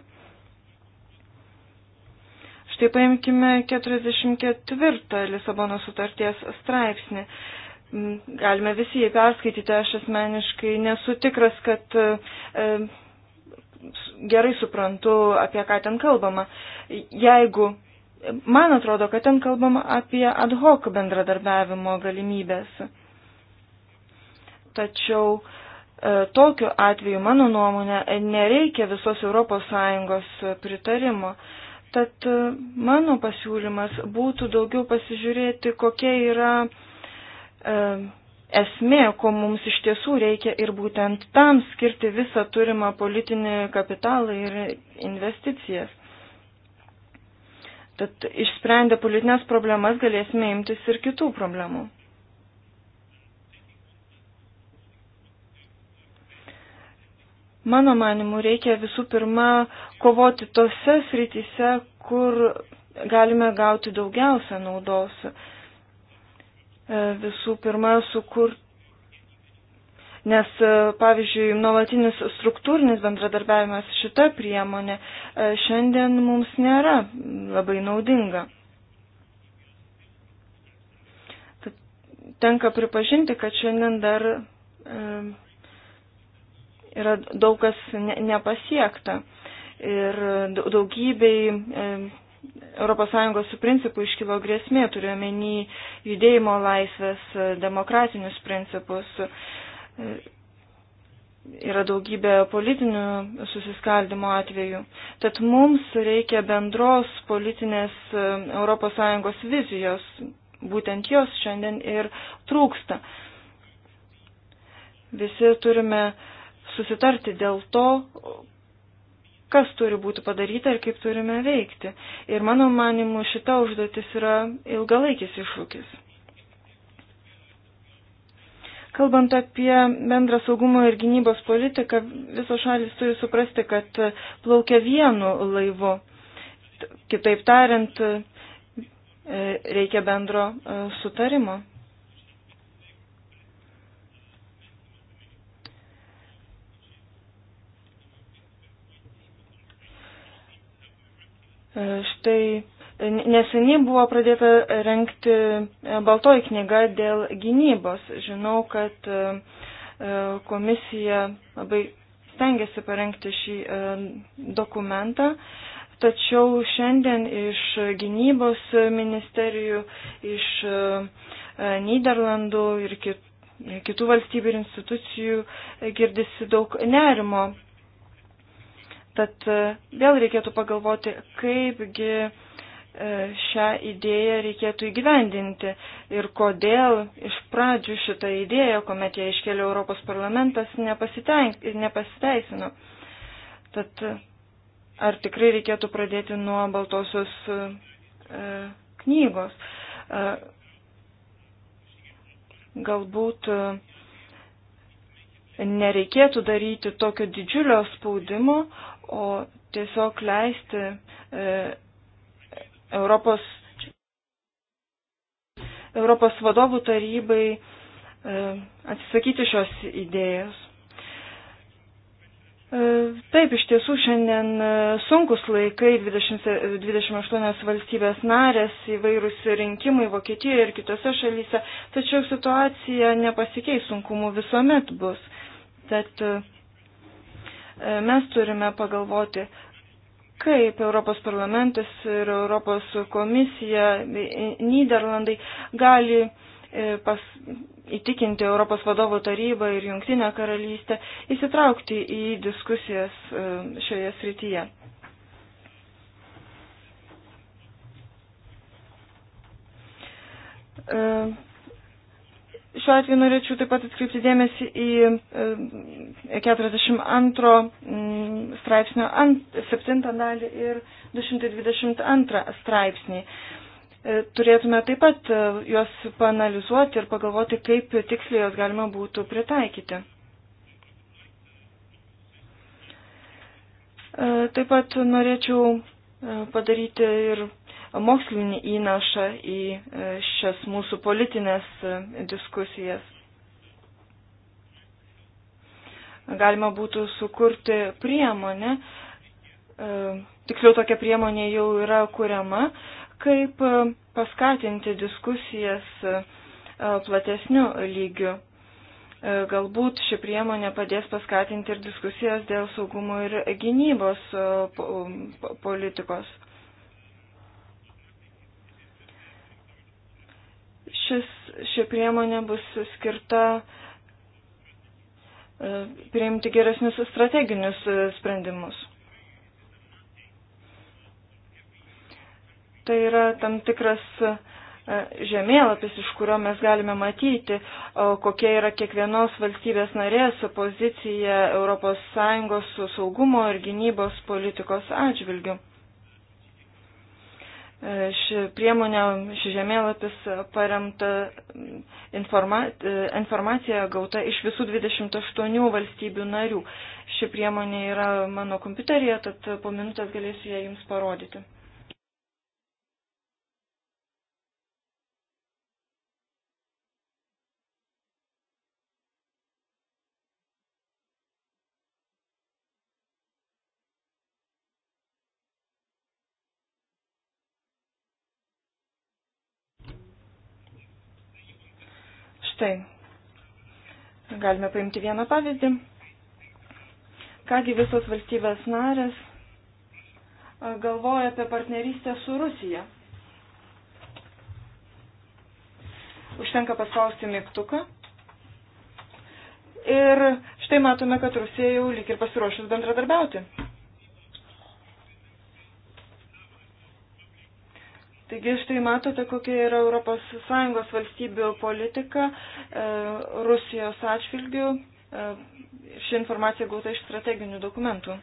Štai paimkime 44 Lisabono sutarties straipsnį. Mm, galime visi jį perskaityti, aš asmeniškai nesu tikras, kad e, gerai suprantu, apie ką ten kalbama. Jeigu, man atrodo, kad ten kalbama apie ad hoc bendradarbiavimo galimybės. Tačiau e, tokiu atveju, mano nuomonė, nereikia visos ES pritarimo. Tad e, mano pasiūlymas būtų daugiau pasižiūrėti, kokia yra E, esmė, ko mums iš tiesų reikia ir būtent tam skirti visą turimą politinį kapitalą ir investicijas. Tad išsprendę politinės problemas galėsime imtis ir kitų problemų. Mano manimu, reikia visų pirma kovoti tose srityse, kur galime gauti daugiausia naudos E, visų pirma sukurti. Nes, e, pavyzdžiui, nuolatinis struktūrinis bendradarbiavimas šita priemonė e, šiandien mums nėra labai naudinga. Tad tenka pripažinti, kad šiandien dar e, yra daug kas ne, nepasiekta. Ir daugybei e, ES principų iškilo grėsmė, turiuomenį judėjimo laisvės, demokratinius principus. Yra daugybė politinių susiskaldimo atvejų. Tad mums reikia bendros politinės ES vizijos. Būtent jos šiandien ir trūksta. Visi turime susitarti dėl to, kas turi būti padaryta ir kaip turime veikti. Ir mano manimu, šita užduotis yra ilgalaikis iššūkis. Kalbant apie bendrą saugumo ir gynybos politiką, visos šalis turi suprasti, kad plaukia vienu laivu. Kitaip tariant, reikia bendro e, sutarimo. E, štai e, neseniai buvo pradėta renkti e, baltoji knyga dėl gynybos. Žinau, kad komisija labai stengiasi parengti šį dokumentą, tačiau šiandien iš gynybos ministerijų, iš Niderlandų ir kitų valstybių ir institucijų girdisi daug nerimo Tad e, vėl reikėtų pagalvoti, kaipgi e, šią idėją reikėtų įgyvendinti ir kodėl iš pradžių šitą idėją, kuomet ją iškėlė Europos parlamentas, nepasiteisino. Tad ar tikrai reikėtų pradėti nuo baltosios e, knygos? E, galbūt e, nereikėtų daryti tokio didžiulio spaudimo, e, o tiesiog leisti e, Europos, Europos vadovų tarybai e, atsisakyti šios idėjos. E, taip, iš tiesų šiandien sunkus laikai, 20, 28 valstybės narės, įvairūs rinkimai Vokietijoje ir kitose šalyse, tačiau situacija nepasikeis, sunkumų visuomet bus. Tad Mes turime pagalvoti, kaip Europos parlamentas ir Europos komisija, Niderlandai gali e, pas, įtikinti Europos vadovų tarybą ir Junktinę karalystę įsitraukti į diskusijas e, šioje srityje. E, Šiuo atveju norėčiau taip pat atkreipti dėmesį į 42 e, mm, straipsnio 7 dalį ir 222 straipsnį. E, turėtume taip pat e, juos panalizuoti ir pagalvoti, kaip tiksliai juos galima būtų pritaikyti. Taip pat norėčiau padaryti ir mokslinį įnašą į e, šias mūsų politinės e, diskusijas. Galima būtų sukurti priemonę, e, tiksliau tokia priemonė jau yra kuriama, kaip paskatinti diskusijas platesniu lygiu. Galbūt ši priemonė padės paskatinti ir diskusijas dėl saugumo ir gynybos politikos. Šis, ši priemonė bus skirta e, priimti geresnius strateginius e, sprendimus. Tai yra tam tikras e, žemėlapis, iš kurio mes galime matyti, kokia yra kiekvienos valstybės narės pozicija ES saugumo ir gynybos politikos atžvilgių ši priemonė, šis žemėlapis paremta informa, e, informacija gauta iš visų 28 valstybių narių. Ši priemonė yra mano kompiuterėje, tad po minutės galėsiu ją jums parodyti. štai. Galime paimti vieną pavyzdį. Kągi visos valstybės narės galvoja apie partnerystę su Rusija. Užtenka paspausti mygtuką. Ir štai matome, kad Rusija jau lyg ir pasiruošus bendradarbiauti. Taigi štai matote, kokia yra ES valstybių politika e, Rusijos atšvilgių. E, ši informacija gauta iš strateginių dokumentų.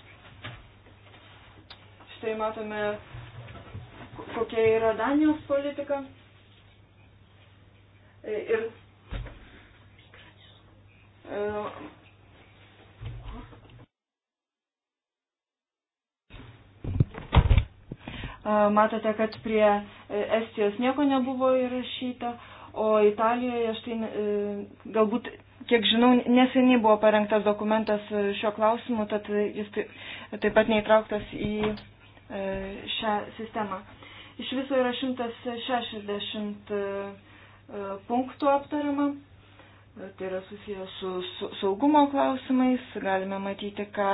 Štai matome, kokia yra Danijos politika. E, ir matote, kad prie E, Estijos nieko nebuvo įrašyta, o Italijoje, aš tai e, galbūt, kiek žinau, neseniai buvo parengtas dokumentas e, šio klausimu, tad jis taip pat neįtrauktas į šią sistemą. Iš viso yra 160 punktų aptariama. Tai yra susijęs su, su saugumo klausimais. Galime matyti, ką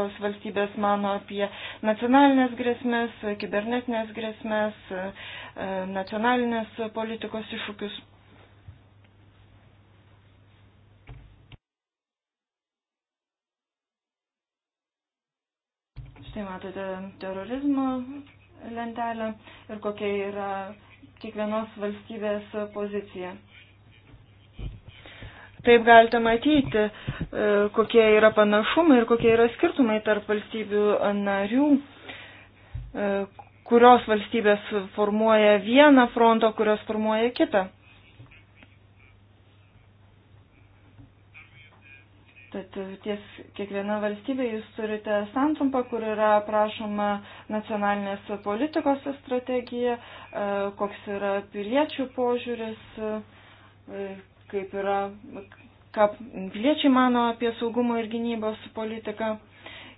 ES valstybės mano apie nacionalinės grėsmės, kibernetinės grėsmės, e, nacionalinės politikos iššūkius. Štai matote terorizmo lentelę ir kokia yra kiekvienos valstybės pozicija. Taip galite matyti, e, kokie yra panašumai ir kokie yra skirtumai tarp valstybių narių, e, kurios valstybės formuoja vieną frontą, kurios formuoja kitą. Tad e, ties kiekviena valstybė jūs turite santrumpą, kur yra aprašoma nacionalinės politikos strategija, koks yra piliečių požiūris, kaip yra, ką piliečiai mano apie saugumo ir gynybos politiką.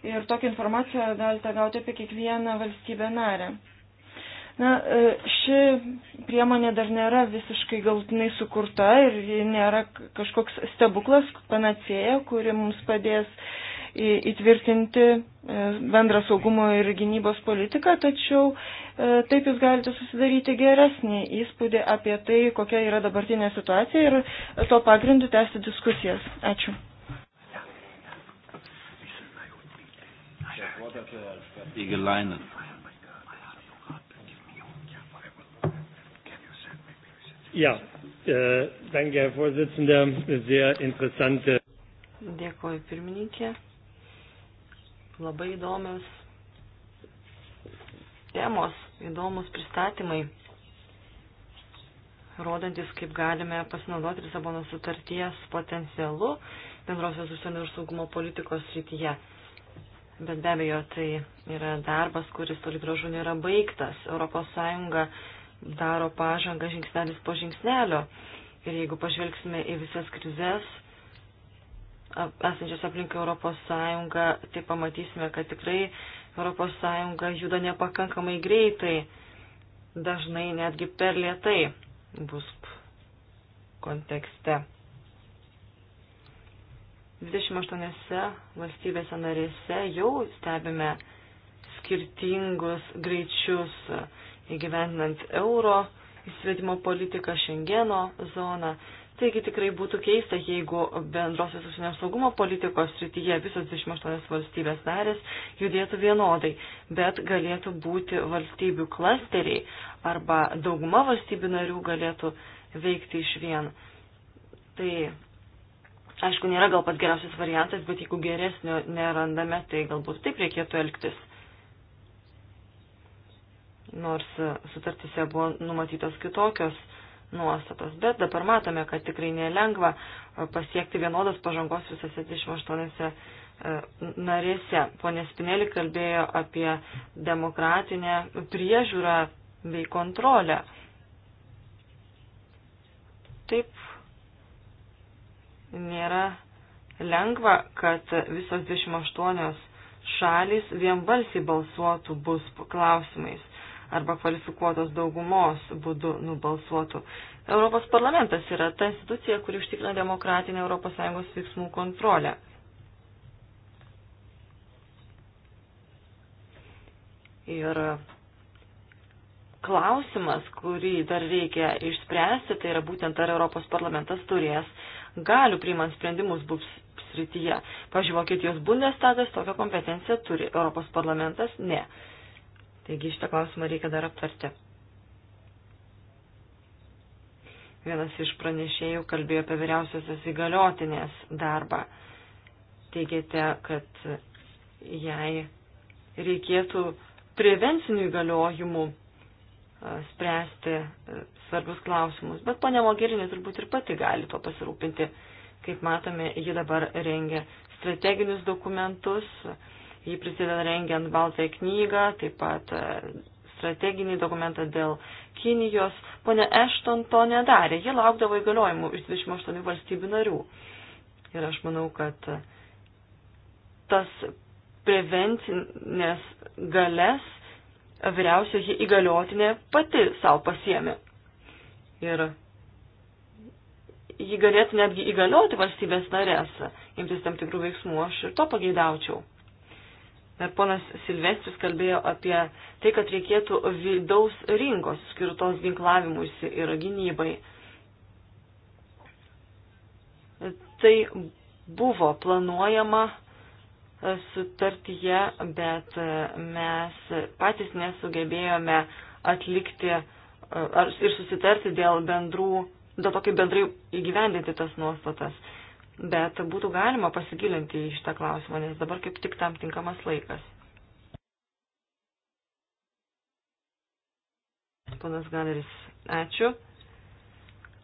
Ir tokią informaciją galite gauti apie kiekvieną valstybę narę. Na, e, ši priemonė dar nėra visiškai galtinai sukurta ir nėra kažkoks stebuklas panacėja, kuri mums padės uh, įtvirtinti e, bendrą saugumo ir gynybos politiką, tačiau e, taip jūs galite susidaryti geresnį įspūdį apie tai, kokia yra dabartinė situacija ir tuo pagrindu tęsti diskusijas. Ačiū. Egelainen. Ja, äh, danke, Herr Vorsitzender. Sehr interessante. Dėkuoju, pirmininkė. Labai įdomios temos, įdomus pristatymai, rodantis, kaip galime pasinaudoti Lisabono sutarties potencialu bendrosios užsienio ir saugumo politikos srityje. Bet be abejo, tai yra darbas, kuris toli gražu nėra baigtas. ES daro pažangą žingsnelis po žingsnelio. Ir jeigu pažvelgsime į visas krizės, esančios aplink Europos Sąjungą, tai pamatysime, kad tikrai Europos Sąjunga juda nepakankamai greitai, dažnai netgi per lietai bus kontekste. 28 valstybėse narėse jau stebime skirtingus greičius įgyvendinant euro įsivedimo politiką Šengeno zoną. Taigi tikrai būtų keista, jeigu bendrosios užsienio saugumo politikos srityje visos 28 valstybės narės judėtų vienodai, bet galėtų būti valstybių klasteriai arba dauguma valstybių narių galėtų veikti iš vien. Tai aišku, nėra gal pats geriausias variantas, bet jeigu geresnio nerandame, tai galbūt taip reikėtų elgtis. Nors sutartise buvo numatytos kitokios nuostatos. Bet dabar matome, kad tikrai nelengva e, pasiekti vienodos pažangos visose 28 e, narėse. Pone Spinelį kalbėjo apie demokratinę priežiūrą bei kontrolę. Taip nėra lengva, kad visos 28 šalis vienbalsiai balsuotų bus klausimais arba kvalifikuotos daugumos būdu nubalsuotų. Europos parlamentas yra ta institucija, kuri užtikrina demokratinę ES veiksmų kontrolę. Ir klausimas, kurį dar reikia išspręsti, tai yra būtent ar Europos parlamentas turės galių priimant sprendimus BUPS srityje. Pavyzdžiui, Vokietijos Bundestagas tokią kompetenciją turi, Europos parlamentas ne. Taigi šitą klausimą reikia dar aptarti. Vienas iš pranešėjų kalbėjo apie vyriausiosios įgaliotinės darbą. Teigėte, kad jai reikėtų prevencinių įgaliojimų spręsti svarbus klausimus. Bet ponia Mogerinė turbūt ir pati gali to pasirūpinti. Kaip matome, ji dabar rengia strateginius dokumentus, Jį prisideda rengiant baltąją knygą, taip pat e, strateginį dokumentą dėl Kinijos. Pone Ešton to nedarė, jie laukdavo įgaliojimų iš 28 valstybių narių. Ir aš manau, kad e, tas prevencinės galės vyriausioji įgaliotinė pati savo pasiemė. Ir ji galėtų netgi įgalioti valstybės narės imtis tam tikrų veiksmų, aš ir to pageidaučiau. Ponas Silvestris kalbėjo apie tai, kad reikėtų vidaus rinkos skirtos ginklavimuisi ir gynybai. Tai buvo planuojama sutartyje, bet mes patys nesugebėjome atlikti ar, ir susitarti dėl bendrų, dėl to, kaip bendrai įgyvendinti tas nuostatas bet būtų galima pasigilinti į šitą klausimą, nes dabar kaip tik tam tinkamas laikas. Ponas Galeris, ačiū.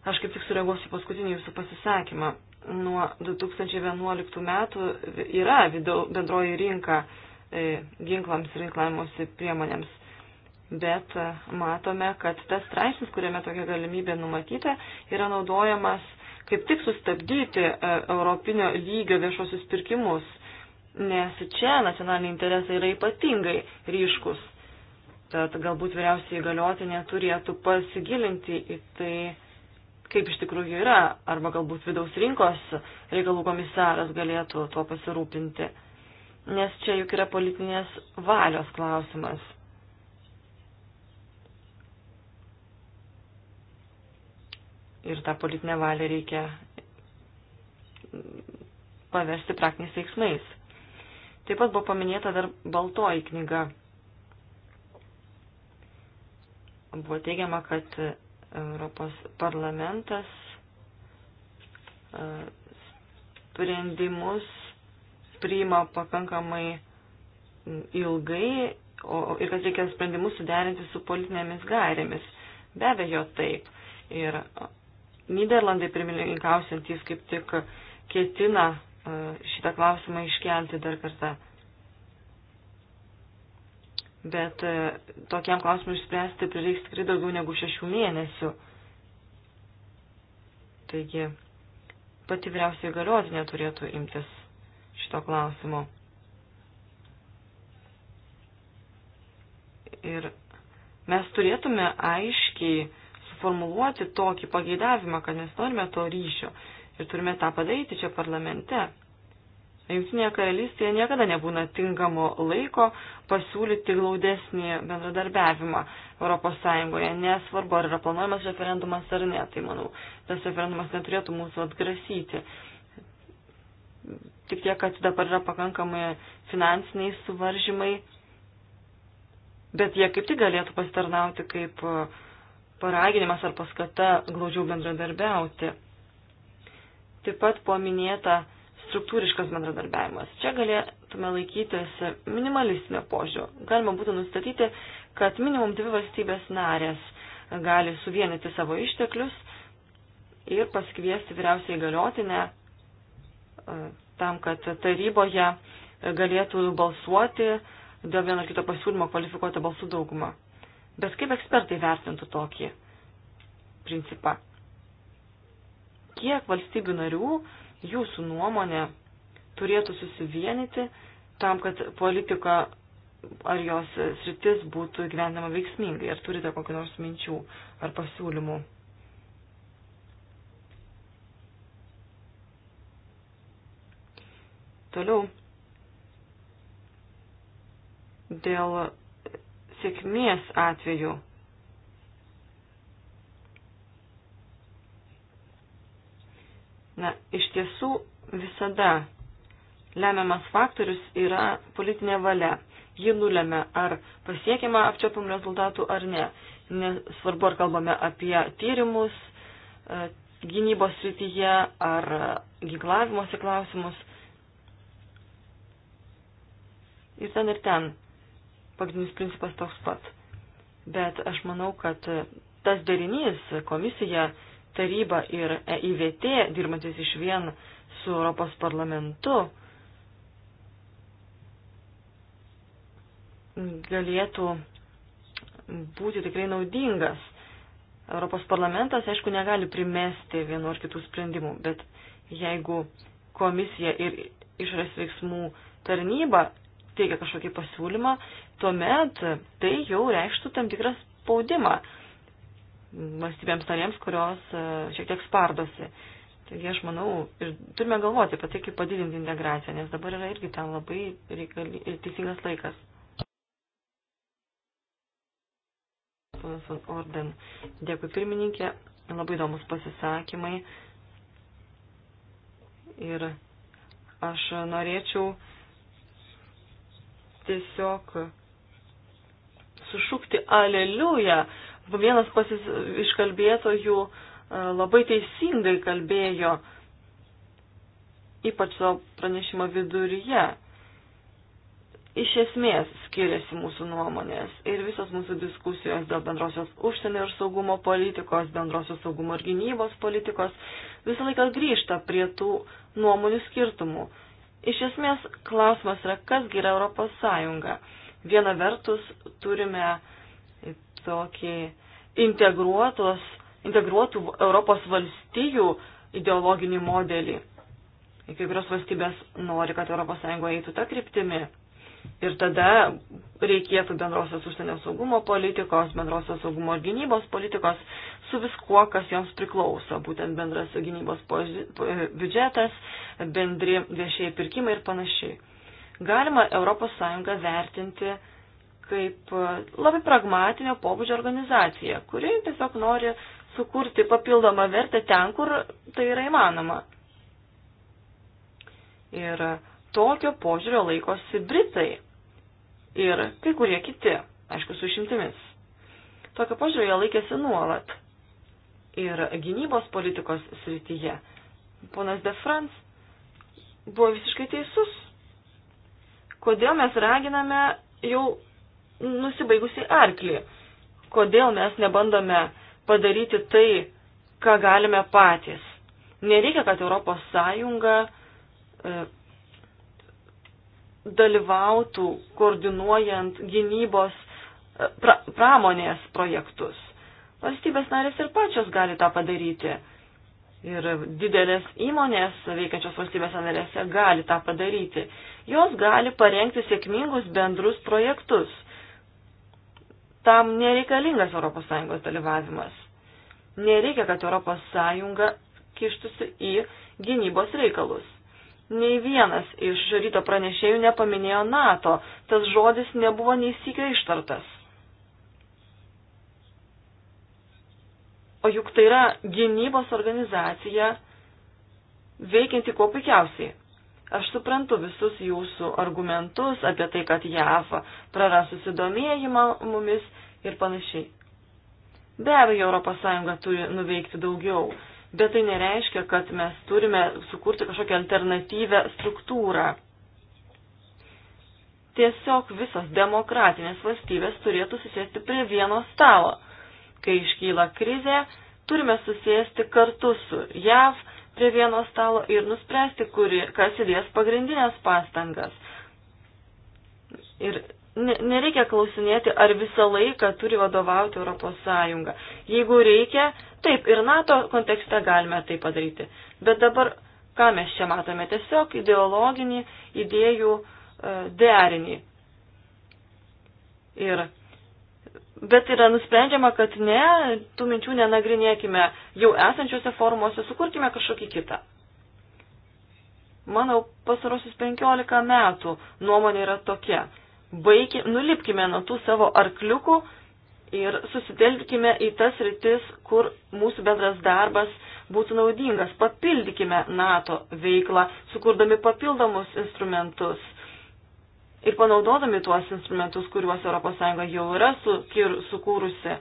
Aš kaip tik sureaguosiu paskutinį jūsų pasisakymą. Nuo 2011 metų yra bendroji rinka e, ginklams ir ginklavimuose priemonėms. Bet e, matome, kad tas straipsnis, kuriame tokia galimybė numatyta, yra naudojamas kaip tik sustabdyti e, europinio lygio viešosius pirkimus, nes čia nacionaliniai interesai yra ypatingai ryškus. Tad galbūt vyriausiai įgaliotinė turėtų pasigilinti į tai, kaip iš tikrųjų yra, arba galbūt vidaus rinkos reikalų komisaras galėtų tuo pasirūpinti. Nes čia juk yra politinės valios klausimas. ir tą politinę valią reikia paversti praktiniais veiksmais. Taip pat buvo paminėta dar baltoji knyga. Buvo teigiama, kad Europos parlamentas e, sprendimus priima pakankamai ilgai o, ir kad reikia sprendimus suderinti su politinėmis gairėmis. Be abejo, taip. Ir Niderlandai pirmininkausiantys kaip tik ketina e, šitą klausimą iškelti dar kartą. Bet e, tokiam klausimui išspręsti prireiks tikrai daugiau negu šešių mėnesių. Taigi pati vyriausiai galiotinė turėtų imtis šito klausimo. Ir mes turėtume aiškiai formuluoti tokį pageidavimą, kad mes norime to ryšio ir turime tą padaryti čia parlamente. Jungtinėje karalystėje niekada nebūna tinkamo laiko pasiūlyti glaudesnį bendradarbiavimą ES, nesvarbu, ar yra planuojamas referendumas ar ne. Tai manau, tas referendumas neturėtų mūsų atgrasyti. Tik tiek, kad dabar yra pakankamai finansiniai suvaržymai, bet jie kaip tik galėtų pasitarnauti kaip uh, paraginimas ar paskata glaudžiau bendradarbiauti. Taip pat buvo minėta struktūriškas bendradarbiavimas. Čia galėtume laikytis minimalistinio požiūrio. Galima būtų nustatyti, kad minimum dvi valstybės narės gali suvienyti savo išteklius ir pasikviesti vyriausiai galiotinę e, tam, kad taryboje galėtų balsuoti dėl vieno ar kito pasiūlymo kvalifikuotą balsų daugumą. Bet kaip ekspertai vertintų tokį principą? Kiek valstybių narių jūsų nuomonė turėtų susivienyti tam, kad politika ar jos sritis būtų gyvenama veiksmingai? Ar turite kokį nors minčių ar pasiūlymų? Toliau. Dėl sėkmės atveju. Na, iš tiesų visada lemiamas faktorius yra politinė valia. Ji nulėmė, ar pasiekima apčiopiam rezultatų ar ne. Nesvarbu, ar kalbame apie tyrimus e, gynybos srityje ar ginklavimosi klausimus. Ir ten ir ten pagrindinis principas toks pat. Bet aš manau, kad tas darinys komisija, taryba ir EIVT, dirbantis iš vien su Europos parlamentu, galėtų būti tikrai naudingas. Europos parlamentas, aišku, negali primesti vienu ar kitų sprendimų, bet jeigu komisija ir išorės veiksmų tarnyba teikia kažkokį pasiūlymą, tuomet tai jau reikštų tam tikras spaudimą valstybėms narėms, kurios e, šiek tiek spardosi. Taigi aš manau, ir turime galvoti apie tai, kaip padidinti integraciją, nes dabar yra irgi tam labai reikali, teisingas laikas. Ponas Van Orden, dėkui pirmininkė, labai įdomus pasisakymai. Ir aš norėčiau tiesiog sušukti aleliuja. Vienas pasis, iš kalbėtojų e, labai teisingai kalbėjo, ypač savo pranešimo viduryje. Iš esmės skiriasi mūsų nuomonės ir visos mūsų diskusijos dėl bendrosios užsienio ir saugumo politikos, bendrosios saugumo ir gynybos politikos visą laiką grįžta prie tų nuomonių skirtumų. Iš esmės, klausimas yra, kasgi yra Europos Sąjunga. Viena vertus turime tokį integruotos, integruotų Europos valstijų ideologinį modelį. Kai kurios valstybės nori, kad ES eitų tą kryptimį. Ir tada reikėtų bendrosios užsienio saugumo politikos, bendrosios saugumo ir gynybos politikos su viskuo, kas joms priklauso. Būtent bendras gynybos biudžetas, bendri viešieji pirkimai ir panašiai. Galima ES vertinti kaip e, labai pragmatinio pobūdžio organizacija, kuri tiesiog nori sukurti papildomą vertę ten, kur tai yra įmanoma. Ir uh, tokio požiūrio laikosi Britai ir kai kurie kiti, aišku, su išimtimis. Tokio požiūrio jie laikėsi nuolat. Ir gynybos politikos srityje ponas De France buvo visiškai teisus. Kodėl mes raginame jau nusibaigusi arklį? Kodėl mes nebandome padaryti tai, ką galime patys? Nereikia, kad Europos Sąjunga e, dalyvautų koordinuojant gynybos e, pra, pramonės projektus. Valstybės narės ir pačios gali tą padaryti. Ir didelės įmonės veikiančios valstybės narėse gali tą padaryti. Jos gali parengti sėkmingus bendrus projektus. Tam nereikalingas ES dalyvavimas. Nereikia, kad ES kištusi į gynybos reikalus. Nei vienas iš ryto pranešėjų nepaminėjo NATO, tas žodis nebuvo nei sykio ištartas. O juk tai yra gynybos organizacija veikianti kuo puikiausiai. Aš suprantu visus jūsų argumentus apie tai, kad JAF praras susidomėjimą mumis ir panašiai. Be abejo, ES turi nuveikti daugiau bet tai nereiškia, kad mes turime sukurti kažkokią alternatyvę struktūrą. Tiesiog visos demokratinės valstybės turėtų susėsti prie vieno stalo. Kai iškyla krizė, turime susėsti kartu su JAV prie vieno stalo ir nuspręsti, kuri, kas įdės pagrindinės pastangas. Ir nereikia klausinėti, ar visą laiką turi vadovauti Europos Sąjunga. Jeigu reikia, taip, ir NATO kontekste galime tai padaryti. Bet dabar, ką mes čia matome, tiesiog ideologinį idėjų e, derinį. Ir, bet yra nusprendžiama, kad ne, tų minčių nenagrinėkime jau esančiuose formuose, sukurkime kažkokį kitą. Manau, pasarosius 15 metų nuomonė yra tokia baigi, nulipkime nuo tų savo arkliukų ir susitelkime į tas rytis, kur mūsų bendras darbas būtų naudingas. Papildykime NATO veiklą, sukurdami papildomus instrumentus ir panaudodami tuos instrumentus, kuriuos ES jau yra sukir, sukūrusi,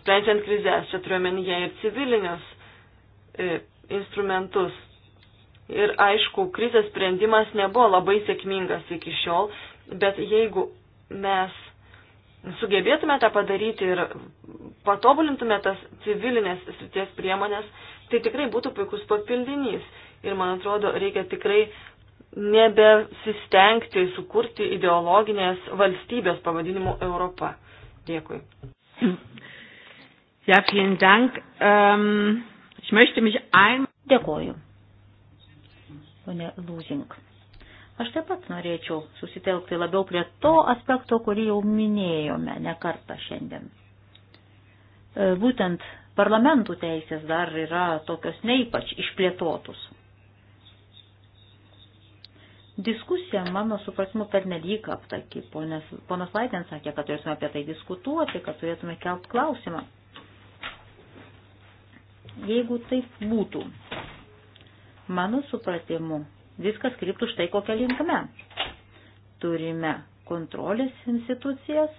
sprendžiant krizės, čia turiuomenyje ir civilinius e, instrumentus. Ir aišku, krizės sprendimas nebuvo labai sėkmingas iki šiol, bet jeigu mes sugebėtume tą padaryti ir patobulintume tas civilinės srities priemonės, tai tikrai būtų puikus papildinys. Ir man atrodo, reikia tikrai nebesistengti sukurti ideologinės valstybės pavadinimu Europa. Dėkui. Ja, vielen Dank. Ähm, ich möchte mich ein... Dėkoju. Pone Lūzink. Aš taip pat norėčiau susitelkti labiau prie to aspekto, kurį jau minėjome ne kartą šiandien. E, būtent parlamentų teisės dar yra tokios neipač išplėtotus. Diskusija, mano supratimu, per nelyg aptaki. Ponas, ponas Laitens sakė, kad turėtume apie tai diskutuoti, kad turėtume kelt klausimą. Jeigu taip būtų, mano supratimu, viskas kryptų štai kokią linkme. Turime kontrolės institucijas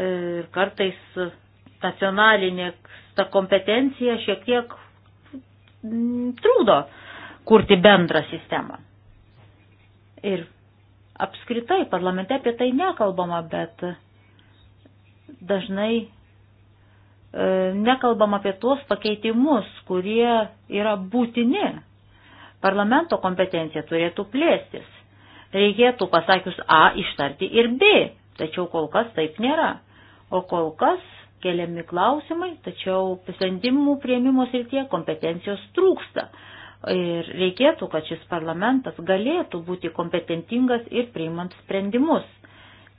ir kartais nacionalinė ta kompetencija šiek tiek mm, trūdo kurti bendrą sistemą. Ir apskritai parlamente apie tai nekalbama, bet dažnai e, nekalbam apie tuos pakeitimus, kurie yra būtini Parlamento kompetencija turėtų plėstis. Reikėtų pasakius A ištarti ir B, tačiau kol kas taip nėra. O kol kas keliami klausimai, tačiau sprendimų prieimimo srityje kompetencijos trūksta. Ir reikėtų, kad šis parlamentas galėtų būti kompetentingas ir priimant sprendimus.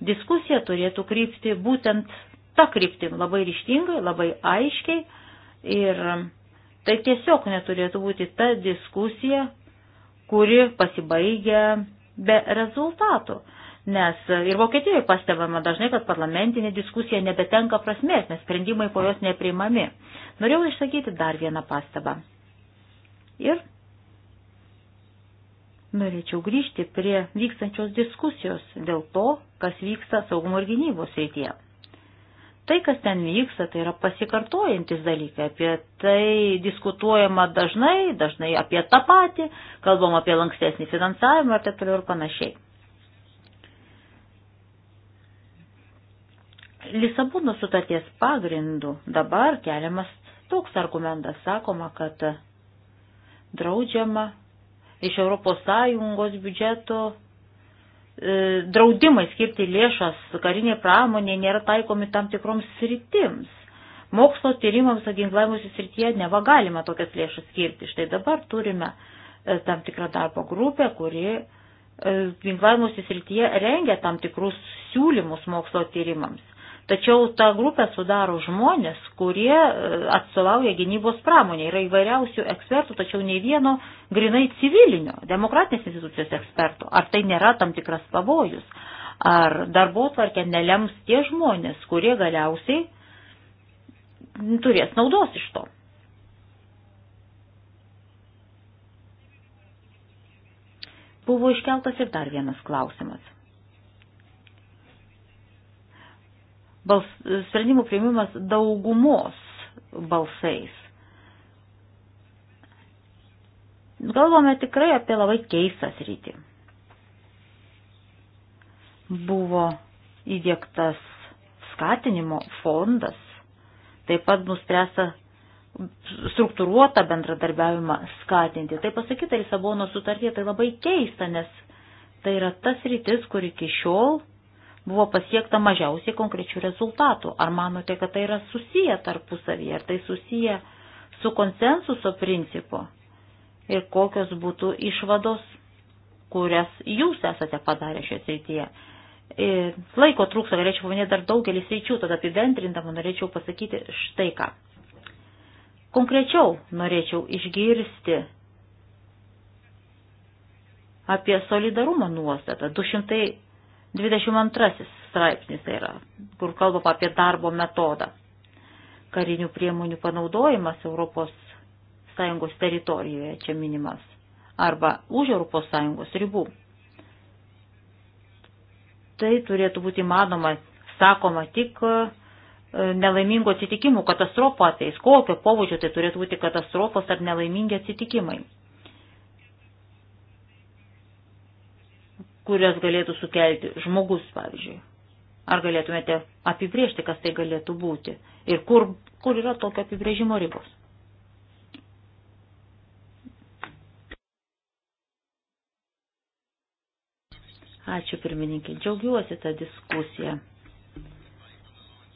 Diskusija turėtų krypti būtent tą kryptim labai ryštingai, labai aiškiai ir Tai tiesiog neturėtų būti ta diskusija, kuri pasibaigia be rezultatų. Nes ir Vokietijoje pastebama dažnai, kad parlamentinė diskusija nebetenka prasmės, nes sprendimai po jos nepriimami. Norėjau išsakyti dar vieną pastabą. Ir norėčiau grįžti prie vykstančios diskusijos dėl to, kas vyksta saugumo ir gynybos reitie. Tai, kas ten vyksta, tai yra pasikartojantis dalykai. Apie tai diskutuojama dažnai, dažnai apie tą patį, kalbam apie lankstesnį finansavimą ir taip toliau ir panašiai. Lisabono sutarties pagrindų dabar keliamas toks argumentas, sakoma, kad draudžiama iš ES biudžeto E, draudimai skirti lėšas karinė pramonė nėra taikomi tam tikroms sritims. Mokslo tyrimams ginklavimuose srityje neva galima tokias lėšas skirti. Štai dabar turime e, tam tikrą darbo grupę, kuri e, ginklavimuose srityje rengia tam tikrus siūlymus mokslo tyrimams. Tačiau tą grupę sudaro žmonės, kurie e, atstovauja gynybos pramonė. Yra įvairiausių ekspertų, tačiau nei vieno grinai civilinio, demokratinės institucijos ekspertų. Ar tai nėra tam tikras pavojus? Ar darbo tvarkė nelems tie žmonės, kurie galiausiai turės naudos iš to? Buvo iškeltas ir dar vienas klausimas. bals, sprendimų prieimimas daugumos balsais. Galvome tikrai apie labai keistą sritį. Buvo įdėktas skatinimo fondas, taip pat nuspręsta struktūruotą bendradarbiavimą skatinti. Tai pasakyta Lisabono sutartie, tai labai keista, nes tai yra tas rytis, kur iki šiol buvo pasiekta mažiausiai konkrečių rezultatų. Ar manote, kad tai yra susiję tarpusavyje, ar tai susiję su konsensuso principu? Ir kokios būtų išvados, kurias jūs esate padarę šioje srityje? Ir laiko trūksta, galėčiau paminėti dar daugelį sričių, tad apibendrindama norėčiau pasakyti štai ką. Konkrečiau norėčiau išgirsti apie solidarumo nuostatą. 200 22 straipsnis tai yra, kur kalbama apie darbo metodą. Karinių priemonių panaudojimas ES teritorijoje čia minimas arba už ES ribų. Tai turėtų būti įmanoma, sakoma, tik e, nelaimingo atsitikimų katastrofo ateis. Kokio pobūdžio tai turėtų būti katastrofos ar nelaimingi atsitikimai. kurias galėtų sukelti žmogus, pavyzdžiui. Ar galėtumėte apibriežti, kas tai galėtų būti ir kur, kur yra tokio apibrėžimo ribos? Ačiū pirmininkė, džiaugiuosi tą diskusiją.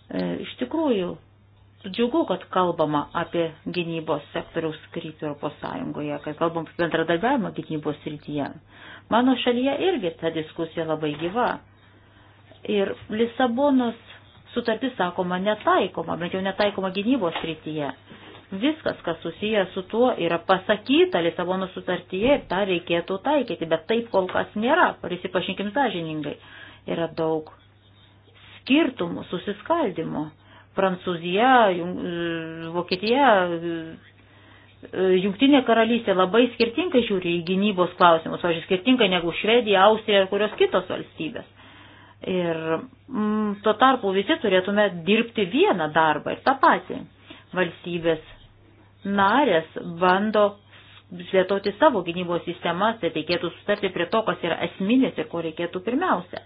E, iš tikrųjų, džiugu, kad kalbama apie gynybos sektoriaus kryptį Europos Sąjungoje, kad kalbam apie bendradarbiavimą gynybos srityje. Mano šalyje irgi ta diskusija labai gyva. Ir Lisabonos sutartis, sakoma, netaikoma, bent jau netaikoma gynybos srityje. Viskas, kas susiję su tuo, yra pasakyta Lisabono sutartyje ir tą reikėtų taikyti, bet taip kol kas nėra, prisipažinkim sąžiningai. Yra daug skirtumų, susiskaldimų Prancūzija, e, Vokietija, e, e, Jungtinė karalystė labai skirtingai žiūri į gynybos klausimus, o skirtingai negu Švedija, Austrija ar kurios kitos valstybės. Ir mm, tuo tarpu visi turėtume dirbti vieną darbą ir tą patį. Valstybės narės bando plėtoti savo gynybos sistemas, tai reikėtų sustarti prie to, kas yra esminis ir ko reikėtų pirmiausia.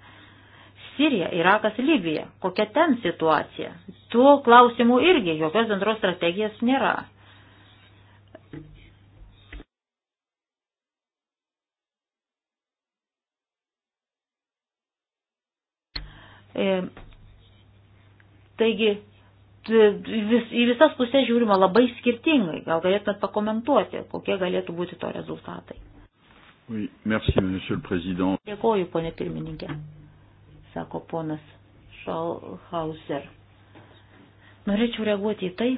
Sirija, Irakas, Libija. Kokia ten situacija? Tuo klausimu irgi jokios bendros strategijos nėra. E, taigi, vis, į visas pusės žiūrima labai skirtingai. Gal galėtumėt pakomentuoti, kokie galėtų būti to rezultatai? Oui, merci, Dėkoju, ponė pirmininkė sako ponas Šalhauser. Norėčiau reaguoti į tai,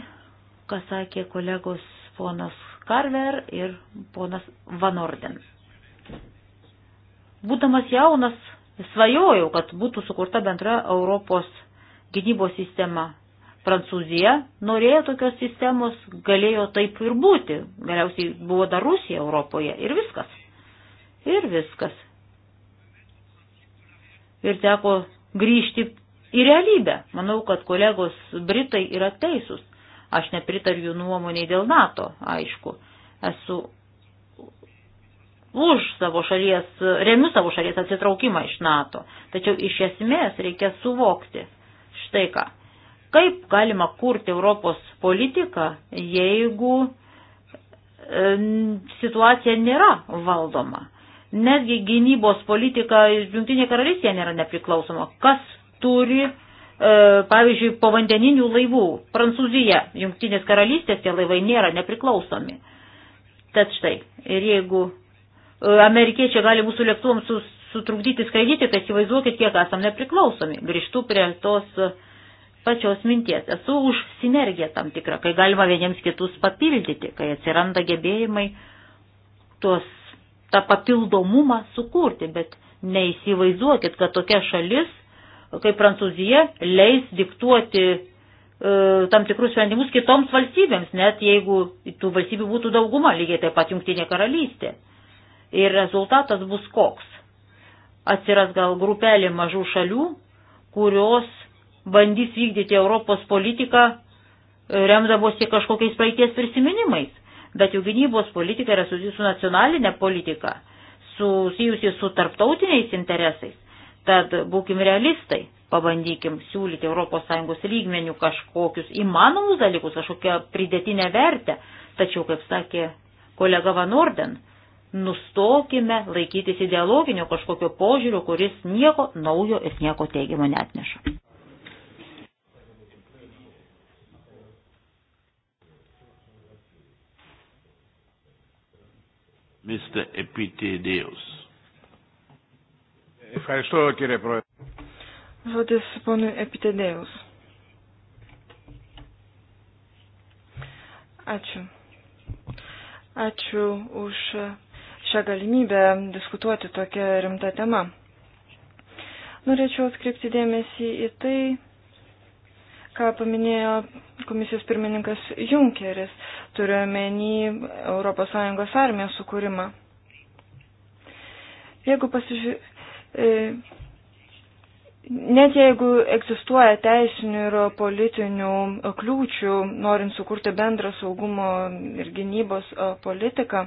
ką sakė kolegos ponas Karver ir ponas Van Orden. Būdamas jaunas, svajojau, kad būtų sukurta bendra Europos gynybos sistema. Prancūzija norėjo tokios sistemos, galėjo taip ir būti. Galiausiai buvo dar Rusija Europoje ir viskas. Ir viskas ir teko grįžti į realybę. Manau, kad kolegos Britai yra teisūs. Aš nepritariu jų nuomoniai dėl NATO, aišku. Esu už savo šalies, remiu savo šalies atsitraukimą iš NATO. Tačiau iš esmės reikia suvokti štai ką. Kaip galima kurti Europos politiką, jeigu e, situacija nėra valdoma? Netgi gynybos politika Junktinė karalystė nėra nepriklausoma. Kas turi, e, pavyzdžiui, povandeninių laivų? Prancūzija, Junktinės karalystės tie laivai nėra nepriklausomi. Tad štai, ir jeigu e, amerikiečiai gali mūsų lėktuvams sus, sutrukdyti skraidyti, tai įsivaizduokit, kiek esam nepriklausomi. Grįžtu prie tos e, pačios minties. Esu už sinergiją tam tikrą, kai galima vieniems kitus papildyti, kai atsiranda gebėjimai tuos tą papildomumą sukurti, bet neįsivaizduokit, kad tokia šalis, kaip Prancūzija, leis diktuoti e, tam tikrus sprendimus kitoms valstybėms, net jeigu tų valstybių būtų dauguma, lygiai taip pat Junktinė karalystė. Ir rezultatas bus koks. Atsiras gal grupelė mažų šalių, kurios bandys vykdyti Europos politiką e, remdamosi kažkokiais praeities prisiminimais bet jų gynybos politika yra susijusi su nacionalinė politika, susijusi su tarptautiniais interesais. Tad būkim realistai, pabandykim siūlyti ES lygmenių kažkokius įmanomus dalykus, kažkokią pridėtinę vertę. Tačiau, kaip sakė kolega Van Orden, nustokime laikytis ideologinio kažkokio požiūrio, kuris nieko naujo ir nieko teigiamo netneša. Mr. Epitideus. Ευχαριστώ κύριε Πρόεδρε. Ζώτης πόνου επιτελέους. Ačiū. Ačiū už šią galimybę diskutuoti tokią rimtą temą. Norėčiau atkreipti dėmesį į tai, ką paminėjo komisijos pirmininkas Junkeris, turiuomenį ES armijos sukūrimą. Jeigu pasižiūrėjau. E, net jeigu egzistuoja teisinių ir politinių kliūčių, norint sukurti bendrą saugumo ir gynybos e, politiką,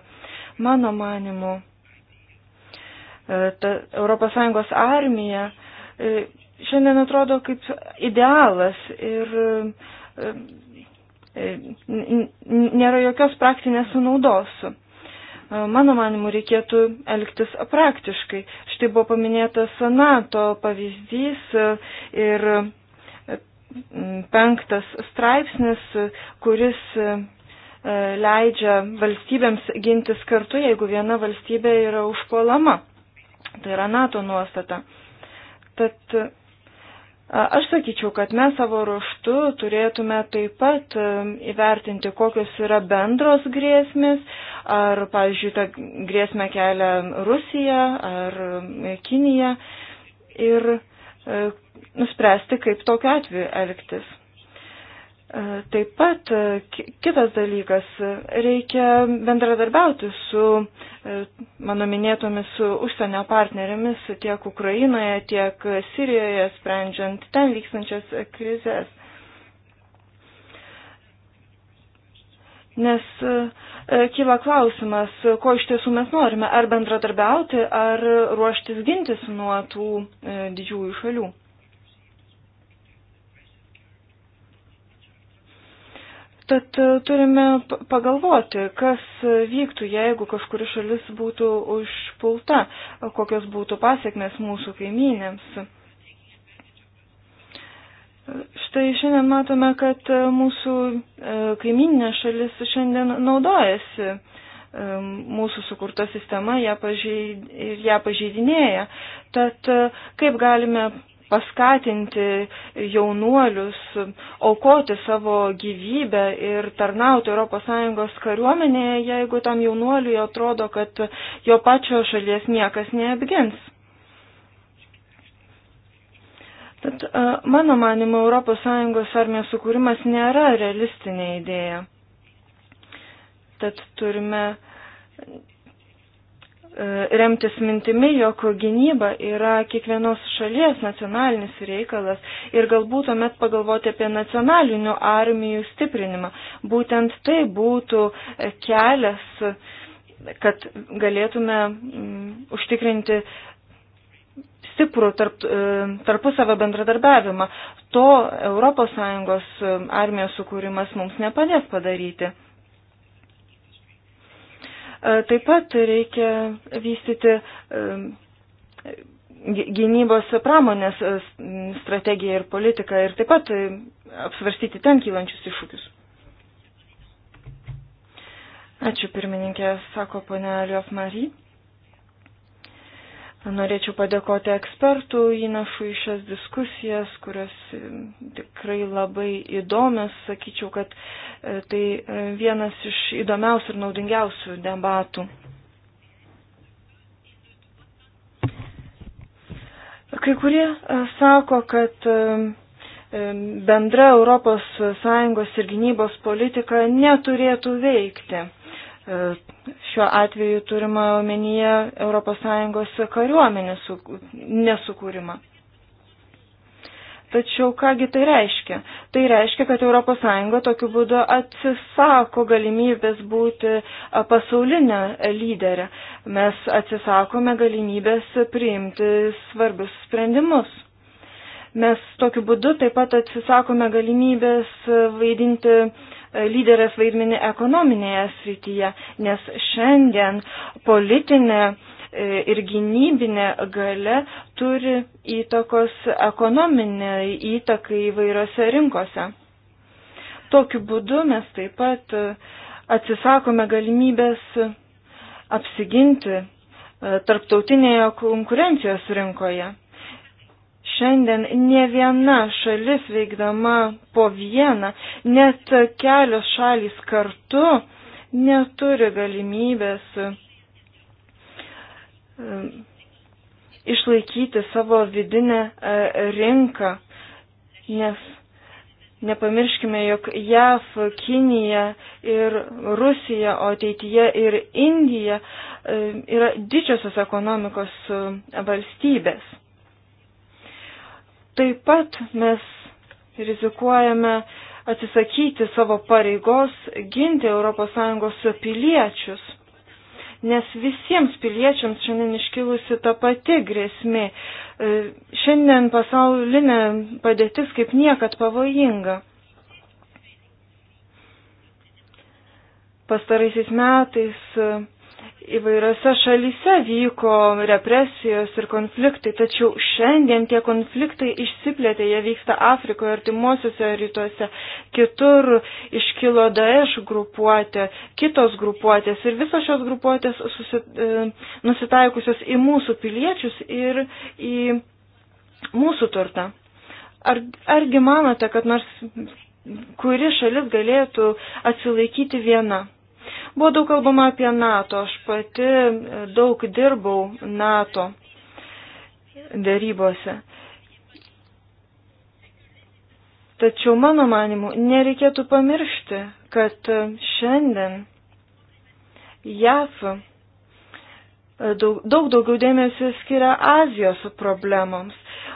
mano manimu, e, ta ES armija šiandien atrodo kaip idealas ir e, nėra jokios praktinės naudos. E, mano manimu, reikėtų elgtis praktiškai. Štai buvo paminėtas NATO pavyzdys e, ir penktas straipsnis, kuris leidžia valstybėms gintis kartu, jeigu viena valstybė yra užpuolama. Tai yra NATO nuostata. Tad Aš sakyčiau, kad mes savo ruoštu turėtume taip pat e, įvertinti, kokios yra bendros grėsmės, ar, pavyzdžiui, tą grėsmę kelia Rusija ar e, Kinija ir e, nuspręsti, kaip tokiu atveju elgtis. Taip pat e, kitas dalykas, reikia bendradarbiauti su e, mano minėtomis su užsienio partnerėmis tiek Ukrainoje, tiek Sirijoje, sprendžiant ten vykstančias krizės. Nes e, kyla klausimas, ko iš tiesų mes norime, ar bendradarbiauti, ar ruoštis gintis nuo tų didžiųjų šalių. Tad e, turime pagalvoti, kas vyktų, jeigu kažkuri šalis būtų užpulta, e, kokios būtų pasiekmes mūsų kaimynėms. E, štai šiandien matome, kad mūsų kaimininė šalis šiandien naudojasi mūsų sukurta sistema ją pažeid, ir ją pažeidinėja. Tad kaip galime paskatinti jaunuolius aukoti savo gyvybę ir tarnauti ES kariuomenėje, jeigu tam jaunuoliui atrodo, kad jo pačio šalies niekas neapgins. Tad mano manimo, ES armijos sukūrimas nėra realistinė idėja. Tad turime E, remtis mintimi, jog gynyba yra kiekvienos šalies nacionalinis reikalas ir galbūt tuomet pagalvoti apie nacionalinių armijų stiprinimą. Būtent tai būtų e, kelias, kad galėtume mm, užtikrinti stiprų tarp, e, tarpusavę bendradarbiavimą. To ES armijos sukūrimas mums nepadės padaryti. E, taip pat reikia vystyti e, gynybos pramonės e, strategiją ir politiką ir taip pat apsvarstyti ten kylančius iššūkius. Ačiū pirmininkė, sako ponelio Mary. Norėčiau padėkoti ekspertų įnašų į šias diskusijas, kurios e, tikrai labai įdomios. Sakyčiau, kad e, tai e, vienas iš įdomiausių ir naudingiausių debatų. Kai kurie sako, kad bendra ES ir gynybos politika neturėtų veikti. E, šiuo atveju turima omenyje ES kariuomenės nesukūrimą. Tačiau kągi tai reiškia? Tai reiškia, kad ES tokiu būdu atsisako galimybės būti e, pasaulinė lyderė. Mes atsisakome galimybės priimti svarbius sprendimus. Mes tokiu būdu taip pat atsisakome galimybės vaidinti lyderės vaidmenį ekonominėje srityje, nes šiandien politinė e, ir gynybinė gale turi įtakos ekonominiai įtakai įvairiose rinkose. Tokiu būdu mes taip pat e, atsisakome galimybės apsiginti e, tarptautinėje konkurencijos rinkoje. Šiandien ne viena šalis veikdama po vieną, net kelios šalys kartu neturi galimybės išlaikyti savo vidinę e, rinką, nes nepamirškime, jog JAV, Kinija ir Rusija, o ateityje ir Indija yra didžiosios ekonomikos e, valstybės. Taip pat mes rizikuojame atsisakyti savo pareigos ginti ES piliečius. Nes visiems piliečiams šiandien iškilusi ta pati grėsmė. E, šiandien pasaulinė padėtis kaip niekad pavojinga. Pastaraisiais metais įvairiose šalyse vyko represijos ir konfliktai, tačiau šiandien tie konfliktai išsiplėtė, jie vyksta Afrikoje, artimuosiuose rytuose, kitur iškilo Daesh grupuotė, kitos grupuotės ir visos šios grupuotės susi, e, nusitaikusios į mūsų piliečius ir į mūsų turtą. Ar, argi manote, kad nors kuri šalis galėtų atsilaikyti viena? Buvo daug kalbama apie NATO. Aš pati e, daug dirbau NATO dėrybose. Tačiau mano manimu, nereikėtų pamiršti, kad šiandien JAF e, daug, daug daugiau dėmesio skiria Azijos problemams,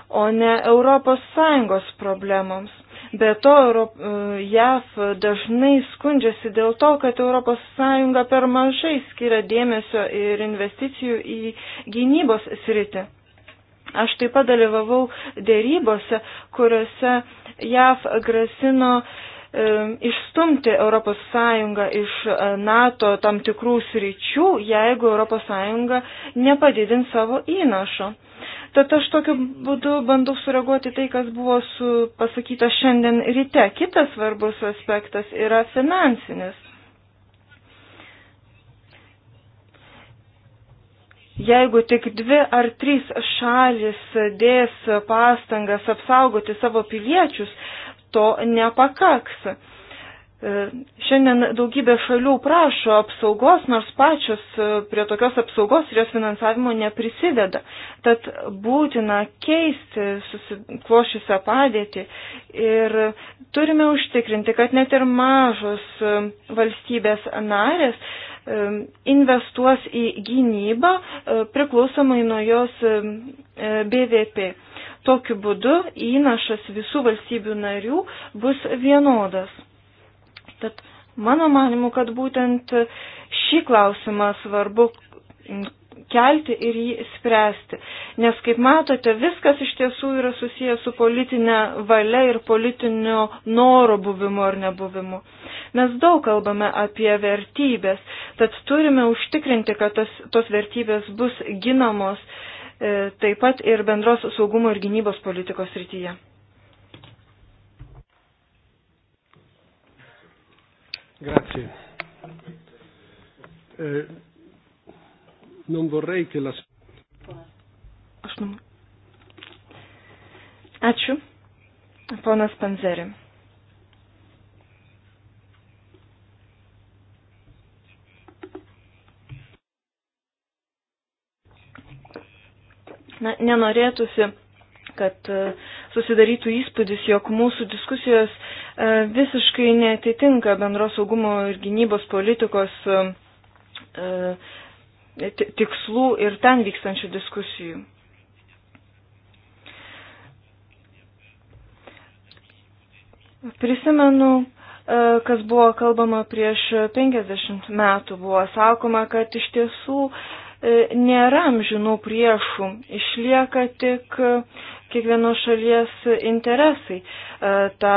o ne Europos Sąjungos problemams. Be to, e, JAV dažnai skundžiasi dėl to, kad ES per mažai skiria dėmesio ir investicijų į gynybos sritį. Aš taip pat dalyvavau dėrybose, kuriuose JAV grasino e, išstumti ES iš e, NATO tam tikrų sričių, jeigu ES nepadidins savo įnašo. Tad aš tokiu būdu bandau sureaguoti tai, kas buvo su, pasakyta šiandien ryte. Kitas svarbus aspektas yra finansinis. Jeigu tik dvi ar trys šalis dės pastangas apsaugoti savo piliečius, to nepakaks E, šiandien daugybė šalių prašo apsaugos, nors pačios e, prie tokios apsaugos ir jos finansavimo neprisideda. Tad būtina keisti susiklošiusią padėtį ir turime užtikrinti, kad net ir mažos e, valstybės narės investuos į gynybą priklausomai nuo jos BVP. Tokiu būdu įnašas visų valstybių narių bus vienodas. Tad mano manimu, kad būtent šį klausimą svarbu kelti ir jį spręsti. Nes, kaip matote, viskas iš tiesų yra susijęs su politinė valia ir politiniu noro buvimu ar nebuvimu. Mes daug kalbame apie vertybės, tad turime užtikrinti, kad tas, tos vertybės bus ginamos e, taip pat ir bendros saugumo ir gynybos politikos rytyje. Grazie. Eh, non vorrei che la. Aš manau. Ačiū. Ponas Panzerė. Na, nenorėtųsi, kad e, susidarytų įspūdis, jog mūsų diskusijos uh, E, visiškai netitinka bendros saugumo ir gynybos politikos e, e, tikslų ir ten vykstančių diskusijų. Prisimenu, kas buvo kalbama prieš 50 metų, buvo sakoma, kad iš tiesų nėra amžinų priešų, išlieka tik uh, kiekvienos šalies interesai. E, ta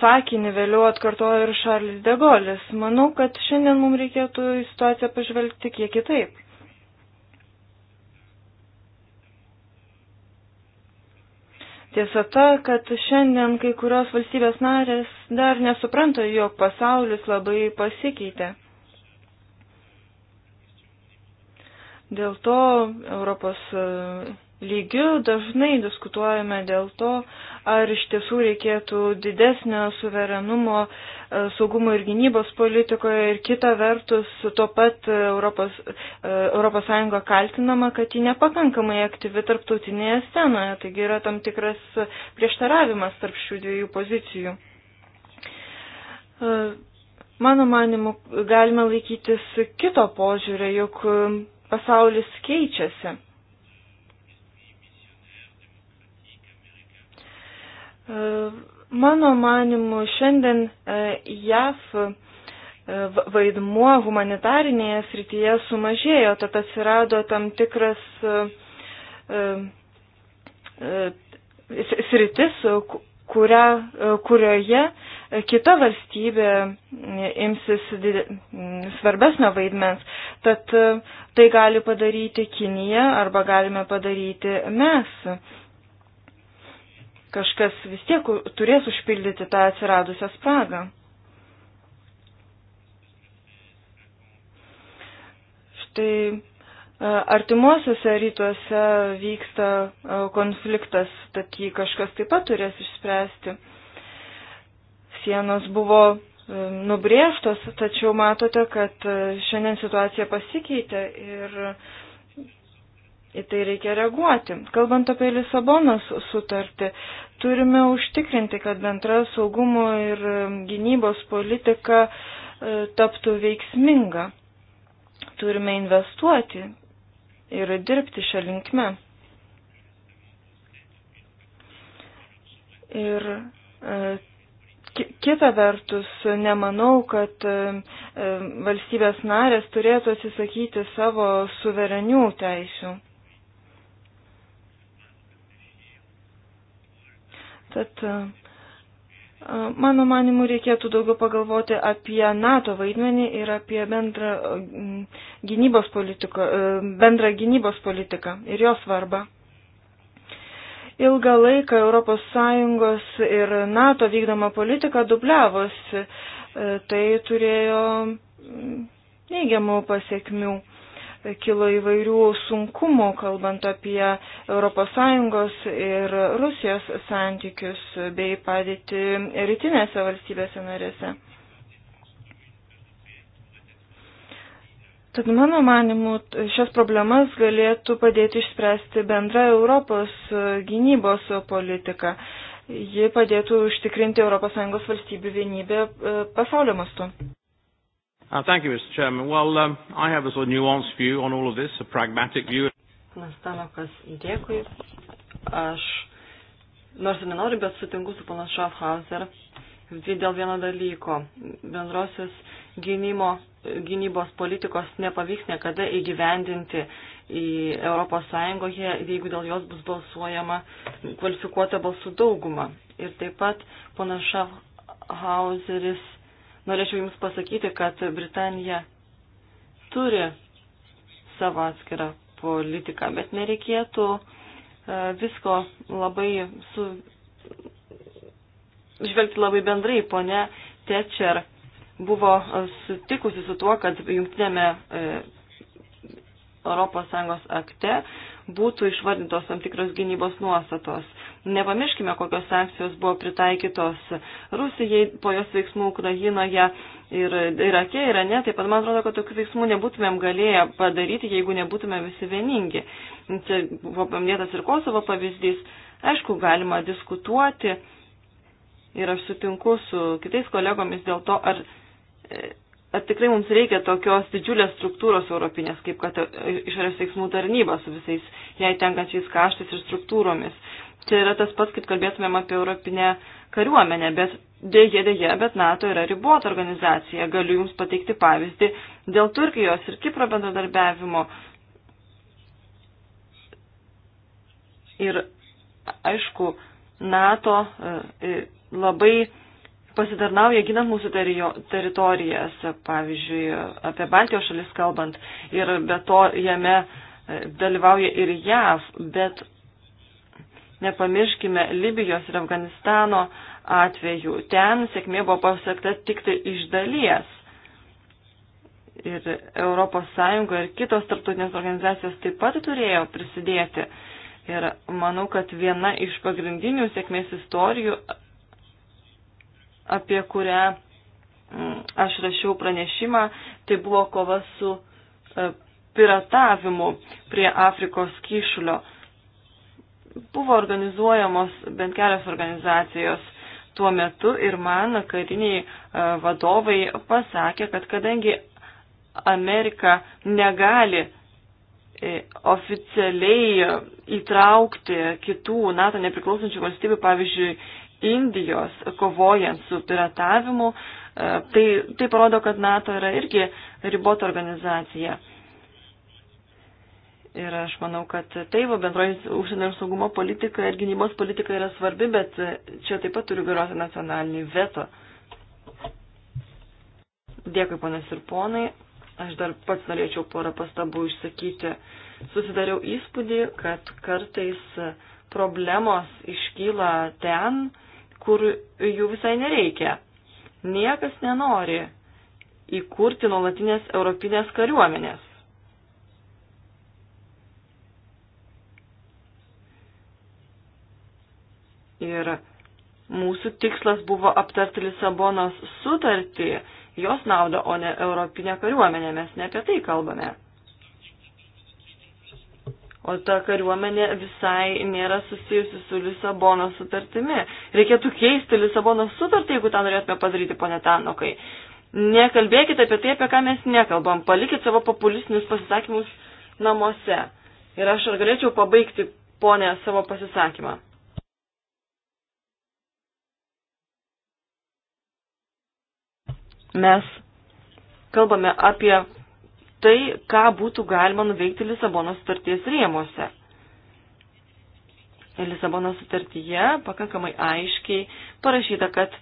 sakinį vėliau atkartojo ir Šarlis Degolis. Manau, kad šiandien mums reikėtų į situaciją pažvelgti kiek kitaip. Tiesa ta, kad šiandien kai kurios valstybės narės dar nesupranta, jog pasaulis labai pasikeitė. Dėl to Europos e, lygiu dažnai diskutuojame dėl to, ar iš tiesų reikėtų didesnio suverenumo e, saugumo ir gynybos politikoje ir kita vertus tuo pat Europos, e, Europos Sąjunga kaltinama, kad ji nepakankamai aktyvi tarptautinėje scenoje, taigi yra tam tikras prieštaravimas tarp šių dviejų pozicijų. E, mano manimu, galime laikytis kito požiūrio, juk pasaulis keičiasi Mano manimu, šiandien e, JAF e, vaidmuo humanitarinėje srityje sumažėjo, tad atsirado tam tikras e, sritis, kuria, kurioje kita valstybė imsis svarbesnio vaidmens. Tad tai gali padaryti Kinija arba galime padaryti mes. Kažkas vis tiek turės užpildyti tą atsiradusią spragą. Štai e, artimuosiuose rytuose vyksta e, konfliktas, tad jį kažkas taip pat turės išspręsti. Sienos buvo e, nubrėžtos, tačiau matote, kad šiandien situacija pasikeitė ir į tai reikia reaguoti. Kalbant apie Lisabonos sutartį, turime užtikrinti, kad bendra saugumo ir um, gynybos politika e, taptų veiksminga. Turime investuoti ir dirbti šią linkmę. Ir e, kita vertus, nemanau, kad e, valstybės narės turėtų atsisakyti savo suverenių teisių. Tad e, mano manimu reikėtų daugiau pagalvoti apie NATO vaidmenį ir apie bendrą gynybos politiką, e, bendrą gynybos politiką ir jos svarbą. Ilgą laiką ES ir NATO vykdoma politika dubliavosi, e, tai turėjo neigiamų pasiekmių kilo įvairių sunkumų, kalbant apie ES ir Rusijos santykius bei padėti rytinėse valstybėse narėse. Tad mano manimu, šias problemas galėtų padėti išspręsti bendra Europos gynybos politika. Ji padėtų užtikrinti ES valstybių vienybę e, pasaulio mastu. Uh, thank you, Mr. Chairman. Well, um, I have a sort of nuanced view on all of this, a pragmatic view. Nastalokas, dėkui. Aš nors ir nenoriu, bet sutinku su panas Schaffhauser dėl vieno dalyko. Bendrosios gynimo, gynybos politikos nepavyks niekada įgyvendinti į ES, jeigu dėl jos bus balsuojama kvalifikuota balsų dauguma. Ir taip pat panas Schaffhauseris Norėčiau Jums pasakyti, kad Britanija turi savo atskirą politiką, bet nereikėtų e, visko labai su. Žvelgti labai bendrai, ponia Tečer buvo sutikusi su tuo, kad jungtinėme ES akte būtų išvardintos tam tikros gynybos nuostatos. Nepamirškime, kokios sankcijos buvo pritaikytos Rusijai po jos veiksmų Ukrainoje ir Irake, Irane. Taip pat man atrodo, kad tokių veiksmų nebūtumėm galėję padaryti, jeigu nebūtumėm visi vieningi. Čia buvo paminėtas ir Kosovo pavyzdys. Aišku, galima diskutuoti ir aš sutinku su kitais kolegomis dėl to, ar, ar tikrai mums reikia tokios didžiulės struktūros europinės, kaip kad išorės veiksmų tarnyba su visais jai tenkančiais kaštais ir struktūromis. Čia yra tas pats, kaip kalbėtumėm apie Europinę kariuomenę, bet dėje dėje, bet NATO yra ribota organizacija. Galiu Jums pateikti pavyzdį dėl Turkijos ir Kipro bendradarbiavimo. Ir aišku, NATO e, e, labai pasitarnauja ginant mūsų teritorijas, pavyzdžiui, apie Baltijos šalis kalbant, ir be to jame e, dalyvauja ir JAV, bet Nepamirškime Libijos ir Afganistano atvejų. Ten sėkmė buvo pasiekta tik tai iš dalies. Ir ES ir kitos tarptautinės organizacijos taip pat turėjo prisidėti. Ir manau, kad viena iš pagrindinių sėkmės istorijų, apie kurią mm, aš rašiau pranešimą, tai buvo kova su e, piratavimu prie Afrikos kyšulio. Buvo organizuojamos bent kelios organizacijos tuo metu ir man kariniai e, vadovai pasakė, kad kadangi Amerika negali e, oficialiai įtraukti kitų NATO nepriklausančių valstybių, pavyzdžiui, Indijos, kovojant su piratavimu, e, tai, tai parodo, kad NATO yra irgi ribota organizacija. Ir aš manau, kad taip, bendroji užsienio ir saugumo politika ir gynybos politika yra svarbi, bet čia taip pat turiu galioti nacionalinį veto. Dėkui, ponas ir ponai. Aš dar pats norėčiau porą pastabų išsakyti. Susidariau įspūdį, kad kartais problemos iškyla ten, kur jų visai nereikia. Niekas nenori įkurti nuolatinės europinės kariuomenės Ir mūsų tikslas buvo aptarti Lisabonos sutartį, jos naudą, o ne Europinę kariuomenę. Mes ne apie tai kalbame. O ta kariuomenė visai nėra susijusi su Lisabono sutartimi. Reikėtų keisti Lisabono sutartį, jeigu tą norėtume padaryti, ponė Tanokai. Nekalbėkite apie tai, apie ką mes nekalbam. Palikit savo populistinius pasisakymus namuose. Ir aš ar galėčiau pabaigti, ponė, savo pasisakymą. mes kalbame apie tai, ką būtų galima nuveikti Lisabonos sutarties rėmose. Lisabonos sutartyje pakankamai aiškiai parašyta, kad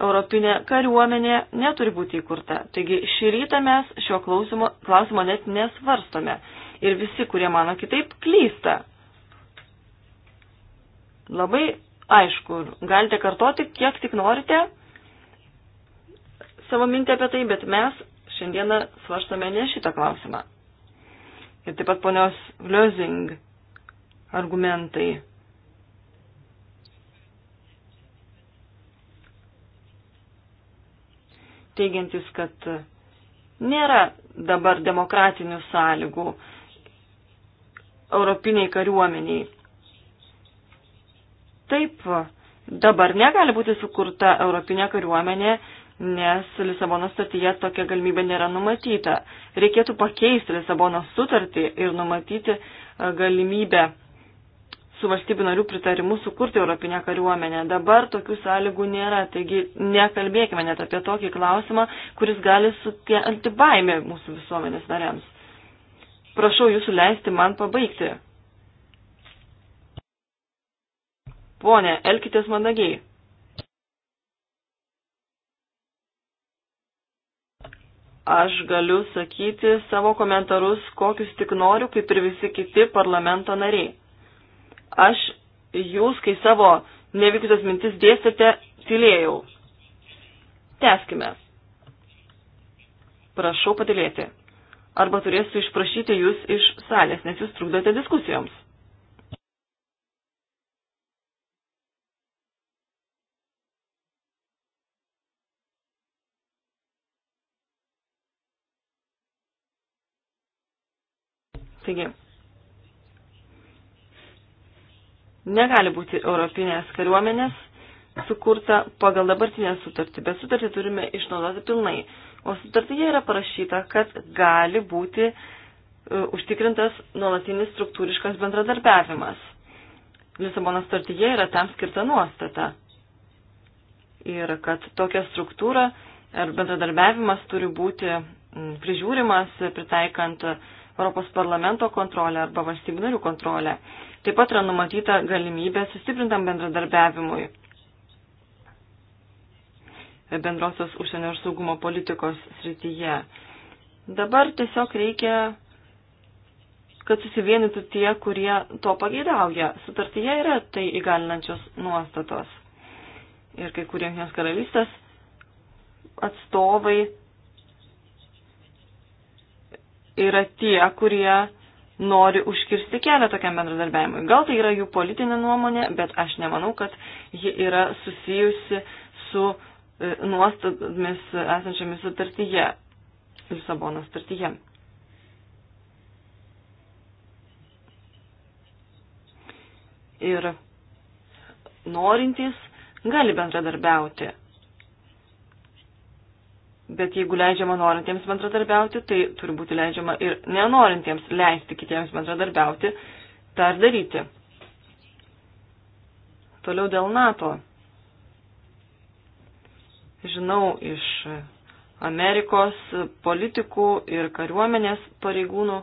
Europinė kariuomenė neturi būti įkurta. Taigi šį rytą mes šio klausimo, klausimo net nesvarstome. Ir visi, kurie mano kitaip, klysta. Labai aišku, galite kartoti, kiek tik norite, savo mintį apie tai, bet mes šiandieną svarstame ne šitą klausimą. Ir taip pat ponios Liozing argumentai. Teigiantis, kad nėra dabar demokratinių sąlygų europiniai kariuomeniai. Taip, dabar negali būti sukurta europinė kariuomenė, nes Lisabono sutartyje tokia galimybė nėra numatyta. Reikėtų pakeisti Lisabono sutartį ir numatyti e, galimybę su valstybių narių pritarimu sukurti Europinę kariuomenę. Dabar tokių sąlygų nėra, taigi nekalbėkime net apie tokį klausimą, kuris gali sukelti baimę mūsų visuomenės nariams. Prašau jūsų leisti man pabaigti. Pone, elkitės mandagiai. Aš galiu sakyti savo komentarus, kokius tik noriu, kaip ir visi kiti parlamento nariai. Aš jūs, kai savo nevykusias mintis dėstėte, tylėjau. Teskime. Prašau patilėti. Arba turėsiu išprašyti jūs iš salės, nes jūs trukdote diskusijoms. Taigi, negali būti europinės kariuomenės sukurta pagal dabartinę sutartį, bet sutartį turime išnaudoti pilnai. O sutartyje yra parašyta, kad gali būti uh, užtikrintas nuolatinis struktūriškas bendradarbiavimas. Lisabono sutartyje yra tam skirta nuostata. Ir kad tokia struktūra ar bendradarbiavimas turi būti prižiūrimas, pritaikant uh, Europos parlamento kontrolę arba valstybių narių kontrolę. Taip pat yra numatyta galimybė sustiprintam bendradarbiavimui bendrosios užsienio ir saugumo politikos srityje. Dabar tiesiog reikia, kad susivienytų tie, kurie to pageidauja. Sutartyje yra tai įgalinančios nuostatos. Ir kai kurie Junktinės karalystės atstovai yra tie, kurie nori užkirsti kelią tokiam bendradarbiavimui. Gal tai yra jų politinė nuomonė, bet aš nemanau, kad ji yra susijusi su e, nuostatomis esančiamis sutartyje, Lisabono sutartyje. Ir norintys gali bendradarbiauti. Bet jeigu leidžiama norintiems bendradarbiauti, tai turi būti leidžiama ir nenorintiems leisti kitiems bendradarbiauti tą ir daryti. Toliau dėl NATO. Žinau iš Amerikos politikų ir kariuomenės pareigūnų,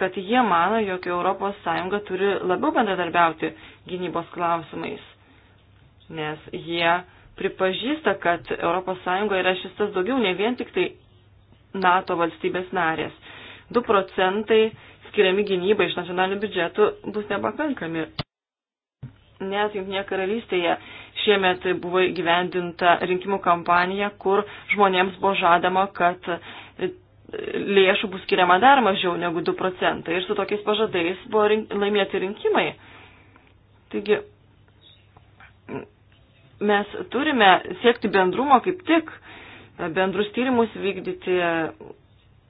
kad jie mano, jog ES turi labiau bendradarbiauti gynybos klausimais, nes jie pripažįsta, kad ES yra šis tas daugiau ne vien tik tai NATO valstybės narės. 2 procentai skiriami gynybai iš nacionalinių biudžetų bus nepakankami. Net Junktinėje karalystėje šiemet buvo gyvendinta rinkimų kampanija, kur žmonėms buvo žadama, kad lėšų bus skiriama dar mažiau negu 2 procentai ir su tokiais pažadais buvo rink, laimėti rinkimai. Taigi mes turime siekti bendrumo kaip tik, bendrus tyrimus vykdyti,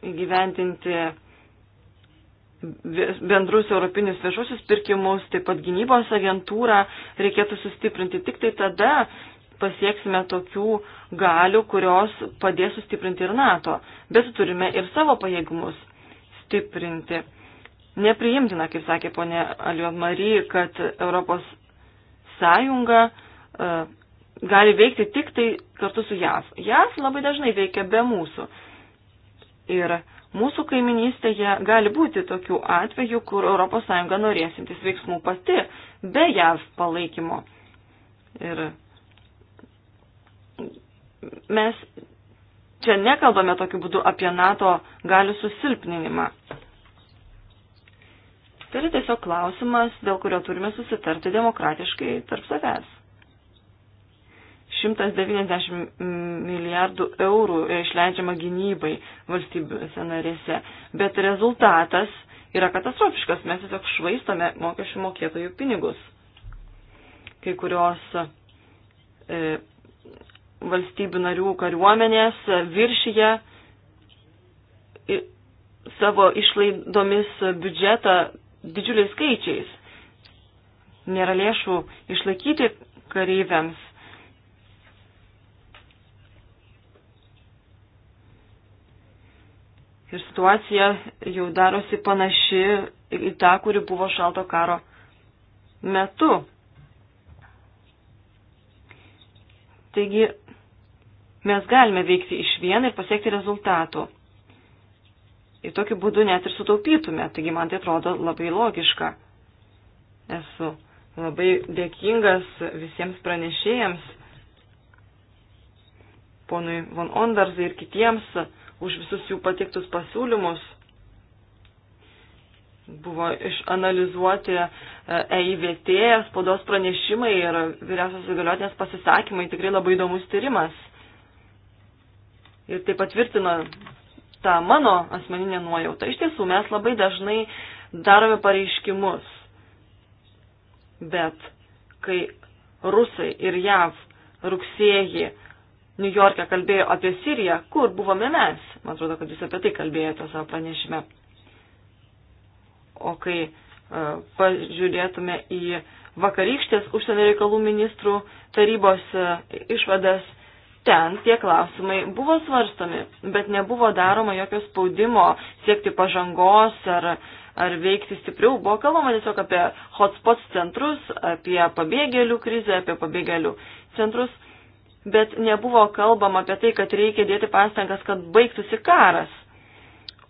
įgyventinti bendrus europinius viešuosius pirkimus, taip pat gynybos agentūrą reikėtų sustiprinti. Tik tai tada pasieksime tokių galių, kurios padės sustiprinti ir NATO, bet turime ir savo pajėgumus stiprinti. Nepriimtina, kaip sakė ponė Alion Mary, kad Europos Sąjunga e, gali veikti tik tai kartu su JAV. JAV labai dažnai veikia be mūsų. Ir mūsų kaiminystėje gali būti tokių atvejų, kur ES norės imtis veiksmų pati, be JAV palaikymo. Ir mes čia nekalbame tokiu būdu apie NATO galių susilpninimą. Tai yra tiesiog klausimas, dėl kurio turime susitarti demokratiškai tarp savęs. 190 milijardų eurų išleidžiama gynybai valstybėse narėse. Bet rezultatas yra katastrofiškas. Mes tiesiog švaistome mokesčių mokėtojų pinigus. Kai kurios e, valstybių narių kariuomenės viršyje savo išlaidomis biudžetą didžiuliais skaičiais. Nėra lėšų išlaikyti kareiviams Ir situacija jau darosi panaši į tą, kuri buvo šalto karo metu. Taigi mes galime veikti iš vien ir pasiekti rezultatų. Ir tokiu būdu net ir sutaupytume. Taigi man tai atrodo labai logiška. Esu labai dėkingas visiems pranešėjams, ponui Von Ondarzai ir kitiems už visus jų pateiktus pasiūlymus. Buvo išanalizuoti EIVT, e spaudos pranešimai ir vyriausios įgaliotinės pasisakymai, tikrai labai įdomus tyrimas. Ir tai patvirtino tą mano asmeninę nuojautą. Iš tiesų, mes labai dažnai darome pareiškimus, bet kai rusai ir JAV rugsėjį New York'e kalbėjo apie Siriją, kur buvome mes. Man atrodo, kad jūs apie tai kalbėjote savo pranešime. O kai uh, pažiūrėtume į vakarykštės užsienio reikalų ministrų tarybos uh, išvadas, ten tie klausimai buvo svarstomi, bet nebuvo daroma jokio spaudimo siekti pažangos ar, ar veikti stipriau. Buvo kalbama tiesiog apie hotspots centrus, apie pabėgėlių krizę, apie pabėgėlių centrus bet nebuvo kalbama apie tai, kad reikia dėti pastangas, kad baigtųsi karas.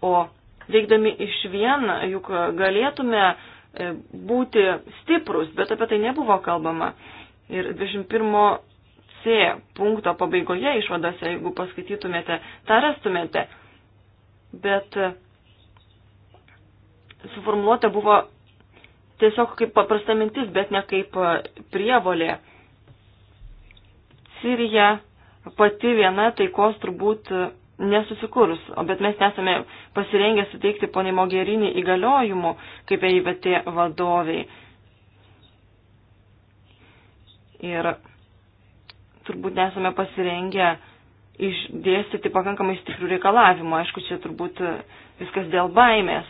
O veikdami iš vien, juk galėtume e, būti stiprus, bet apie tai nebuvo kalbama. Ir 21 C punkto pabaigoje išvadose, jeigu paskaitytumėte, tą rastumėte. Bet e, suformuoluota buvo tiesiog kaip paprasta mintis, bet ne kaip e, prievolė. Sirija pati viena taikos turbūt nesusikurs, o bet mes nesame pasirengę suteikti poniai Mogerinį įgaliojimų kaip EIVT vadoviai. Ir turbūt nesame pasirengę išdėstyti pakankamai stiprių reikalavimų. Aišku, čia turbūt viskas dėl baimės.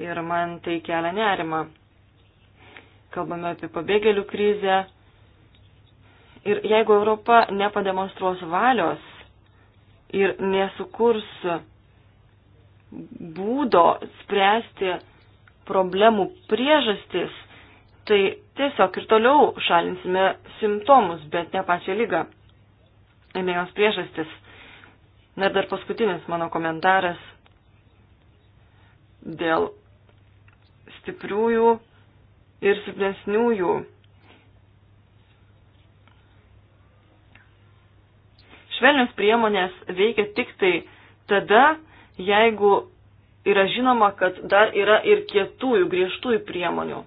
Ir man tai kelia nerima. Kalbame apie pabėgėlių krizę Ir jeigu Europa nepademonstruos valios ir nesukurs būdo spręsti problemų priežastis, tai tiesiog ir toliau šalinsime simptomus, bet ne pačią lygą, ne jos priežastis. Na ir dar paskutinis mano komentaras dėl stipriųjų ir silpnesniųjų Švelnios priemonės veikia tik tai tada, jeigu yra žinoma, kad dar yra ir kietųjų, griežtųjų priemonių.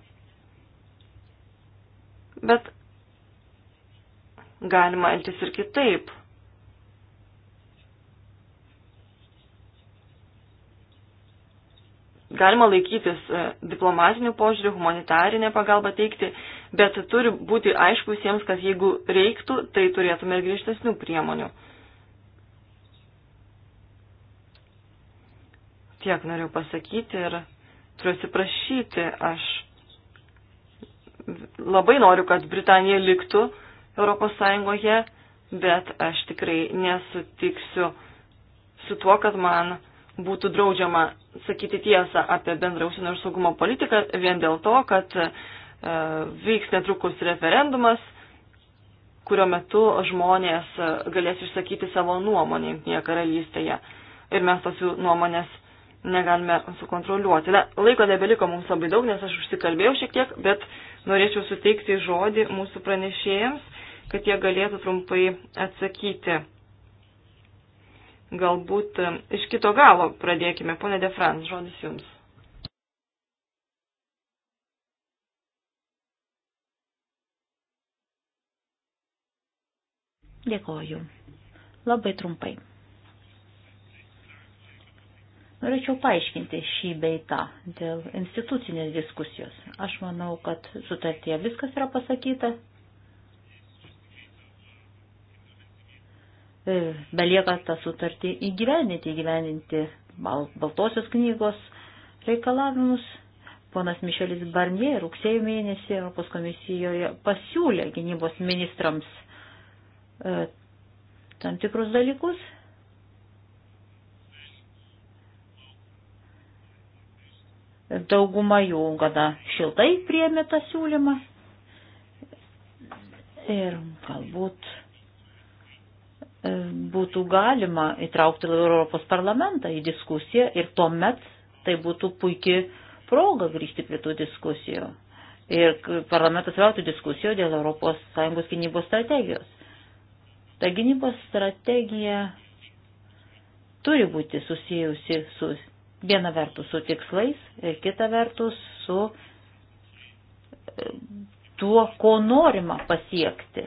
Bet galima elgtis ir kitaip. Galima laikytis e, diplomatinių požiūrių, humanitarinę pagalbą teikti bet turi būti aišku visiems, kad jeigu reiktų, tai turėtume ir griežtesnių priemonių. Tiek noriu pasakyti ir turiu atsiprašyti, aš labai noriu, kad Britanija liktų Europos Sąjungoje, bet aš tikrai nesutiksiu su tuo, kad man būtų draudžiama sakyti tiesą apie bendrą užsienio ir saugumo politiką vien dėl to, kad E, vyks netrukus referendumas, kurio metu žmonės e, galės išsakyti savo nuomonę Junktinėje karalystėje. Ir mes tos jų nuomonės negalime sukontroliuoti. Na, laiko nebeliko mums labai daug, nes aš užsikalbėjau šiek tiek, bet norėčiau suteikti žodį mūsų pranešėjams, kad jie galėtų trumpai atsakyti. Galbūt e, iš kito galo pradėkime. Pone Defrans, žodis jums. Dėkoju. Labai trumpai. Norėčiau paaiškinti šį beitą dėl institucinės diskusijos. Aš manau, kad sutartie viskas yra pasakyta. E, belieka tą sutartį įgyveninti, įgyveninti Baltosios knygos reikalavimus. Ponas Mišelis Barnier rugsėjo mėnesį Europos komisijoje pasiūlė gynybos ministrams E, tam tikrus dalykus. Dauguma jų gana šiltai priemė tą siūlymą ir galbūt e, būtų galima įtraukti Europos parlamentą į diskusiją ir tuomet tai būtų puikia proga grįžti prie tų diskusijų. Ir parlamentas veltų diskusijų dėl ES gynybos strategijos. Ta gynybos strategija turi būti susijusi su viena vertus su tikslais ir kita vertus su e, tuo, ko norima pasiekti.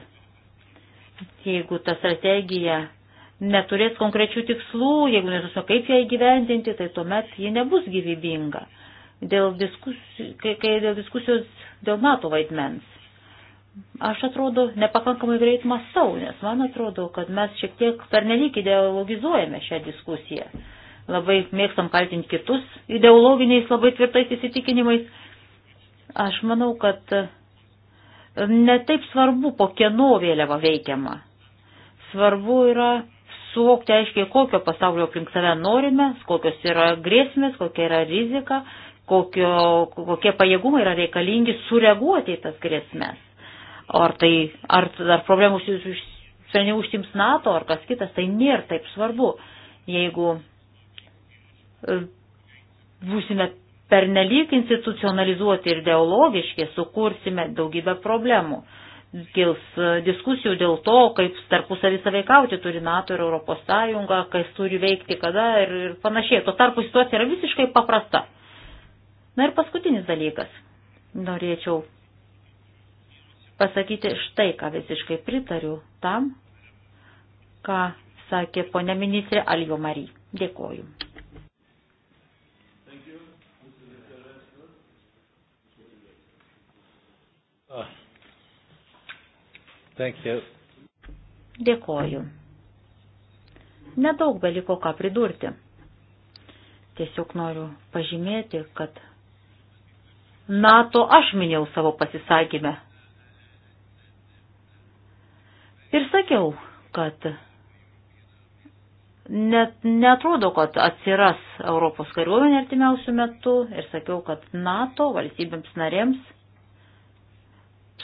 Jeigu ta strategija neturės konkrečių tikslų, jeigu nesusio kaip ją įgyvendinti, tai tuomet ji nebus gyvybinga. Dėl diskusijos, kai, kai dėl diskusijos dėl NATO vaidmens aš atrodo nepakankamai greit mastau, nes man atrodo, kad mes šiek tiek pernelyg ideologizuojame šią diskusiją. Labai mėgstam kaltinti kitus ideologiniais labai tvirtais įsitikinimais. Aš manau, kad e, netaip svarbu, po kieno vėliava veikiama. Svarbu yra suvokti aiškiai, kokio pasaulio aplink save norime, kokios yra grėsmės, kokia yra rizika, kokio, kokie pajėgumai yra reikalingi sureaguoti į tas grėsmės. Ar tai, ar, ar problemų sprendimų užsims NATO, ar kas kitas, tai nėra taip svarbu. Jeigu e, būsime pernelyg institucionalizuoti ir ideologiški, sukursime daugybę problemų. Kils e, diskusijų dėl to, kaip tarpusavį saveikauti turi NATO ir Europos Sąjunga, kas turi veikti kada ir, ir panašiai. Tuo tarpu situacija yra visiškai paprasta. Na ir paskutinis dalykas. Norėčiau pasakyti štai, ką visiškai pritariu tam, ką sakė ponia ministrė Aljo Mary. Dėkoju. Ah. Dėkoju. Nedaug beliko ką pridurti. Tiesiog noriu pažymėti, kad NATO aš minėjau savo pasisakymę, Ir sakiau, kad net netrodo, kad atsiras Europos kariuomenė artimiausių metų ir sakiau, kad NATO valstybėms narėms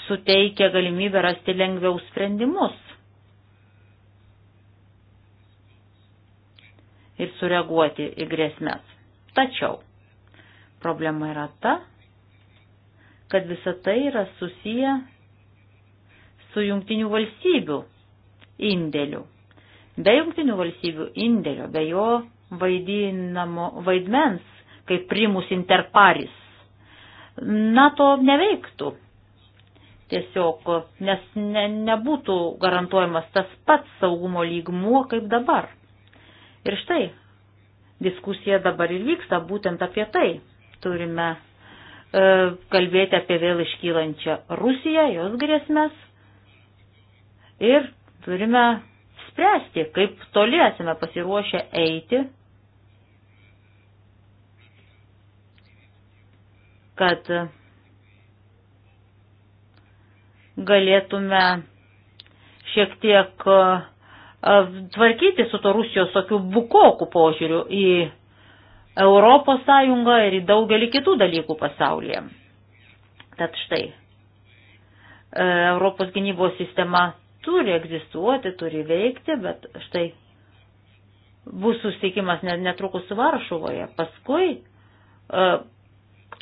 suteikia galimybę rasti lengviau sprendimus ir sureaguoti į grėsmės. Tačiau problema yra ta, kad visa tai yra susiję su jungtinių valstybių indėliu. Be jungtinių valstybių indėlio, be jo vaidinamo vaidmens, kaip primus interparis, NATO neveiktų. Tiesiog, nes ne, nebūtų garantuojamas tas pats saugumo lygmuo kaip dabar. Ir štai, diskusija dabar ir vyksta būtent apie tai. Turime e, kalbėti apie vėl iškylančią Rusiją, jos grėsmės, Ir turime spręsti, kaip toli esame pasiruošę eiti, kad galėtume šiek tiek tvarkyti su to Rusijos tokiu bukokų požiūriu į Europos Sąjungą ir į daugelį kitų dalykų pasaulyje. Tad štai, e, Europos gynybos sistema turi egzistuoti, turi veikti, bet štai bus susitikimas netrukus Varšuvoje. Paskui uh,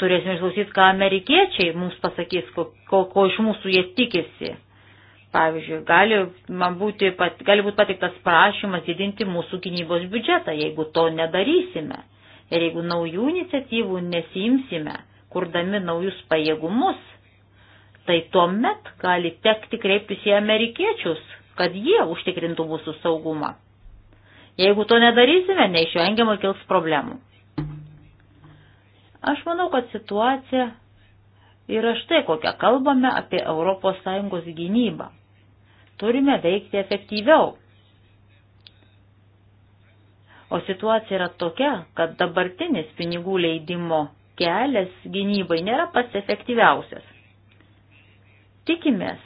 turėsime išklausyti, ką amerikiečiai mums pasakys, ko, ko, ko iš mūsų jie tikisi. Pavyzdžiui, gali, būti, pat, gali būti patiktas prašymas didinti mūsų gynybos biudžetą, jeigu to nedarysime. Ir jeigu naujų iniciatyvų nesimsime, kurdami naujus pajėgumus, tai tuomet gali tekti kreiptis į amerikiečius, kad jie užtikrintų mūsų saugumą. Jeigu to nedarysime, neišvengiamai kils problemų. Aš manau, kad situacija yra štai kokią kalbame apie ES gynybą. Turime veikti efektyviau. O situacija yra tokia, kad dabartinis pinigų leidimo kelias gynybai nėra pats efektyviausias tikimės.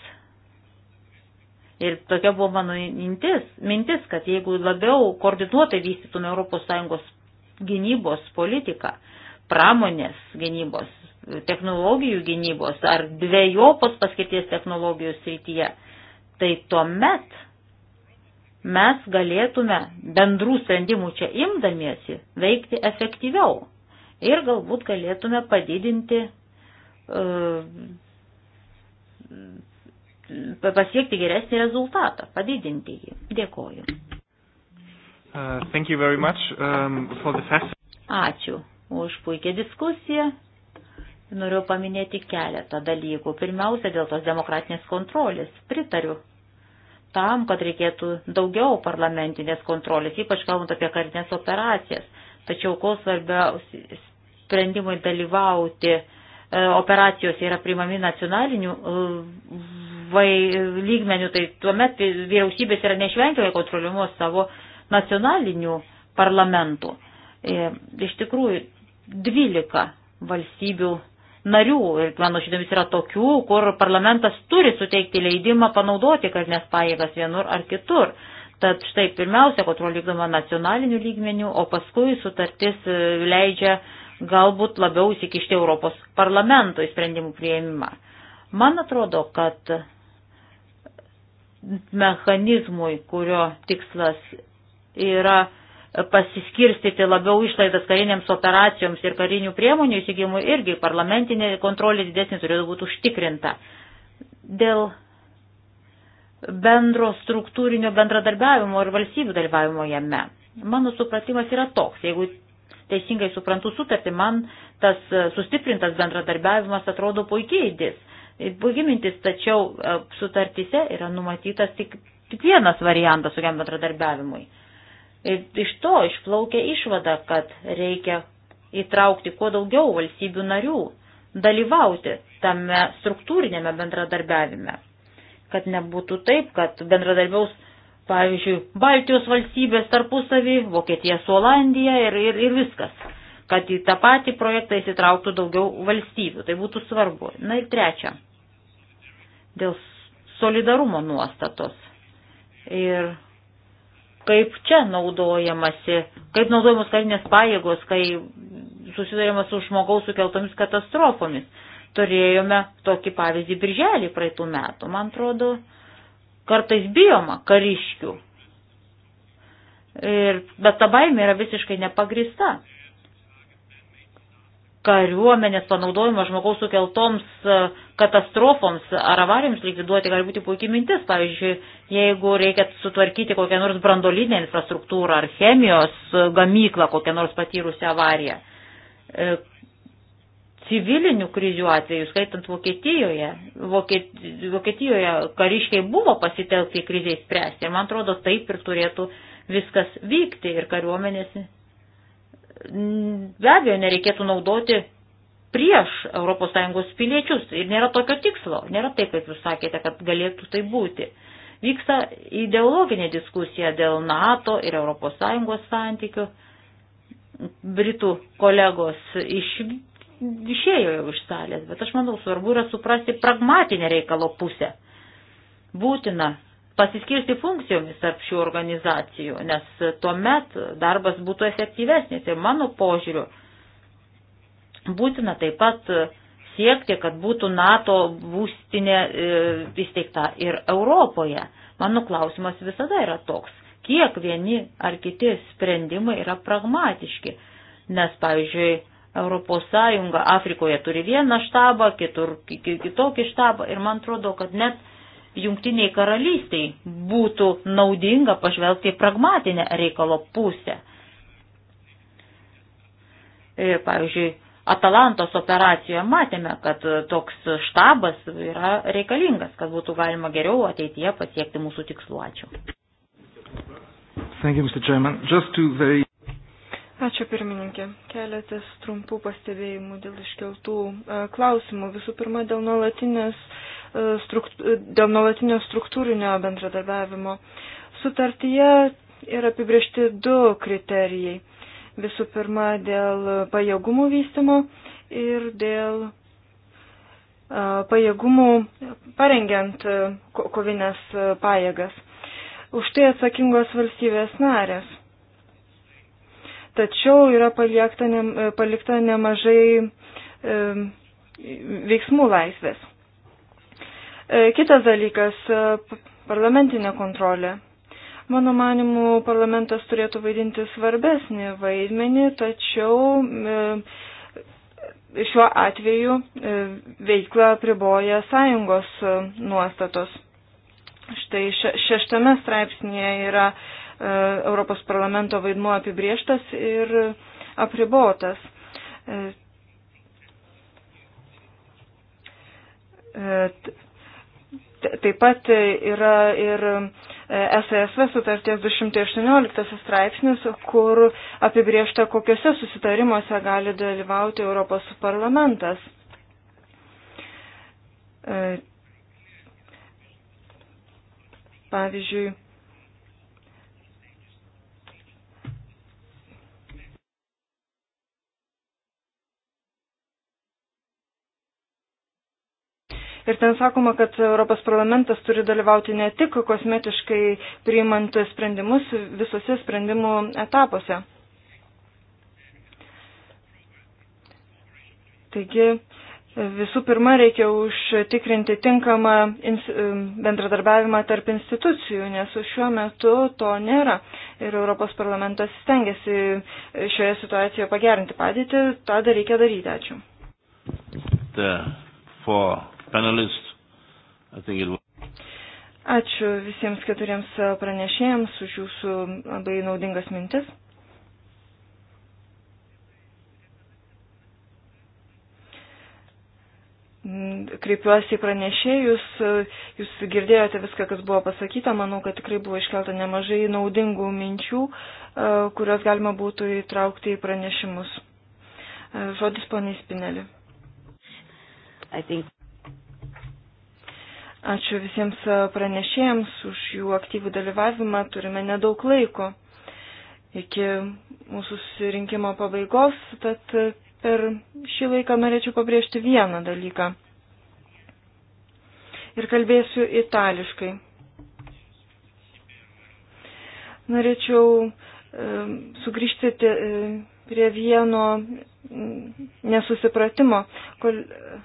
Ir tokia buvo mano mintis, mintis kad jeigu labiau koordinuotai vystytume ES gynybos politiką, pramonės gynybos, technologijų gynybos ar dviejopos paskirties technologijų srityje, tai tuomet mes galėtume bendrų sprendimų čia imdamiesi veikti efektyviau ir galbūt galėtume padidinti uh, pasiekti geresnį rezultatą, padidinti jį. Dėkoju. Uh, thank you very much um, for the fast. Ačiū už puikią diskusiją. Noriu paminėti keletą dalykų. Pirmiausia, dėl tos demokratinės kontrolės. Pritariu tam, kad reikėtų daugiau parlamentinės kontrolės, ypač kalbant apie karinės operacijas. Tačiau kol svarbiausi sprendimai dalyvauti uh, E, operacijos yra primami nacionalinių e, lygmenių, tai tuomet tai vyriausybės yra neišvengiamai kontroliuomos savo nacionalinių parlamentų. E, iš tikrųjų, 12 valstybių narių, ir mano šitomis yra tokių, kur parlamentas turi suteikti leidimą panaudoti karinės pajėgas vienur ar kitur. Tad štai pirmiausia, kontrolė vykdoma nacionaliniu lygmeniu, o paskui sutartis leidžia uh, galbūt labiau įsikišti Europos parlamento į sprendimų prieimimą. Man atrodo, kad mechanizmui, kurio tikslas yra pasiskirstyti labiau išlaidas karinėms operacijoms ir karinių priemonių įsigymui, irgi parlamentinė kontrolė didesnė turėtų būti užtikrinta. Dėl bendro struktūrinio bendradarbiavimo ir valstybių dalyvavimo jame. Mano supratimas yra toks, jeigu teisingai suprantu sutartį, man tas e, sustiprintas bendradarbiavimas atrodo puikiai idis. E, puikiai mintis, tačiau e, sutartyse yra numatytas tik, tik vienas variantas tokiam bendradarbiavimui. Ir iš to išplaukia išvada, kad reikia įtraukti kuo daugiau valstybių narių, dalyvauti tame struktūrinėme bendradarbiavime. Kad nebūtų taip, kad bendradarbiaus pavyzdžiui, Baltijos valstybės tarpusavį, Vokietija su Olandija ir, ir, ir viskas, kad į tą patį projektą įsitrauktų daugiau valstybių. Tai būtų svarbu. Na ir trečia, dėl solidarumo nuostatos. Ir kaip čia naudojamasi, kaip naudojamos karinės pajėgos, kai susidurėma su žmogaus sukeltomis katastrofomis. Turėjome tokį pavyzdį birželį praeitų metų. Man atrodo, Kartais bijoma kariškių. Ir, bet ta baimė yra visiškai nepagrista. Kariuomenės panaudojimas žmogaus sukeltoms e, katastrofoms ar avarijoms likviduoti gali būti puikiai mintis. Pavyzdžiui, jeigu reikia sutvarkyti kokią nors brandolinę infrastruktūrą ar chemijos e, gamyklą, kokią nors patyrusią avariją e, civilinių krizių atveju, skaitant Vokietijoje. Vokietijoje kariškiai buvo pasitelkti kriziai spręsti ir man atrodo taip ir turėtų viskas vykti ir kariuomenės be abejo nereikėtų naudoti prieš ES piliečius ir nėra tokio tikslo, nėra taip, kaip jūs sakėte, kad galėtų tai būti. Vyksta ideologinė diskusija dėl NATO ir ES santykių britų kolegos iš išėjo jau iš salės, bet aš manau, svarbu yra suprasti pragmatinę reikalo pusę. Būtina pasiskirti funkcijomis tarp šių organizacijų, nes tuomet darbas būtų efektyvesnis ir mano požiūriu būtina taip pat siekti, kad būtų NATO būstinė e, įsteigta ir Europoje. Mano klausimas visada yra toks, kiek vieni ar kiti sprendimai yra pragmatiški, nes, pavyzdžiui, Europos Sąjunga Afrikoje turi vieną štabą, kitur kitokį štabą ir man atrodo, kad net jungtiniai karalystiai būtų naudinga pažvelgti į pragmatinę reikalo pusę. Ir, e, pavyzdžiui, Atalantos operacijoje matėme, kad toks štabas yra reikalingas, kad būtų galima geriau ateityje pasiekti mūsų tikslų. Ačiū. Thank you, Mr. Chairman. Just two very Ačiū pirmininkė. Keletas trumpų pastebėjimų dėl iškeltų e, klausimų. Visų pirma, dėl nuolatinės, e, dėl nuolatinio struktūrinio bendradarbiavimo. Sutartyje yra apibriešti du kriterijai. Visų pirma, dėl pajėgumų vystimo ir dėl e, pajėgumų parengiant kovinės pajėgas. Už tai atsakingos valstybės narės tačiau yra palikta, ne, palikta nemažai e, veiksmų laisvės. E, kitas dalykas e, - parlamentinė kontrolė. Mano manimu, parlamentas turėtų vaidinti svarbesnį vaidmenį, tačiau e, šiuo atveju e, veiklą priboja sąjungos e, nuostatos. Štai še, šeštame straipsnėje yra e, Europos parlamento vaidmuo apibrieštas ir apribotas. E, taip pat yra ir SASV sutarties 218 straipsnis, kur apibriešta, kokiuose susitarimuose gali dalyvauti Europos parlamentas. E, pavyzdžiui, Ir ten sakoma, kad Europos parlamentas turi dalyvauti ne tik kosmetiškai priimant sprendimus visose sprendimų etapuose. Taigi, Visų pirma, reikia užtikrinti tinkamą bendradarbiavimą tarp institucijų, nes šiuo metu to nėra. Ir Europos parlamentas stengiasi šioje situacijoje pagerinti padėtį, tą dar reikia daryti. Ačiū. The, for panelists. I think it was. Ačiū visiems keturiems pranešėjams už jūsų labai naudingas mintis. Kreipiuosi į pranešėjus, jūs girdėjote viską, kas buvo pasakyta, manau, kad tikrai buvo iškelta nemažai naudingų minčių, kurios galima būtų įtraukti į pranešimus. Žodis poniai Spinelį. I think Ačiū visiems pranešėjams už jų aktyvų dalyvavimą. Turime nedaug laiko iki mūsų susirinkimo pabaigos, tad per šį laiką norėčiau pabrėžti vieną dalyką. Ir kalbėsiu itališkai. Norėčiau e, sugrįžti te, e, prie vieno mm, nesusipratimo. Kol, e,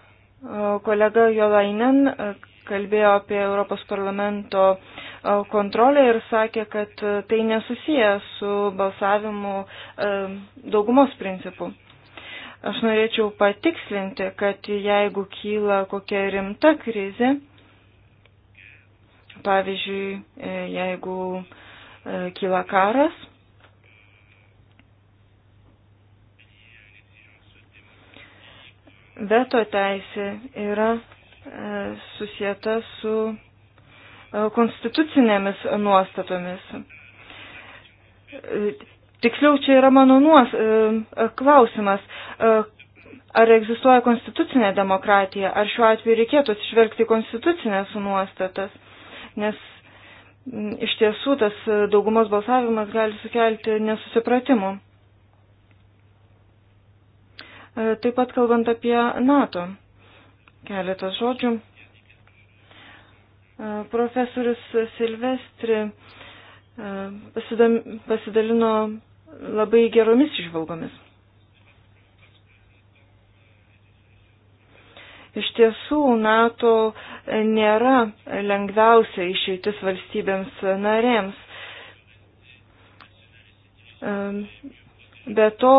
kolega Jolainen e, kalbėjo apie Europos parlamento e, kontrolę ir sakė, kad e, tai nesusiję su balsavimu e, daugumos principu. Aš norėčiau patikslinti, kad jeigu kyla kokia rimta krizė, pavyzdžiui, jeigu kyla karas, veto teisė yra susijęta su e, konstitucinėmis nuostatomis. Tiksliau, čia yra mano nuos e, klausimas, e, ar egzistuoja konstitucinė demokratija, ar šiuo atveju reikėtų atsižvelgti konstitucinės nuostatas, nes iš tiesų tas daugumos balsavimas gali sukelti nesusipratimų. Taip pat kalbant apie NATO keletas žodžių. E, profesorius Silvestri e, pasidalino labai geromis išvalgomis. Iš tiesų, NATO nėra lengviausia išeitis valstybėms narėms. E, be to,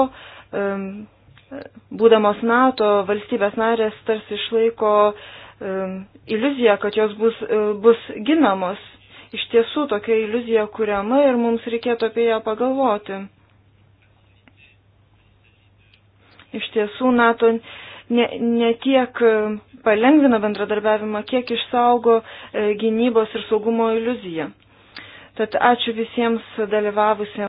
būdamos NATO valstybės narės tarsi išlaiko iliuziją, kad jos bus, e, bus ginamos. Iš tiesų tokia iliuzija kuriama ir mums reikėtų apie ją pagalvoti. Iš tiesų NATO ne, ne tiek e, palengvina bendradarbiavimą, kiek išsaugo e, gynybos ir saugumo iliuziją. Tad ačiū visiems dalyvavusiems.